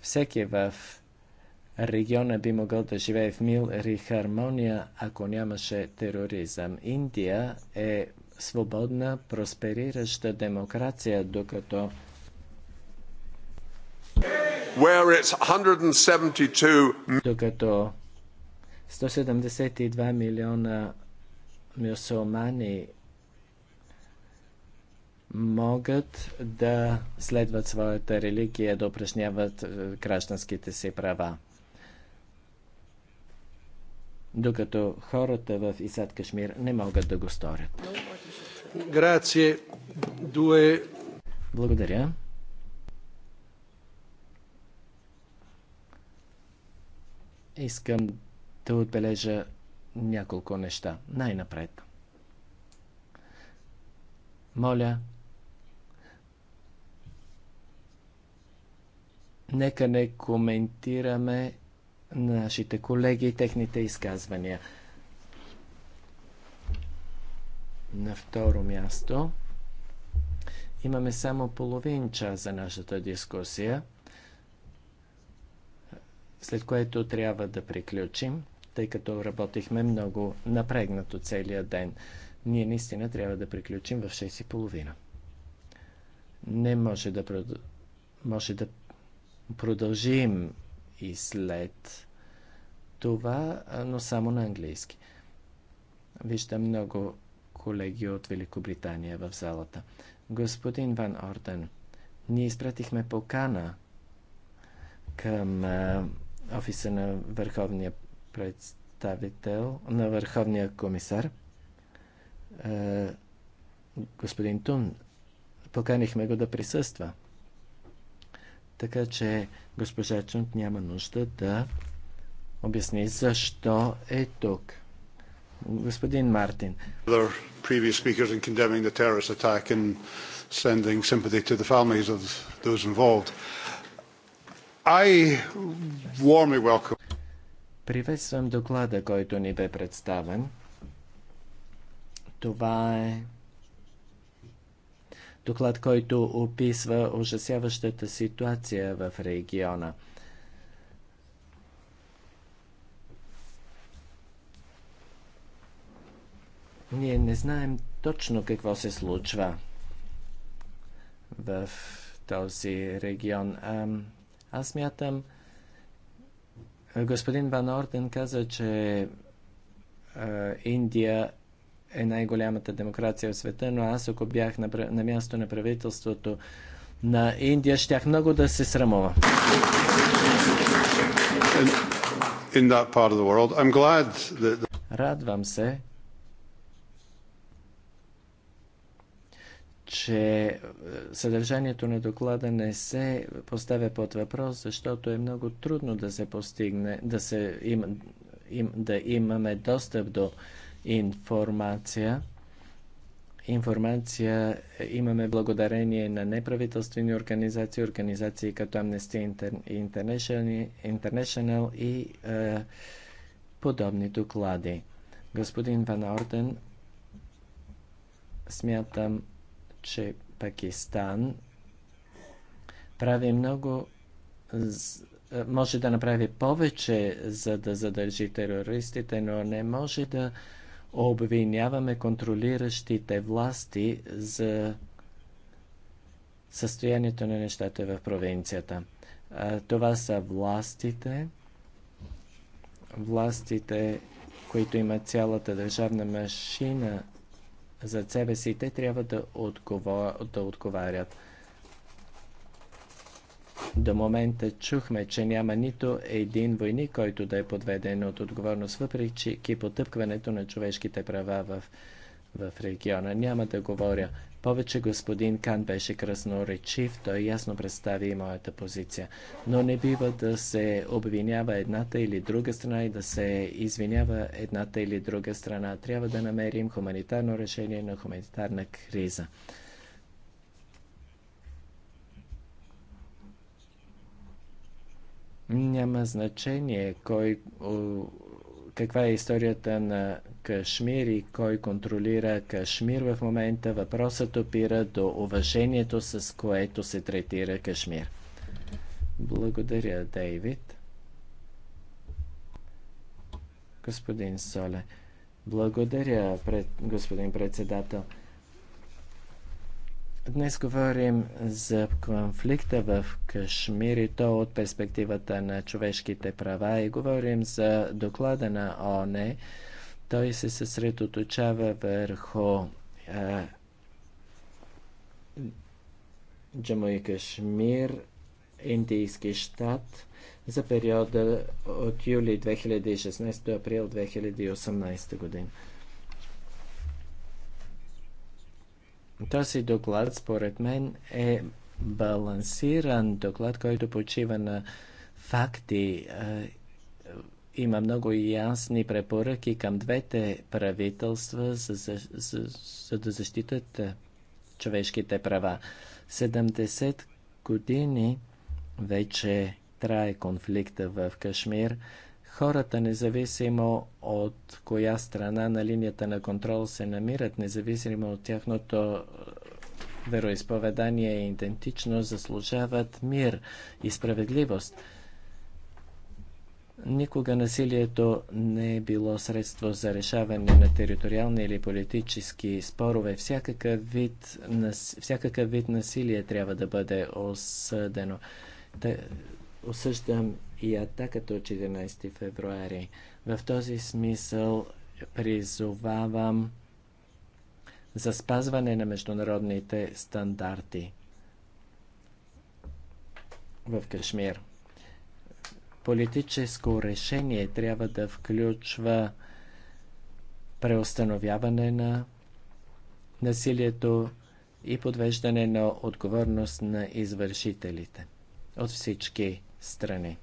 Всеки е в региона би могъл да живее в мил и хармония, ако нямаше тероризъм. Индия е свободна, просперираща демокрация, докато докато 172 милиона мюсулмани могат да следват своята религия, да упражняват е, гражданските си права. Докато хората в Исад Кашмир не могат да го сторят. Благодаря. искам да отбележа няколко неща. Най-напред. Моля, нека не коментираме нашите колеги и техните изказвания. На второ място имаме само половин час за нашата дискусия след което трябва да приключим, тъй като работихме много напрегнато целия ден. Ние наистина трябва да приключим в 6.30. Не може да, прод... може да продължим и след това, но само на английски. Виждам много колеги от Великобритания в залата. Господин Ван Орден, ние изпратихме покана към офиса на Върховния представител, на Върховния комисар, господин Тун. Поканихме го да присъства. Така че госпожа Чунт няма нужда да обясни защо е тук. Господин Мартин. previous speakers in condemning the terrorist attack and sending sympathy to the families of those involved. Приветствам доклада, който ни бе представен. Това е доклад, който описва ужасяващата ситуация в региона. Ние не знаем точно какво се случва в този регион. Аз мятам, господин Ван Орден каза, че Индия е най-голямата демокрация в света, но аз ако бях на, на място на правителството на Индия, щях много да се срамувам. That... Радвам се, че е, съдържанието на доклада не се поставя под въпрос, защото е много трудно да се постигне, да, се, им, им, да имаме достъп до информация. Информация е, имаме благодарение на неправителствени организации, организации като Amnesty International, и е, подобни доклади. Господин Ван Орден, смятам, че Пакистан прави много е, може да направи повече, за да задържи терористите, но не може да обвиняваме контролиращите власти за състоянието на нещата в провинцията. Това са властите, властите, които имат цялата държавна машина за себе си, те трябва да, отговор, да отговарят. До момента чухме, че няма нито един войник, който да е подведен от отговорност, въпреки потъпкването на човешките права в, в региона. Няма да говоря повече господин Кан беше красноречив, той ясно представи моята позиция. Но не бива да се обвинява едната или друга страна и да се извинява едната или друга страна. Трябва да намерим хуманитарно решение на хуманитарна криза. Няма значение кой каква е историята на Кашмир и кой контролира Кашмир в момента. Въпросът опира до уважението, с което се третира Кашмир. Благодаря, Дейвид. Господин Соле. Благодаря, пред, господин председател. Днес говорим за конфликта в Кашмир и то от перспективата на човешките права и говорим за доклада на ОНЕ. Той се съсредоточава върху а, Джамо и Кашмир, Индийски щат за периода от юли 2016 до април 2018 година. Този доклад, според мен, е балансиран доклад, който почива на факти. Е, има много ясни препоръки към двете правителства, за, за, за, за да защитат е, човешките права. 70 години вече трае конфликта в Кашмир. Хората, независимо от коя страна на линията на контрол се намират, независимо от тяхното е, вероисповедание и е идентично, заслужават мир и справедливост. Никога насилието не е било средство за решаване на териториални или политически спорове. Всякакъв вид, всякакъв вид насилие трябва да бъде осъдено. Осъждам и атаката от 14 февруари. В този смисъл призовавам за спазване на международните стандарти в Кашмир. Политическо решение трябва да включва преустановяване на насилието и подвеждане на отговорност на извършителите от всички страни.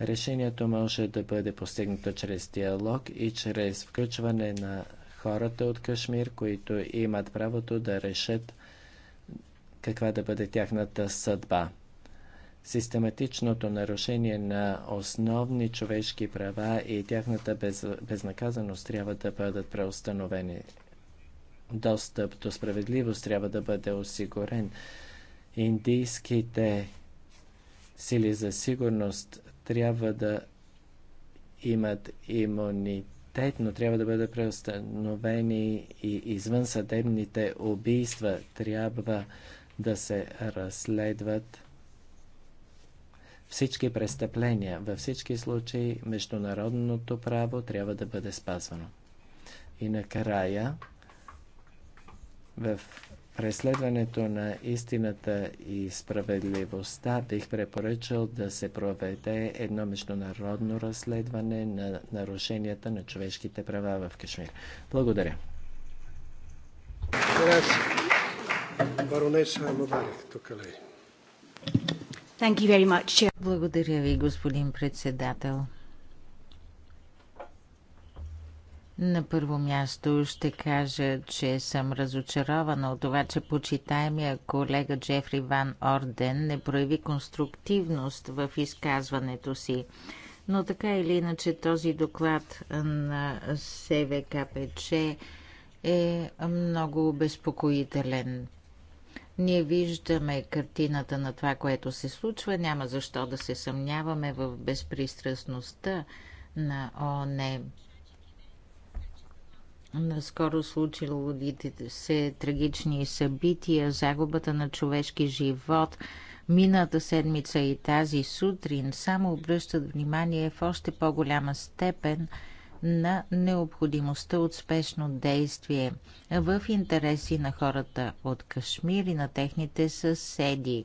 Решението може да бъде постигнато чрез диалог и чрез включване на хората от Кашмир, които имат правото да решат каква да бъде тяхната съдба. Систематичното нарушение на основни човешки права и тяхната без, безнаказаност трябва да бъдат преустановени. Достъп до справедливост трябва да бъде осигурен. Индийските сили за сигурност трябва да имат имунитет, но трябва да бъдат преустановени и извън съдебните убийства. Трябва да се разследват всички престъпления. Във всички случаи международното право трябва да бъде спазвано. И накрая в преследването на истината и справедливостта бих препоръчал да се проведе едно международно разследване на нарушенията на човешките права в Кашмир. Благодаря. Благодаря ви, господин председател. На първо място ще кажа, че съм разочарована от това, че почитаемия колега Джефри Ван Орден не прояви конструктивност в изказването си. Но така или иначе този доклад на СВКПЧ е много обезпокоителен. Ние виждаме картината на това, което се случва. Няма защо да се съмняваме в безпристрастността на ОНЕ. Наскоро случилите се трагични събития, загубата на човешки живот, мината седмица и тази сутрин само обръщат внимание в още по-голяма степен на необходимостта от спешно действие в интереси на хората от Кашмир и на техните съседи.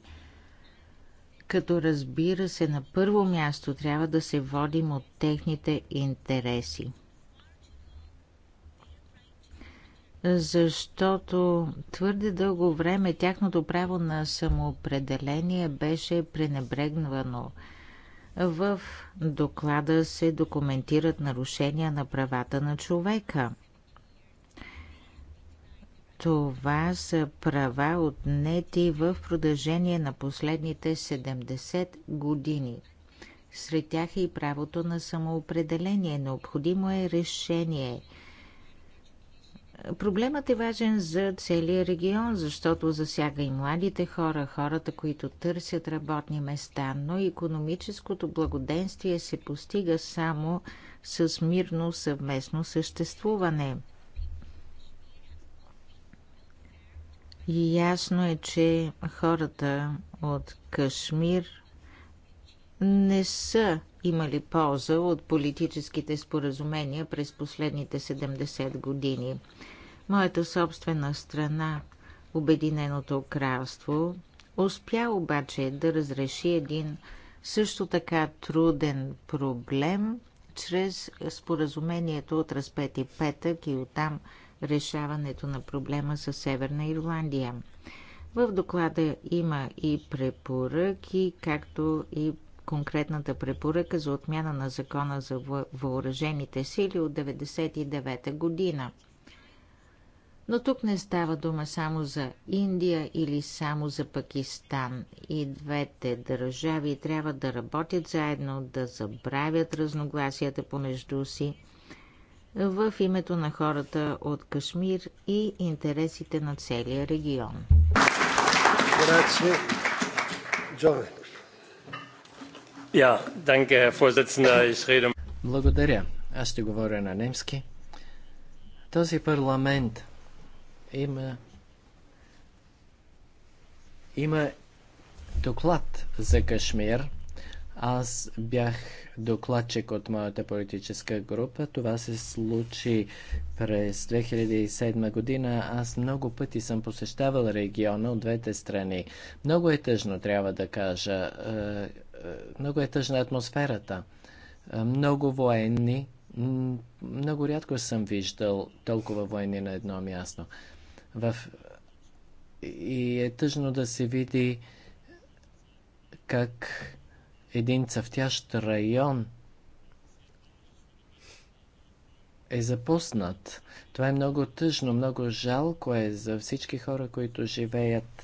Като разбира се, на първо място трябва да се водим от техните интереси. защото твърде дълго време тяхното право на самоопределение беше пренебрегнано. В доклада се документират нарушения на правата на човека. Това са права отнети в продължение на последните 70 години. Сред тях е и правото на самоопределение. Необходимо е решение – Проблемът е важен за целия регион, защото засяга и младите хора, хората, които търсят работни места, но економическото благоденствие се постига само с мирно съвместно съществуване. И ясно е, че хората от Кашмир не са имали полза от политическите споразумения през последните 70 години. Моята собствена страна, Обединеното кралство, успя обаче да разреши един също така труден проблем чрез споразумението от разпети петък и оттам решаването на проблема с Северна Ирландия. В доклада има и препоръки, както и конкретната препоръка за отмяна на закона за въоръжените сили от 1999 година. Но тук не става дума само за Индия или само за Пакистан. И двете държави трябва да работят заедно, да забравят разногласията помежду си в името на хората от Кашмир и интересите на целия регион. Grazie. Yeah, danke, Благодаря. Аз ще говоря на немски. Този парламент има има доклад за Кашмир аз бях докладчик от моята политическа група. Това се случи през 2007 година. Аз много пъти съм посещавал региона от двете страни. Много е тъжно, трябва да кажа. Е, е, много е тъжна атмосферата. Е, много военни. Много рядко съм виждал толкова войни на едно място. В... И е тъжно да се види как един цъфтящ район е запуснат. Това е много тъжно, много жалко е за всички хора, които живеят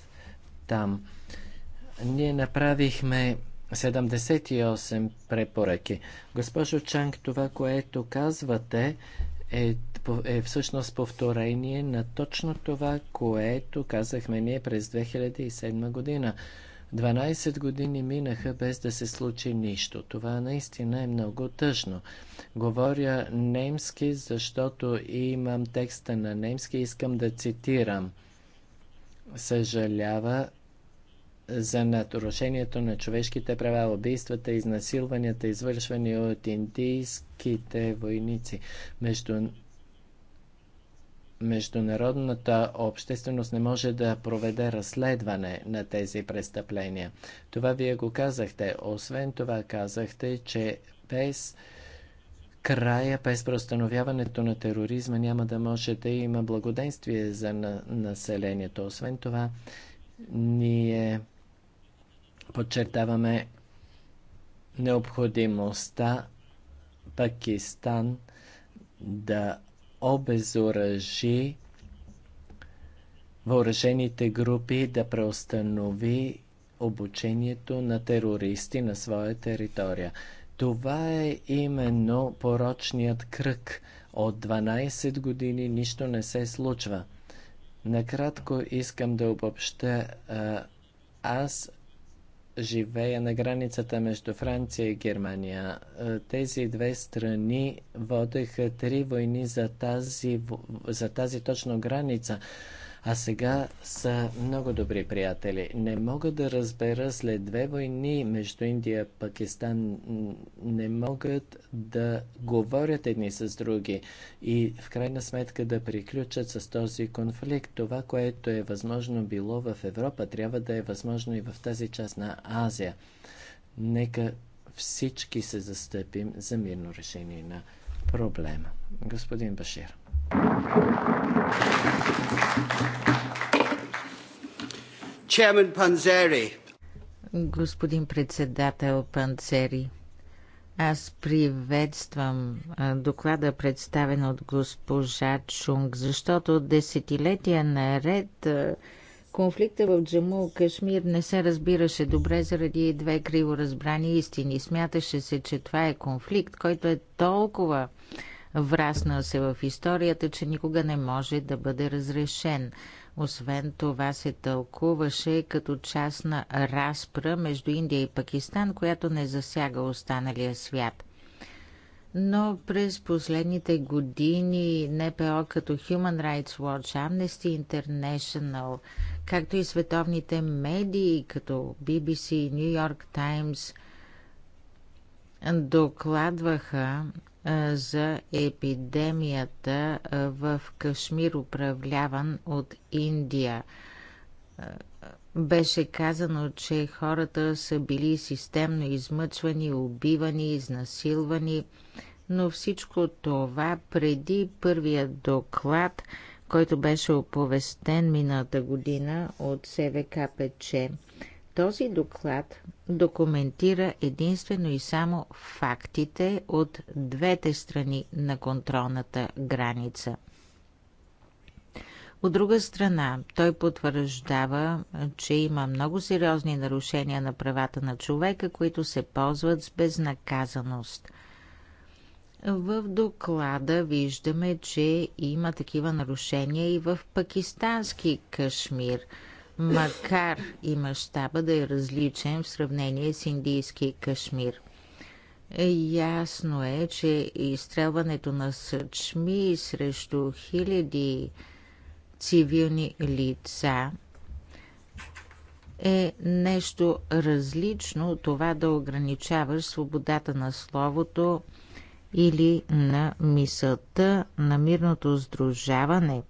там. Ние направихме 78 препоръки. Госпожо Чанг, това, което казвате, е, е всъщност повторение на точно това, което казахме ние през 2007 година. 12 години минаха без да се случи нищо. Това наистина е много тъжно. Говоря немски, защото имам текста на немски и искам да цитирам. Съжалява за нарушението на човешките права, убийствата, изнасилванията, извършвани от индийските войници. Между международната общественост не може да проведе разследване на тези престъпления. Това вие го казахте. Освен това казахте, че без края, без преустановяването на тероризма няма да може да има благоденствие за на населението. Освен това, ние подчертаваме необходимостта Пакистан да обезоръжи въоръжените групи да преустанови обучението на терористи на своя територия. Това е именно порочният кръг. От 12 години нищо не се случва. Накратко искам да обобща. Аз живея на границата между Франция и Германия. Е, тези две страни водеха три войни за тази, за тази точно граница а сега са много добри приятели. Не мога да разбера след две войни между Индия и Пакистан не могат да говорят едни с други и в крайна сметка да приключат с този конфликт. Това, което е възможно било в Европа, трябва да е възможно и в тази част на Азия. Нека всички се застъпим за мирно решение на проблема. Господин Башир. Господин председател Панцери, аз приветствам доклада, представен от госпожа Чунг, защото от десетилетия наред конфликта в Джаму Кашмир не се разбираше добре заради две криво разбрани истини. Смяташе се, че това е конфликт, който е толкова Враснал се в историята, че никога не може да бъде разрешен. Освен това се тълкуваше като частна разпра между Индия и Пакистан, която не засяга останалия свят. Но през последните години НПО като Human Rights Watch, Amnesty International, както и световните медии като BBC, New York Times – докладваха за епидемията в Кашмир, управляван от Индия. Беше казано, че хората са били системно измъчвани, убивани, изнасилвани, но всичко това преди първия доклад, който беше оповестен миналата година от СВК пече. Този доклад документира единствено и само фактите от двете страни на контролната граница. От друга страна, той потвърждава, че има много сериозни нарушения на правата на човека, които се ползват с безнаказаност. В доклада виждаме, че има такива нарушения и в пакистански Кашмир – макар и мащаба да е различен в сравнение с индийски Кашмир. Е, ясно е, че изстрелването на съчми срещу хиляди цивилни лица е нещо различно от това да ограничаваш свободата на словото или на мисълта на мирното сдружаване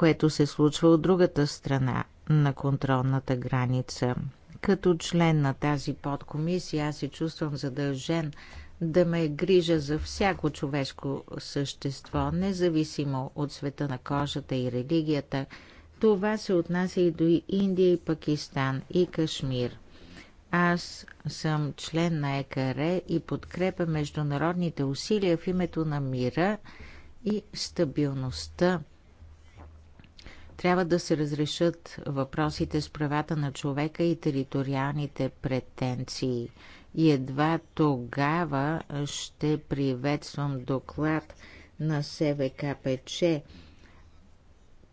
което се случва от другата страна на контролната граница. Като член на тази подкомисия аз се чувствам задължен да ме грижа за всяко човешко същество, независимо от света на кожата и религията. Това се отнася и до Индия и Пакистан и Кашмир. Аз съм член на ЕКР и подкрепя международните усилия в името на мира и стабилността трябва да се разрешат въпросите с правата на човека и териториалните претенции. И едва тогава ще приветствам доклад на СВКПЧ,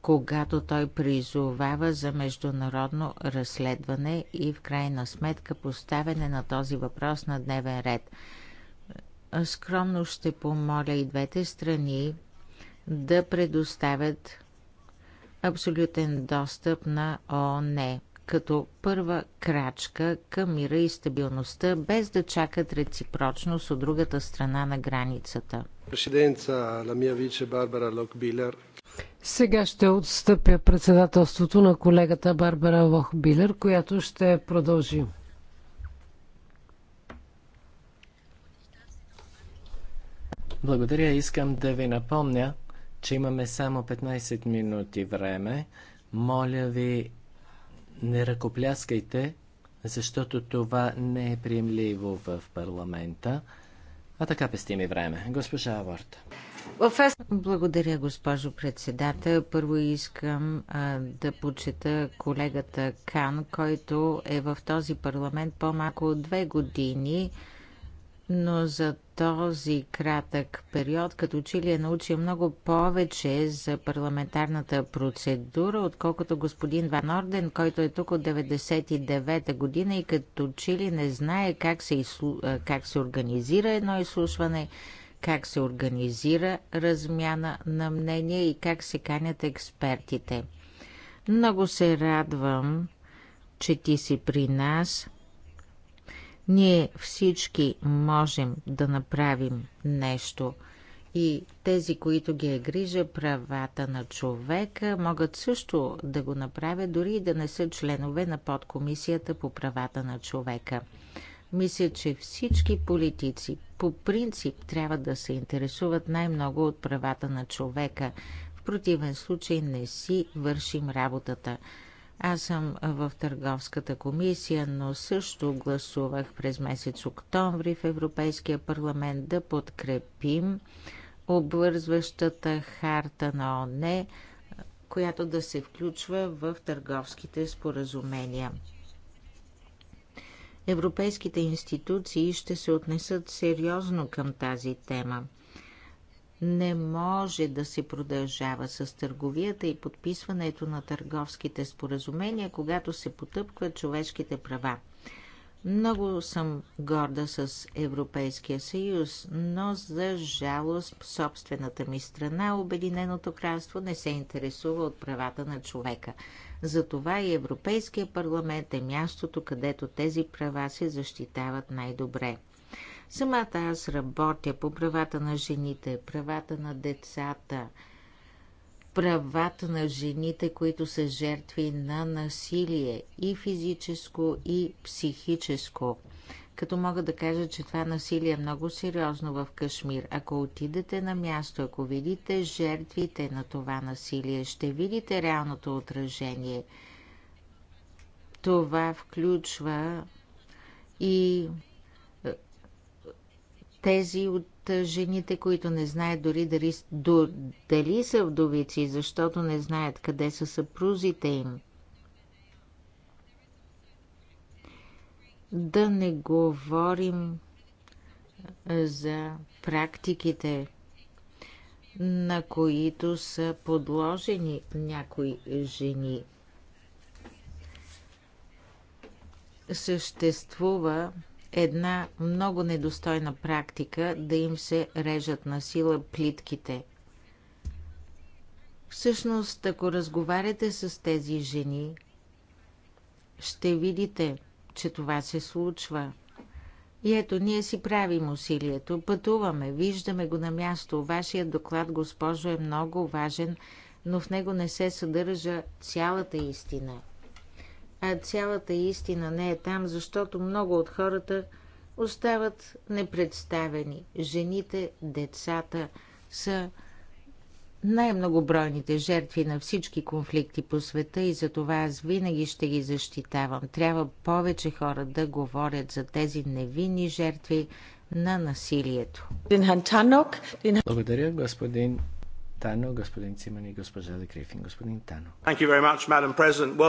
когато той призовава за международно разследване и в крайна сметка поставяне на този въпрос на дневен ред. Скромно ще помоля и двете страни да предоставят абсолютен достъп на ООН като първа крачка към мира и стабилността, без да чакат реципрочност от другата страна на границата. Сега ще отстъпя председателството на колегата Барбара Лохбилер, която ще продължи. Благодаря. Искам да ви напомня, че имаме само 15 минути време. Моля ви, не ръкопляскайте, защото това не е приемливо в парламента. А така пести ми време. Госпожа Аворт. Благодаря, госпожо председател. Първо искам а, да почета колегата Кан, който е в този парламент по-малко от две години но за този кратък период като че ли е научил много повече за парламентарната процедура, отколкото господин Ван Орден, който е тук от 99-та година и като че ли не знае как се, изслу... как се организира едно изслушване, как се организира размяна на мнение и как се канят експертите. Много се радвам, че ти си при нас – ние всички можем да направим нещо. И тези, които ги е грижа правата на човека, могат също да го направят, дори и да не са членове на подкомисията по правата на човека. Мисля, че всички политици по принцип трябва да се интересуват най-много от правата на човека. В противен случай не си вършим работата. Аз съм в Търговската комисия, но също гласувах през месец октомври в Европейския парламент да подкрепим обвързващата харта на ОНЕ, която да се включва в търговските споразумения. Европейските институции ще се отнесат сериозно към тази тема – не може да се продължава с търговията и подписването на търговските споразумения, когато се потъпкват човешките права. Много съм горда с Европейския съюз, но за жалост собствената ми страна, Обединеното кралство, не се интересува от правата на човека. Затова и Европейския парламент е мястото, където тези права се защитават най-добре. Самата аз работя по правата на жените, правата на децата, правата на жените, които са жертви на насилие и физическо, и психическо. Като мога да кажа, че това насилие е много сериозно в Кашмир. Ако отидете на място, ако видите жертвите на това насилие, ще видите реалното отражение. Това включва и тези от жените, които не знаят дори дали, дали са вдовици, защото не знаят къде са съпрузите им. Да не говорим за практиките, на които са подложени някои жени. Съществува една много недостойна практика да им се режат на сила плитките. Всъщност, ако разговаряте с тези жени, ще видите, че това се случва. И ето, ние си правим усилието, пътуваме, виждаме го на място. Вашият доклад, госпожо, е много важен, но в него не се съдържа цялата истина а цялата истина не е там, защото много от хората остават непредставени. Жените, децата са най-многобройните жертви на всички конфликти по света и за това аз винаги ще ги защитавам. Трябва повече хора да говорят за тези невинни жертви на насилието. Благодаря, господин Тано, господин Циман и госпожа Декрифин. Господин Тано.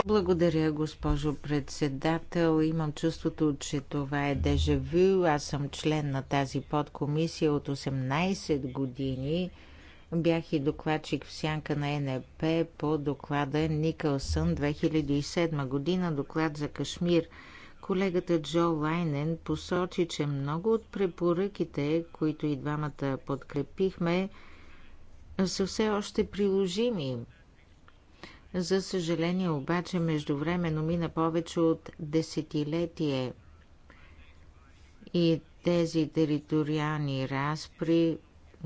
Благодаря, госпожо председател. Имам чувството, че това е дежавю. Аз съм член на тази подкомисия от 18 години. Бях и докладчик в сянка на НЕП по доклада Никълсън 2007 година, доклад за Кашмир. Колегата Джо Лайнен посочи, че много от препоръките, които и двамата подкрепихме, са все още приложими. За съжаление обаче междувременно мина повече от десетилетие и тези териториални разпри,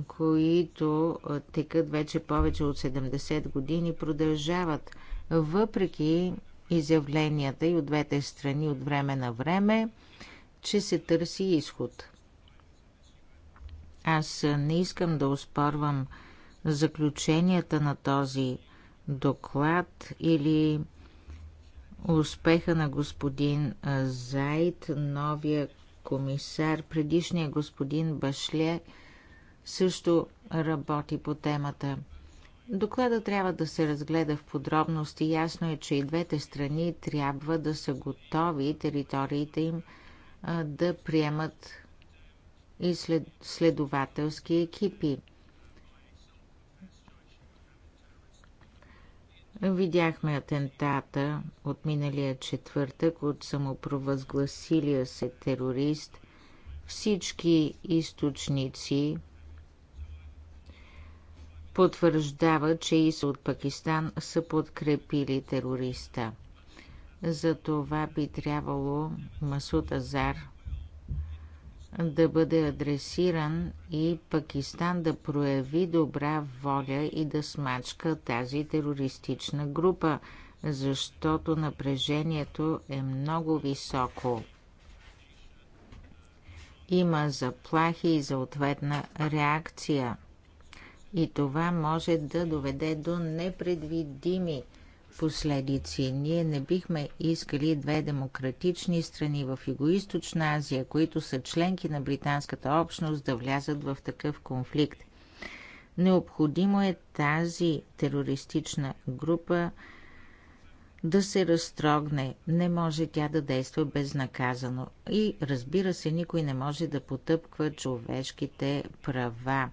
които текат вече повече от 70 години, продължават въпреки изявленията и от двете страни от време на време, че се търси изход. Аз не искам да успорвам заключенията на този доклад или успеха на господин Зайд, новия комисар, предишния господин Башле също работи по темата. Доклада трябва да се разгледа в подробности. Ясно е, че и двете страни трябва да са готови териториите им да приемат и след, следователски екипи. Видяхме атентата от миналия четвъртък от самопровъзгласилия се терорист. Всички източници потвърждава, че и от Пакистан са подкрепили терориста. За това би трябвало Масуд Азар да бъде адресиран и Пакистан да прояви добра воля и да смачка тази терористична група, защото напрежението е много високо. Има заплахи и за ответна реакция. И това може да доведе до непредвидими последици. Ние не бихме искали две демократични страни в Юго-Источна Азия, които са членки на британската общност, да влязат в такъв конфликт. Необходимо е тази терористична група да се разтрогне. Не може тя да действа безнаказано. И разбира се, никой не може да потъпква човешките права.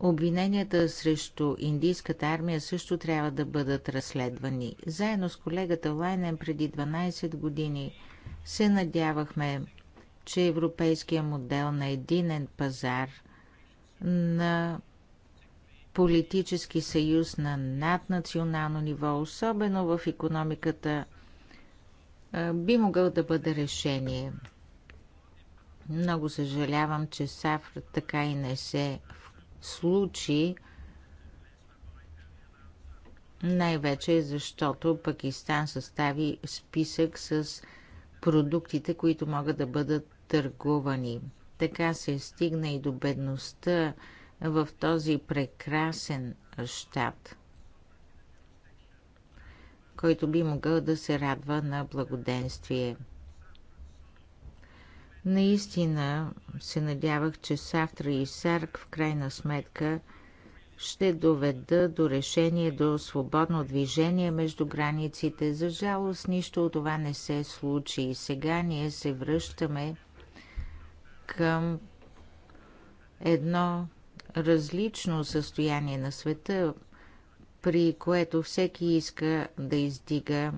Обвиненията срещу индийската армия също трябва да бъдат разследвани. Заедно с колегата Лайнен преди 12 години се надявахме, че европейския модел на единен пазар на политически съюз на наднационално ниво, особено в економиката, би могъл да бъде решение. Много съжалявам, че САФР така и не се случи най-вече защото Пакистан състави списък с продуктите, които могат да бъдат търгувани. Така се стигна и до бедността в този прекрасен щат, който би могъл да се радва на благоденствие. Наистина се надявах, че Савтра и Сарк в крайна сметка ще доведа до решение до свободно движение между границите. За жалост, нищо от това не се случи и сега ние се връщаме към едно различно състояние на света, при което всеки иска да издига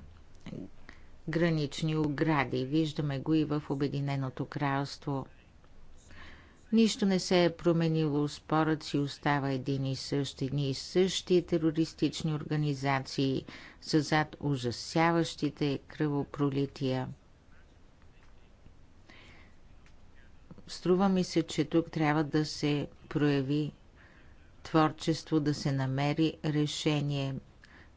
гранични огради. Виждаме го и в Обединеното кралство. Нищо не се е променило, спорът си остава един и същи. Едни и същи терористични организации са зад ужасяващите кръвопролития. Струва ми се, че тук трябва да се прояви творчество, да се намери решение –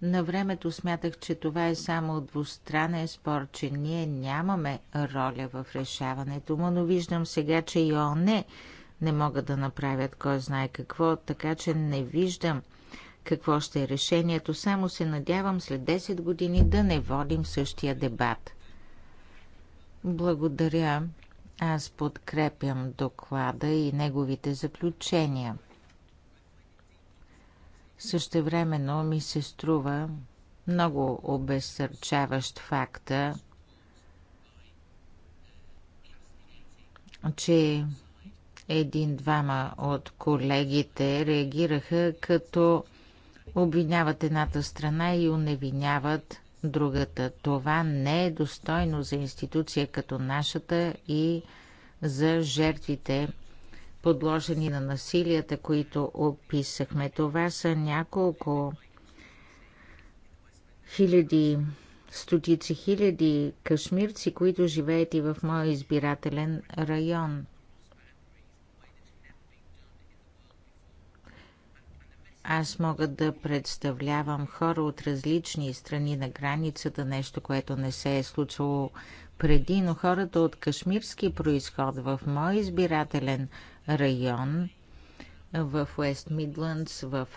на времето смятах, че това е само двустранен спор, че ние нямаме роля в решаването му, но виждам сега, че и ОНЕ не могат да направят кой знае какво, така че не виждам какво ще е решението. Само се надявам след 10 години да не водим същия дебат. Благодаря. Аз подкрепям доклада и неговите заключения – Същевременно ми се струва много обезсърчаващ факта, че един-двама от колегите реагираха като обвиняват едната страна и уневиняват другата. Това не е достойно за институция като нашата и за жертвите подложени на насилията, които описахме. Това са няколко хиляди, стотици хиляди кашмирци, които живеят и в моя избирателен район. Аз мога да представлявам хора от различни страни на границата, нещо, което не се е случвало преди, но хората от кашмирски происход в мой избирателен район район в Уест Мидландс, в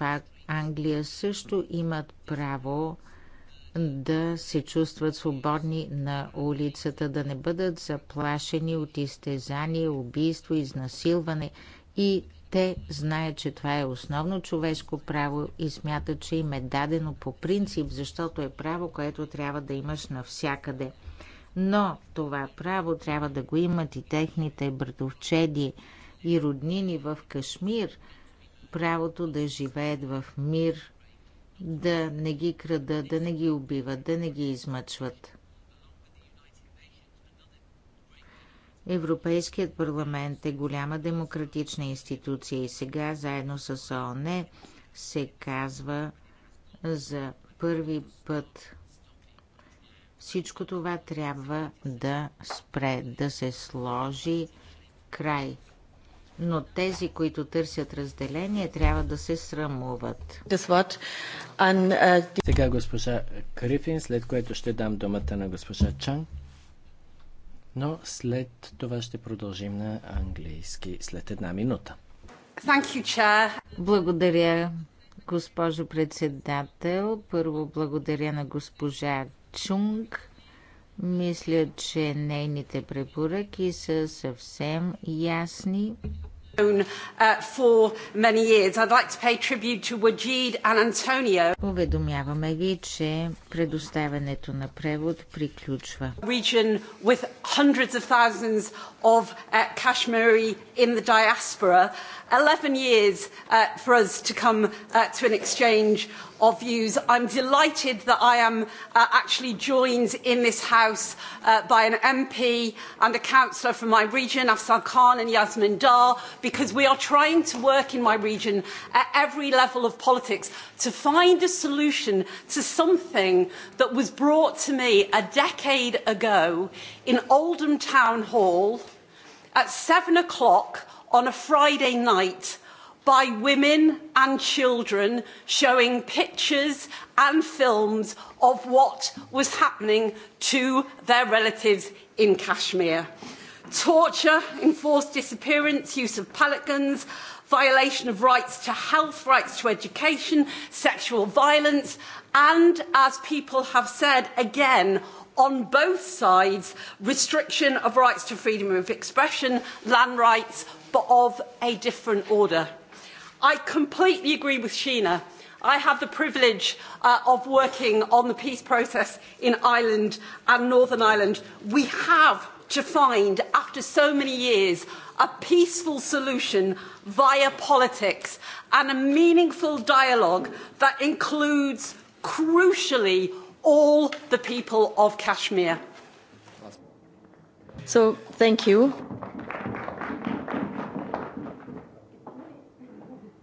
Англия също имат право да се чувстват свободни на улицата, да не бъдат заплашени от изтезание, убийство, изнасилване и те знаят, че това е основно човешко право и смятат, че им е дадено по принцип, защото е право, което трябва да имаш навсякъде. Но това право трябва да го имат и техните братовчеди – и роднини в Кашмир правото да живеят в мир, да не ги крадат, да не ги убиват, да не ги измъчват. Европейският парламент е голяма демократична институция и сега, заедно с ООН, се казва за първи път. Всичко това трябва да спре, да се сложи край но тези, които търсят разделение, трябва да се срамуват. Uh, Сега госпожа Крифин, след което ще дам думата на госпожа Чан. Но след това ще продължим на английски след една минута. You, благодаря, госпожо председател. Първо благодаря на госпожа Чунг мисля, че нейните препоръки са съвсем ясни. Uh, Уведомяваме ви, че предоставянето на превод приключва. of of views. I'm delighted that I am uh, actually joined in this House uh, by an MP and a councillor from my region, Afsar Khan and Yasmin Dar, because we are trying to work in my region at every level of politics to find a solution to something that was brought to me a decade ago in Oldham Town Hall at seven o'clock on a Friday night by women and children showing pictures and films of what was happening to their relatives in Kashmir. Torture, enforced disappearance, use of pellet guns, violation of rights to health, rights to education, sexual violence, and, as people have said again, on both sides, restriction of rights to freedom of expression, land rights, but of a different order. I completely agree with Sheena. I have the privilege uh, of working on the peace process in Ireland and Northern Ireland. We have to find, after so many years, a peaceful solution via politics and a meaningful dialogue that includes, crucially, all the people of Kashmir. So, thank you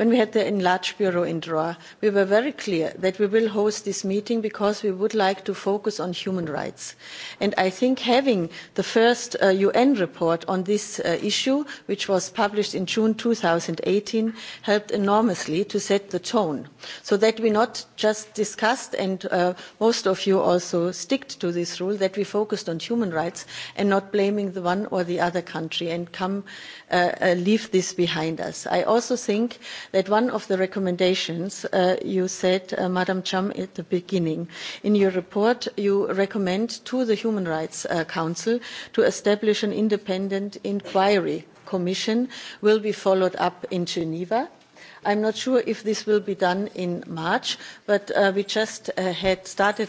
When we had the enlarged bureau in Doha, we were very clear that we will host this meeting because we would like to focus on human rights. And I think having the first UN report on this issue, which was published in June eighteen, helped enormously to set the tone so that we not just discussed, and most of you also stick to this rule, that we focused on human rights and not blaming the one or the other country and come leave this behind us. I also think that one of the recommendations you said, Madam Cham, at the beginning, in your report, you recommend to the Human Rights Council to establish an independent inquiry commission will be followed up in Geneva I am not sure if this will be done in March, but we just had started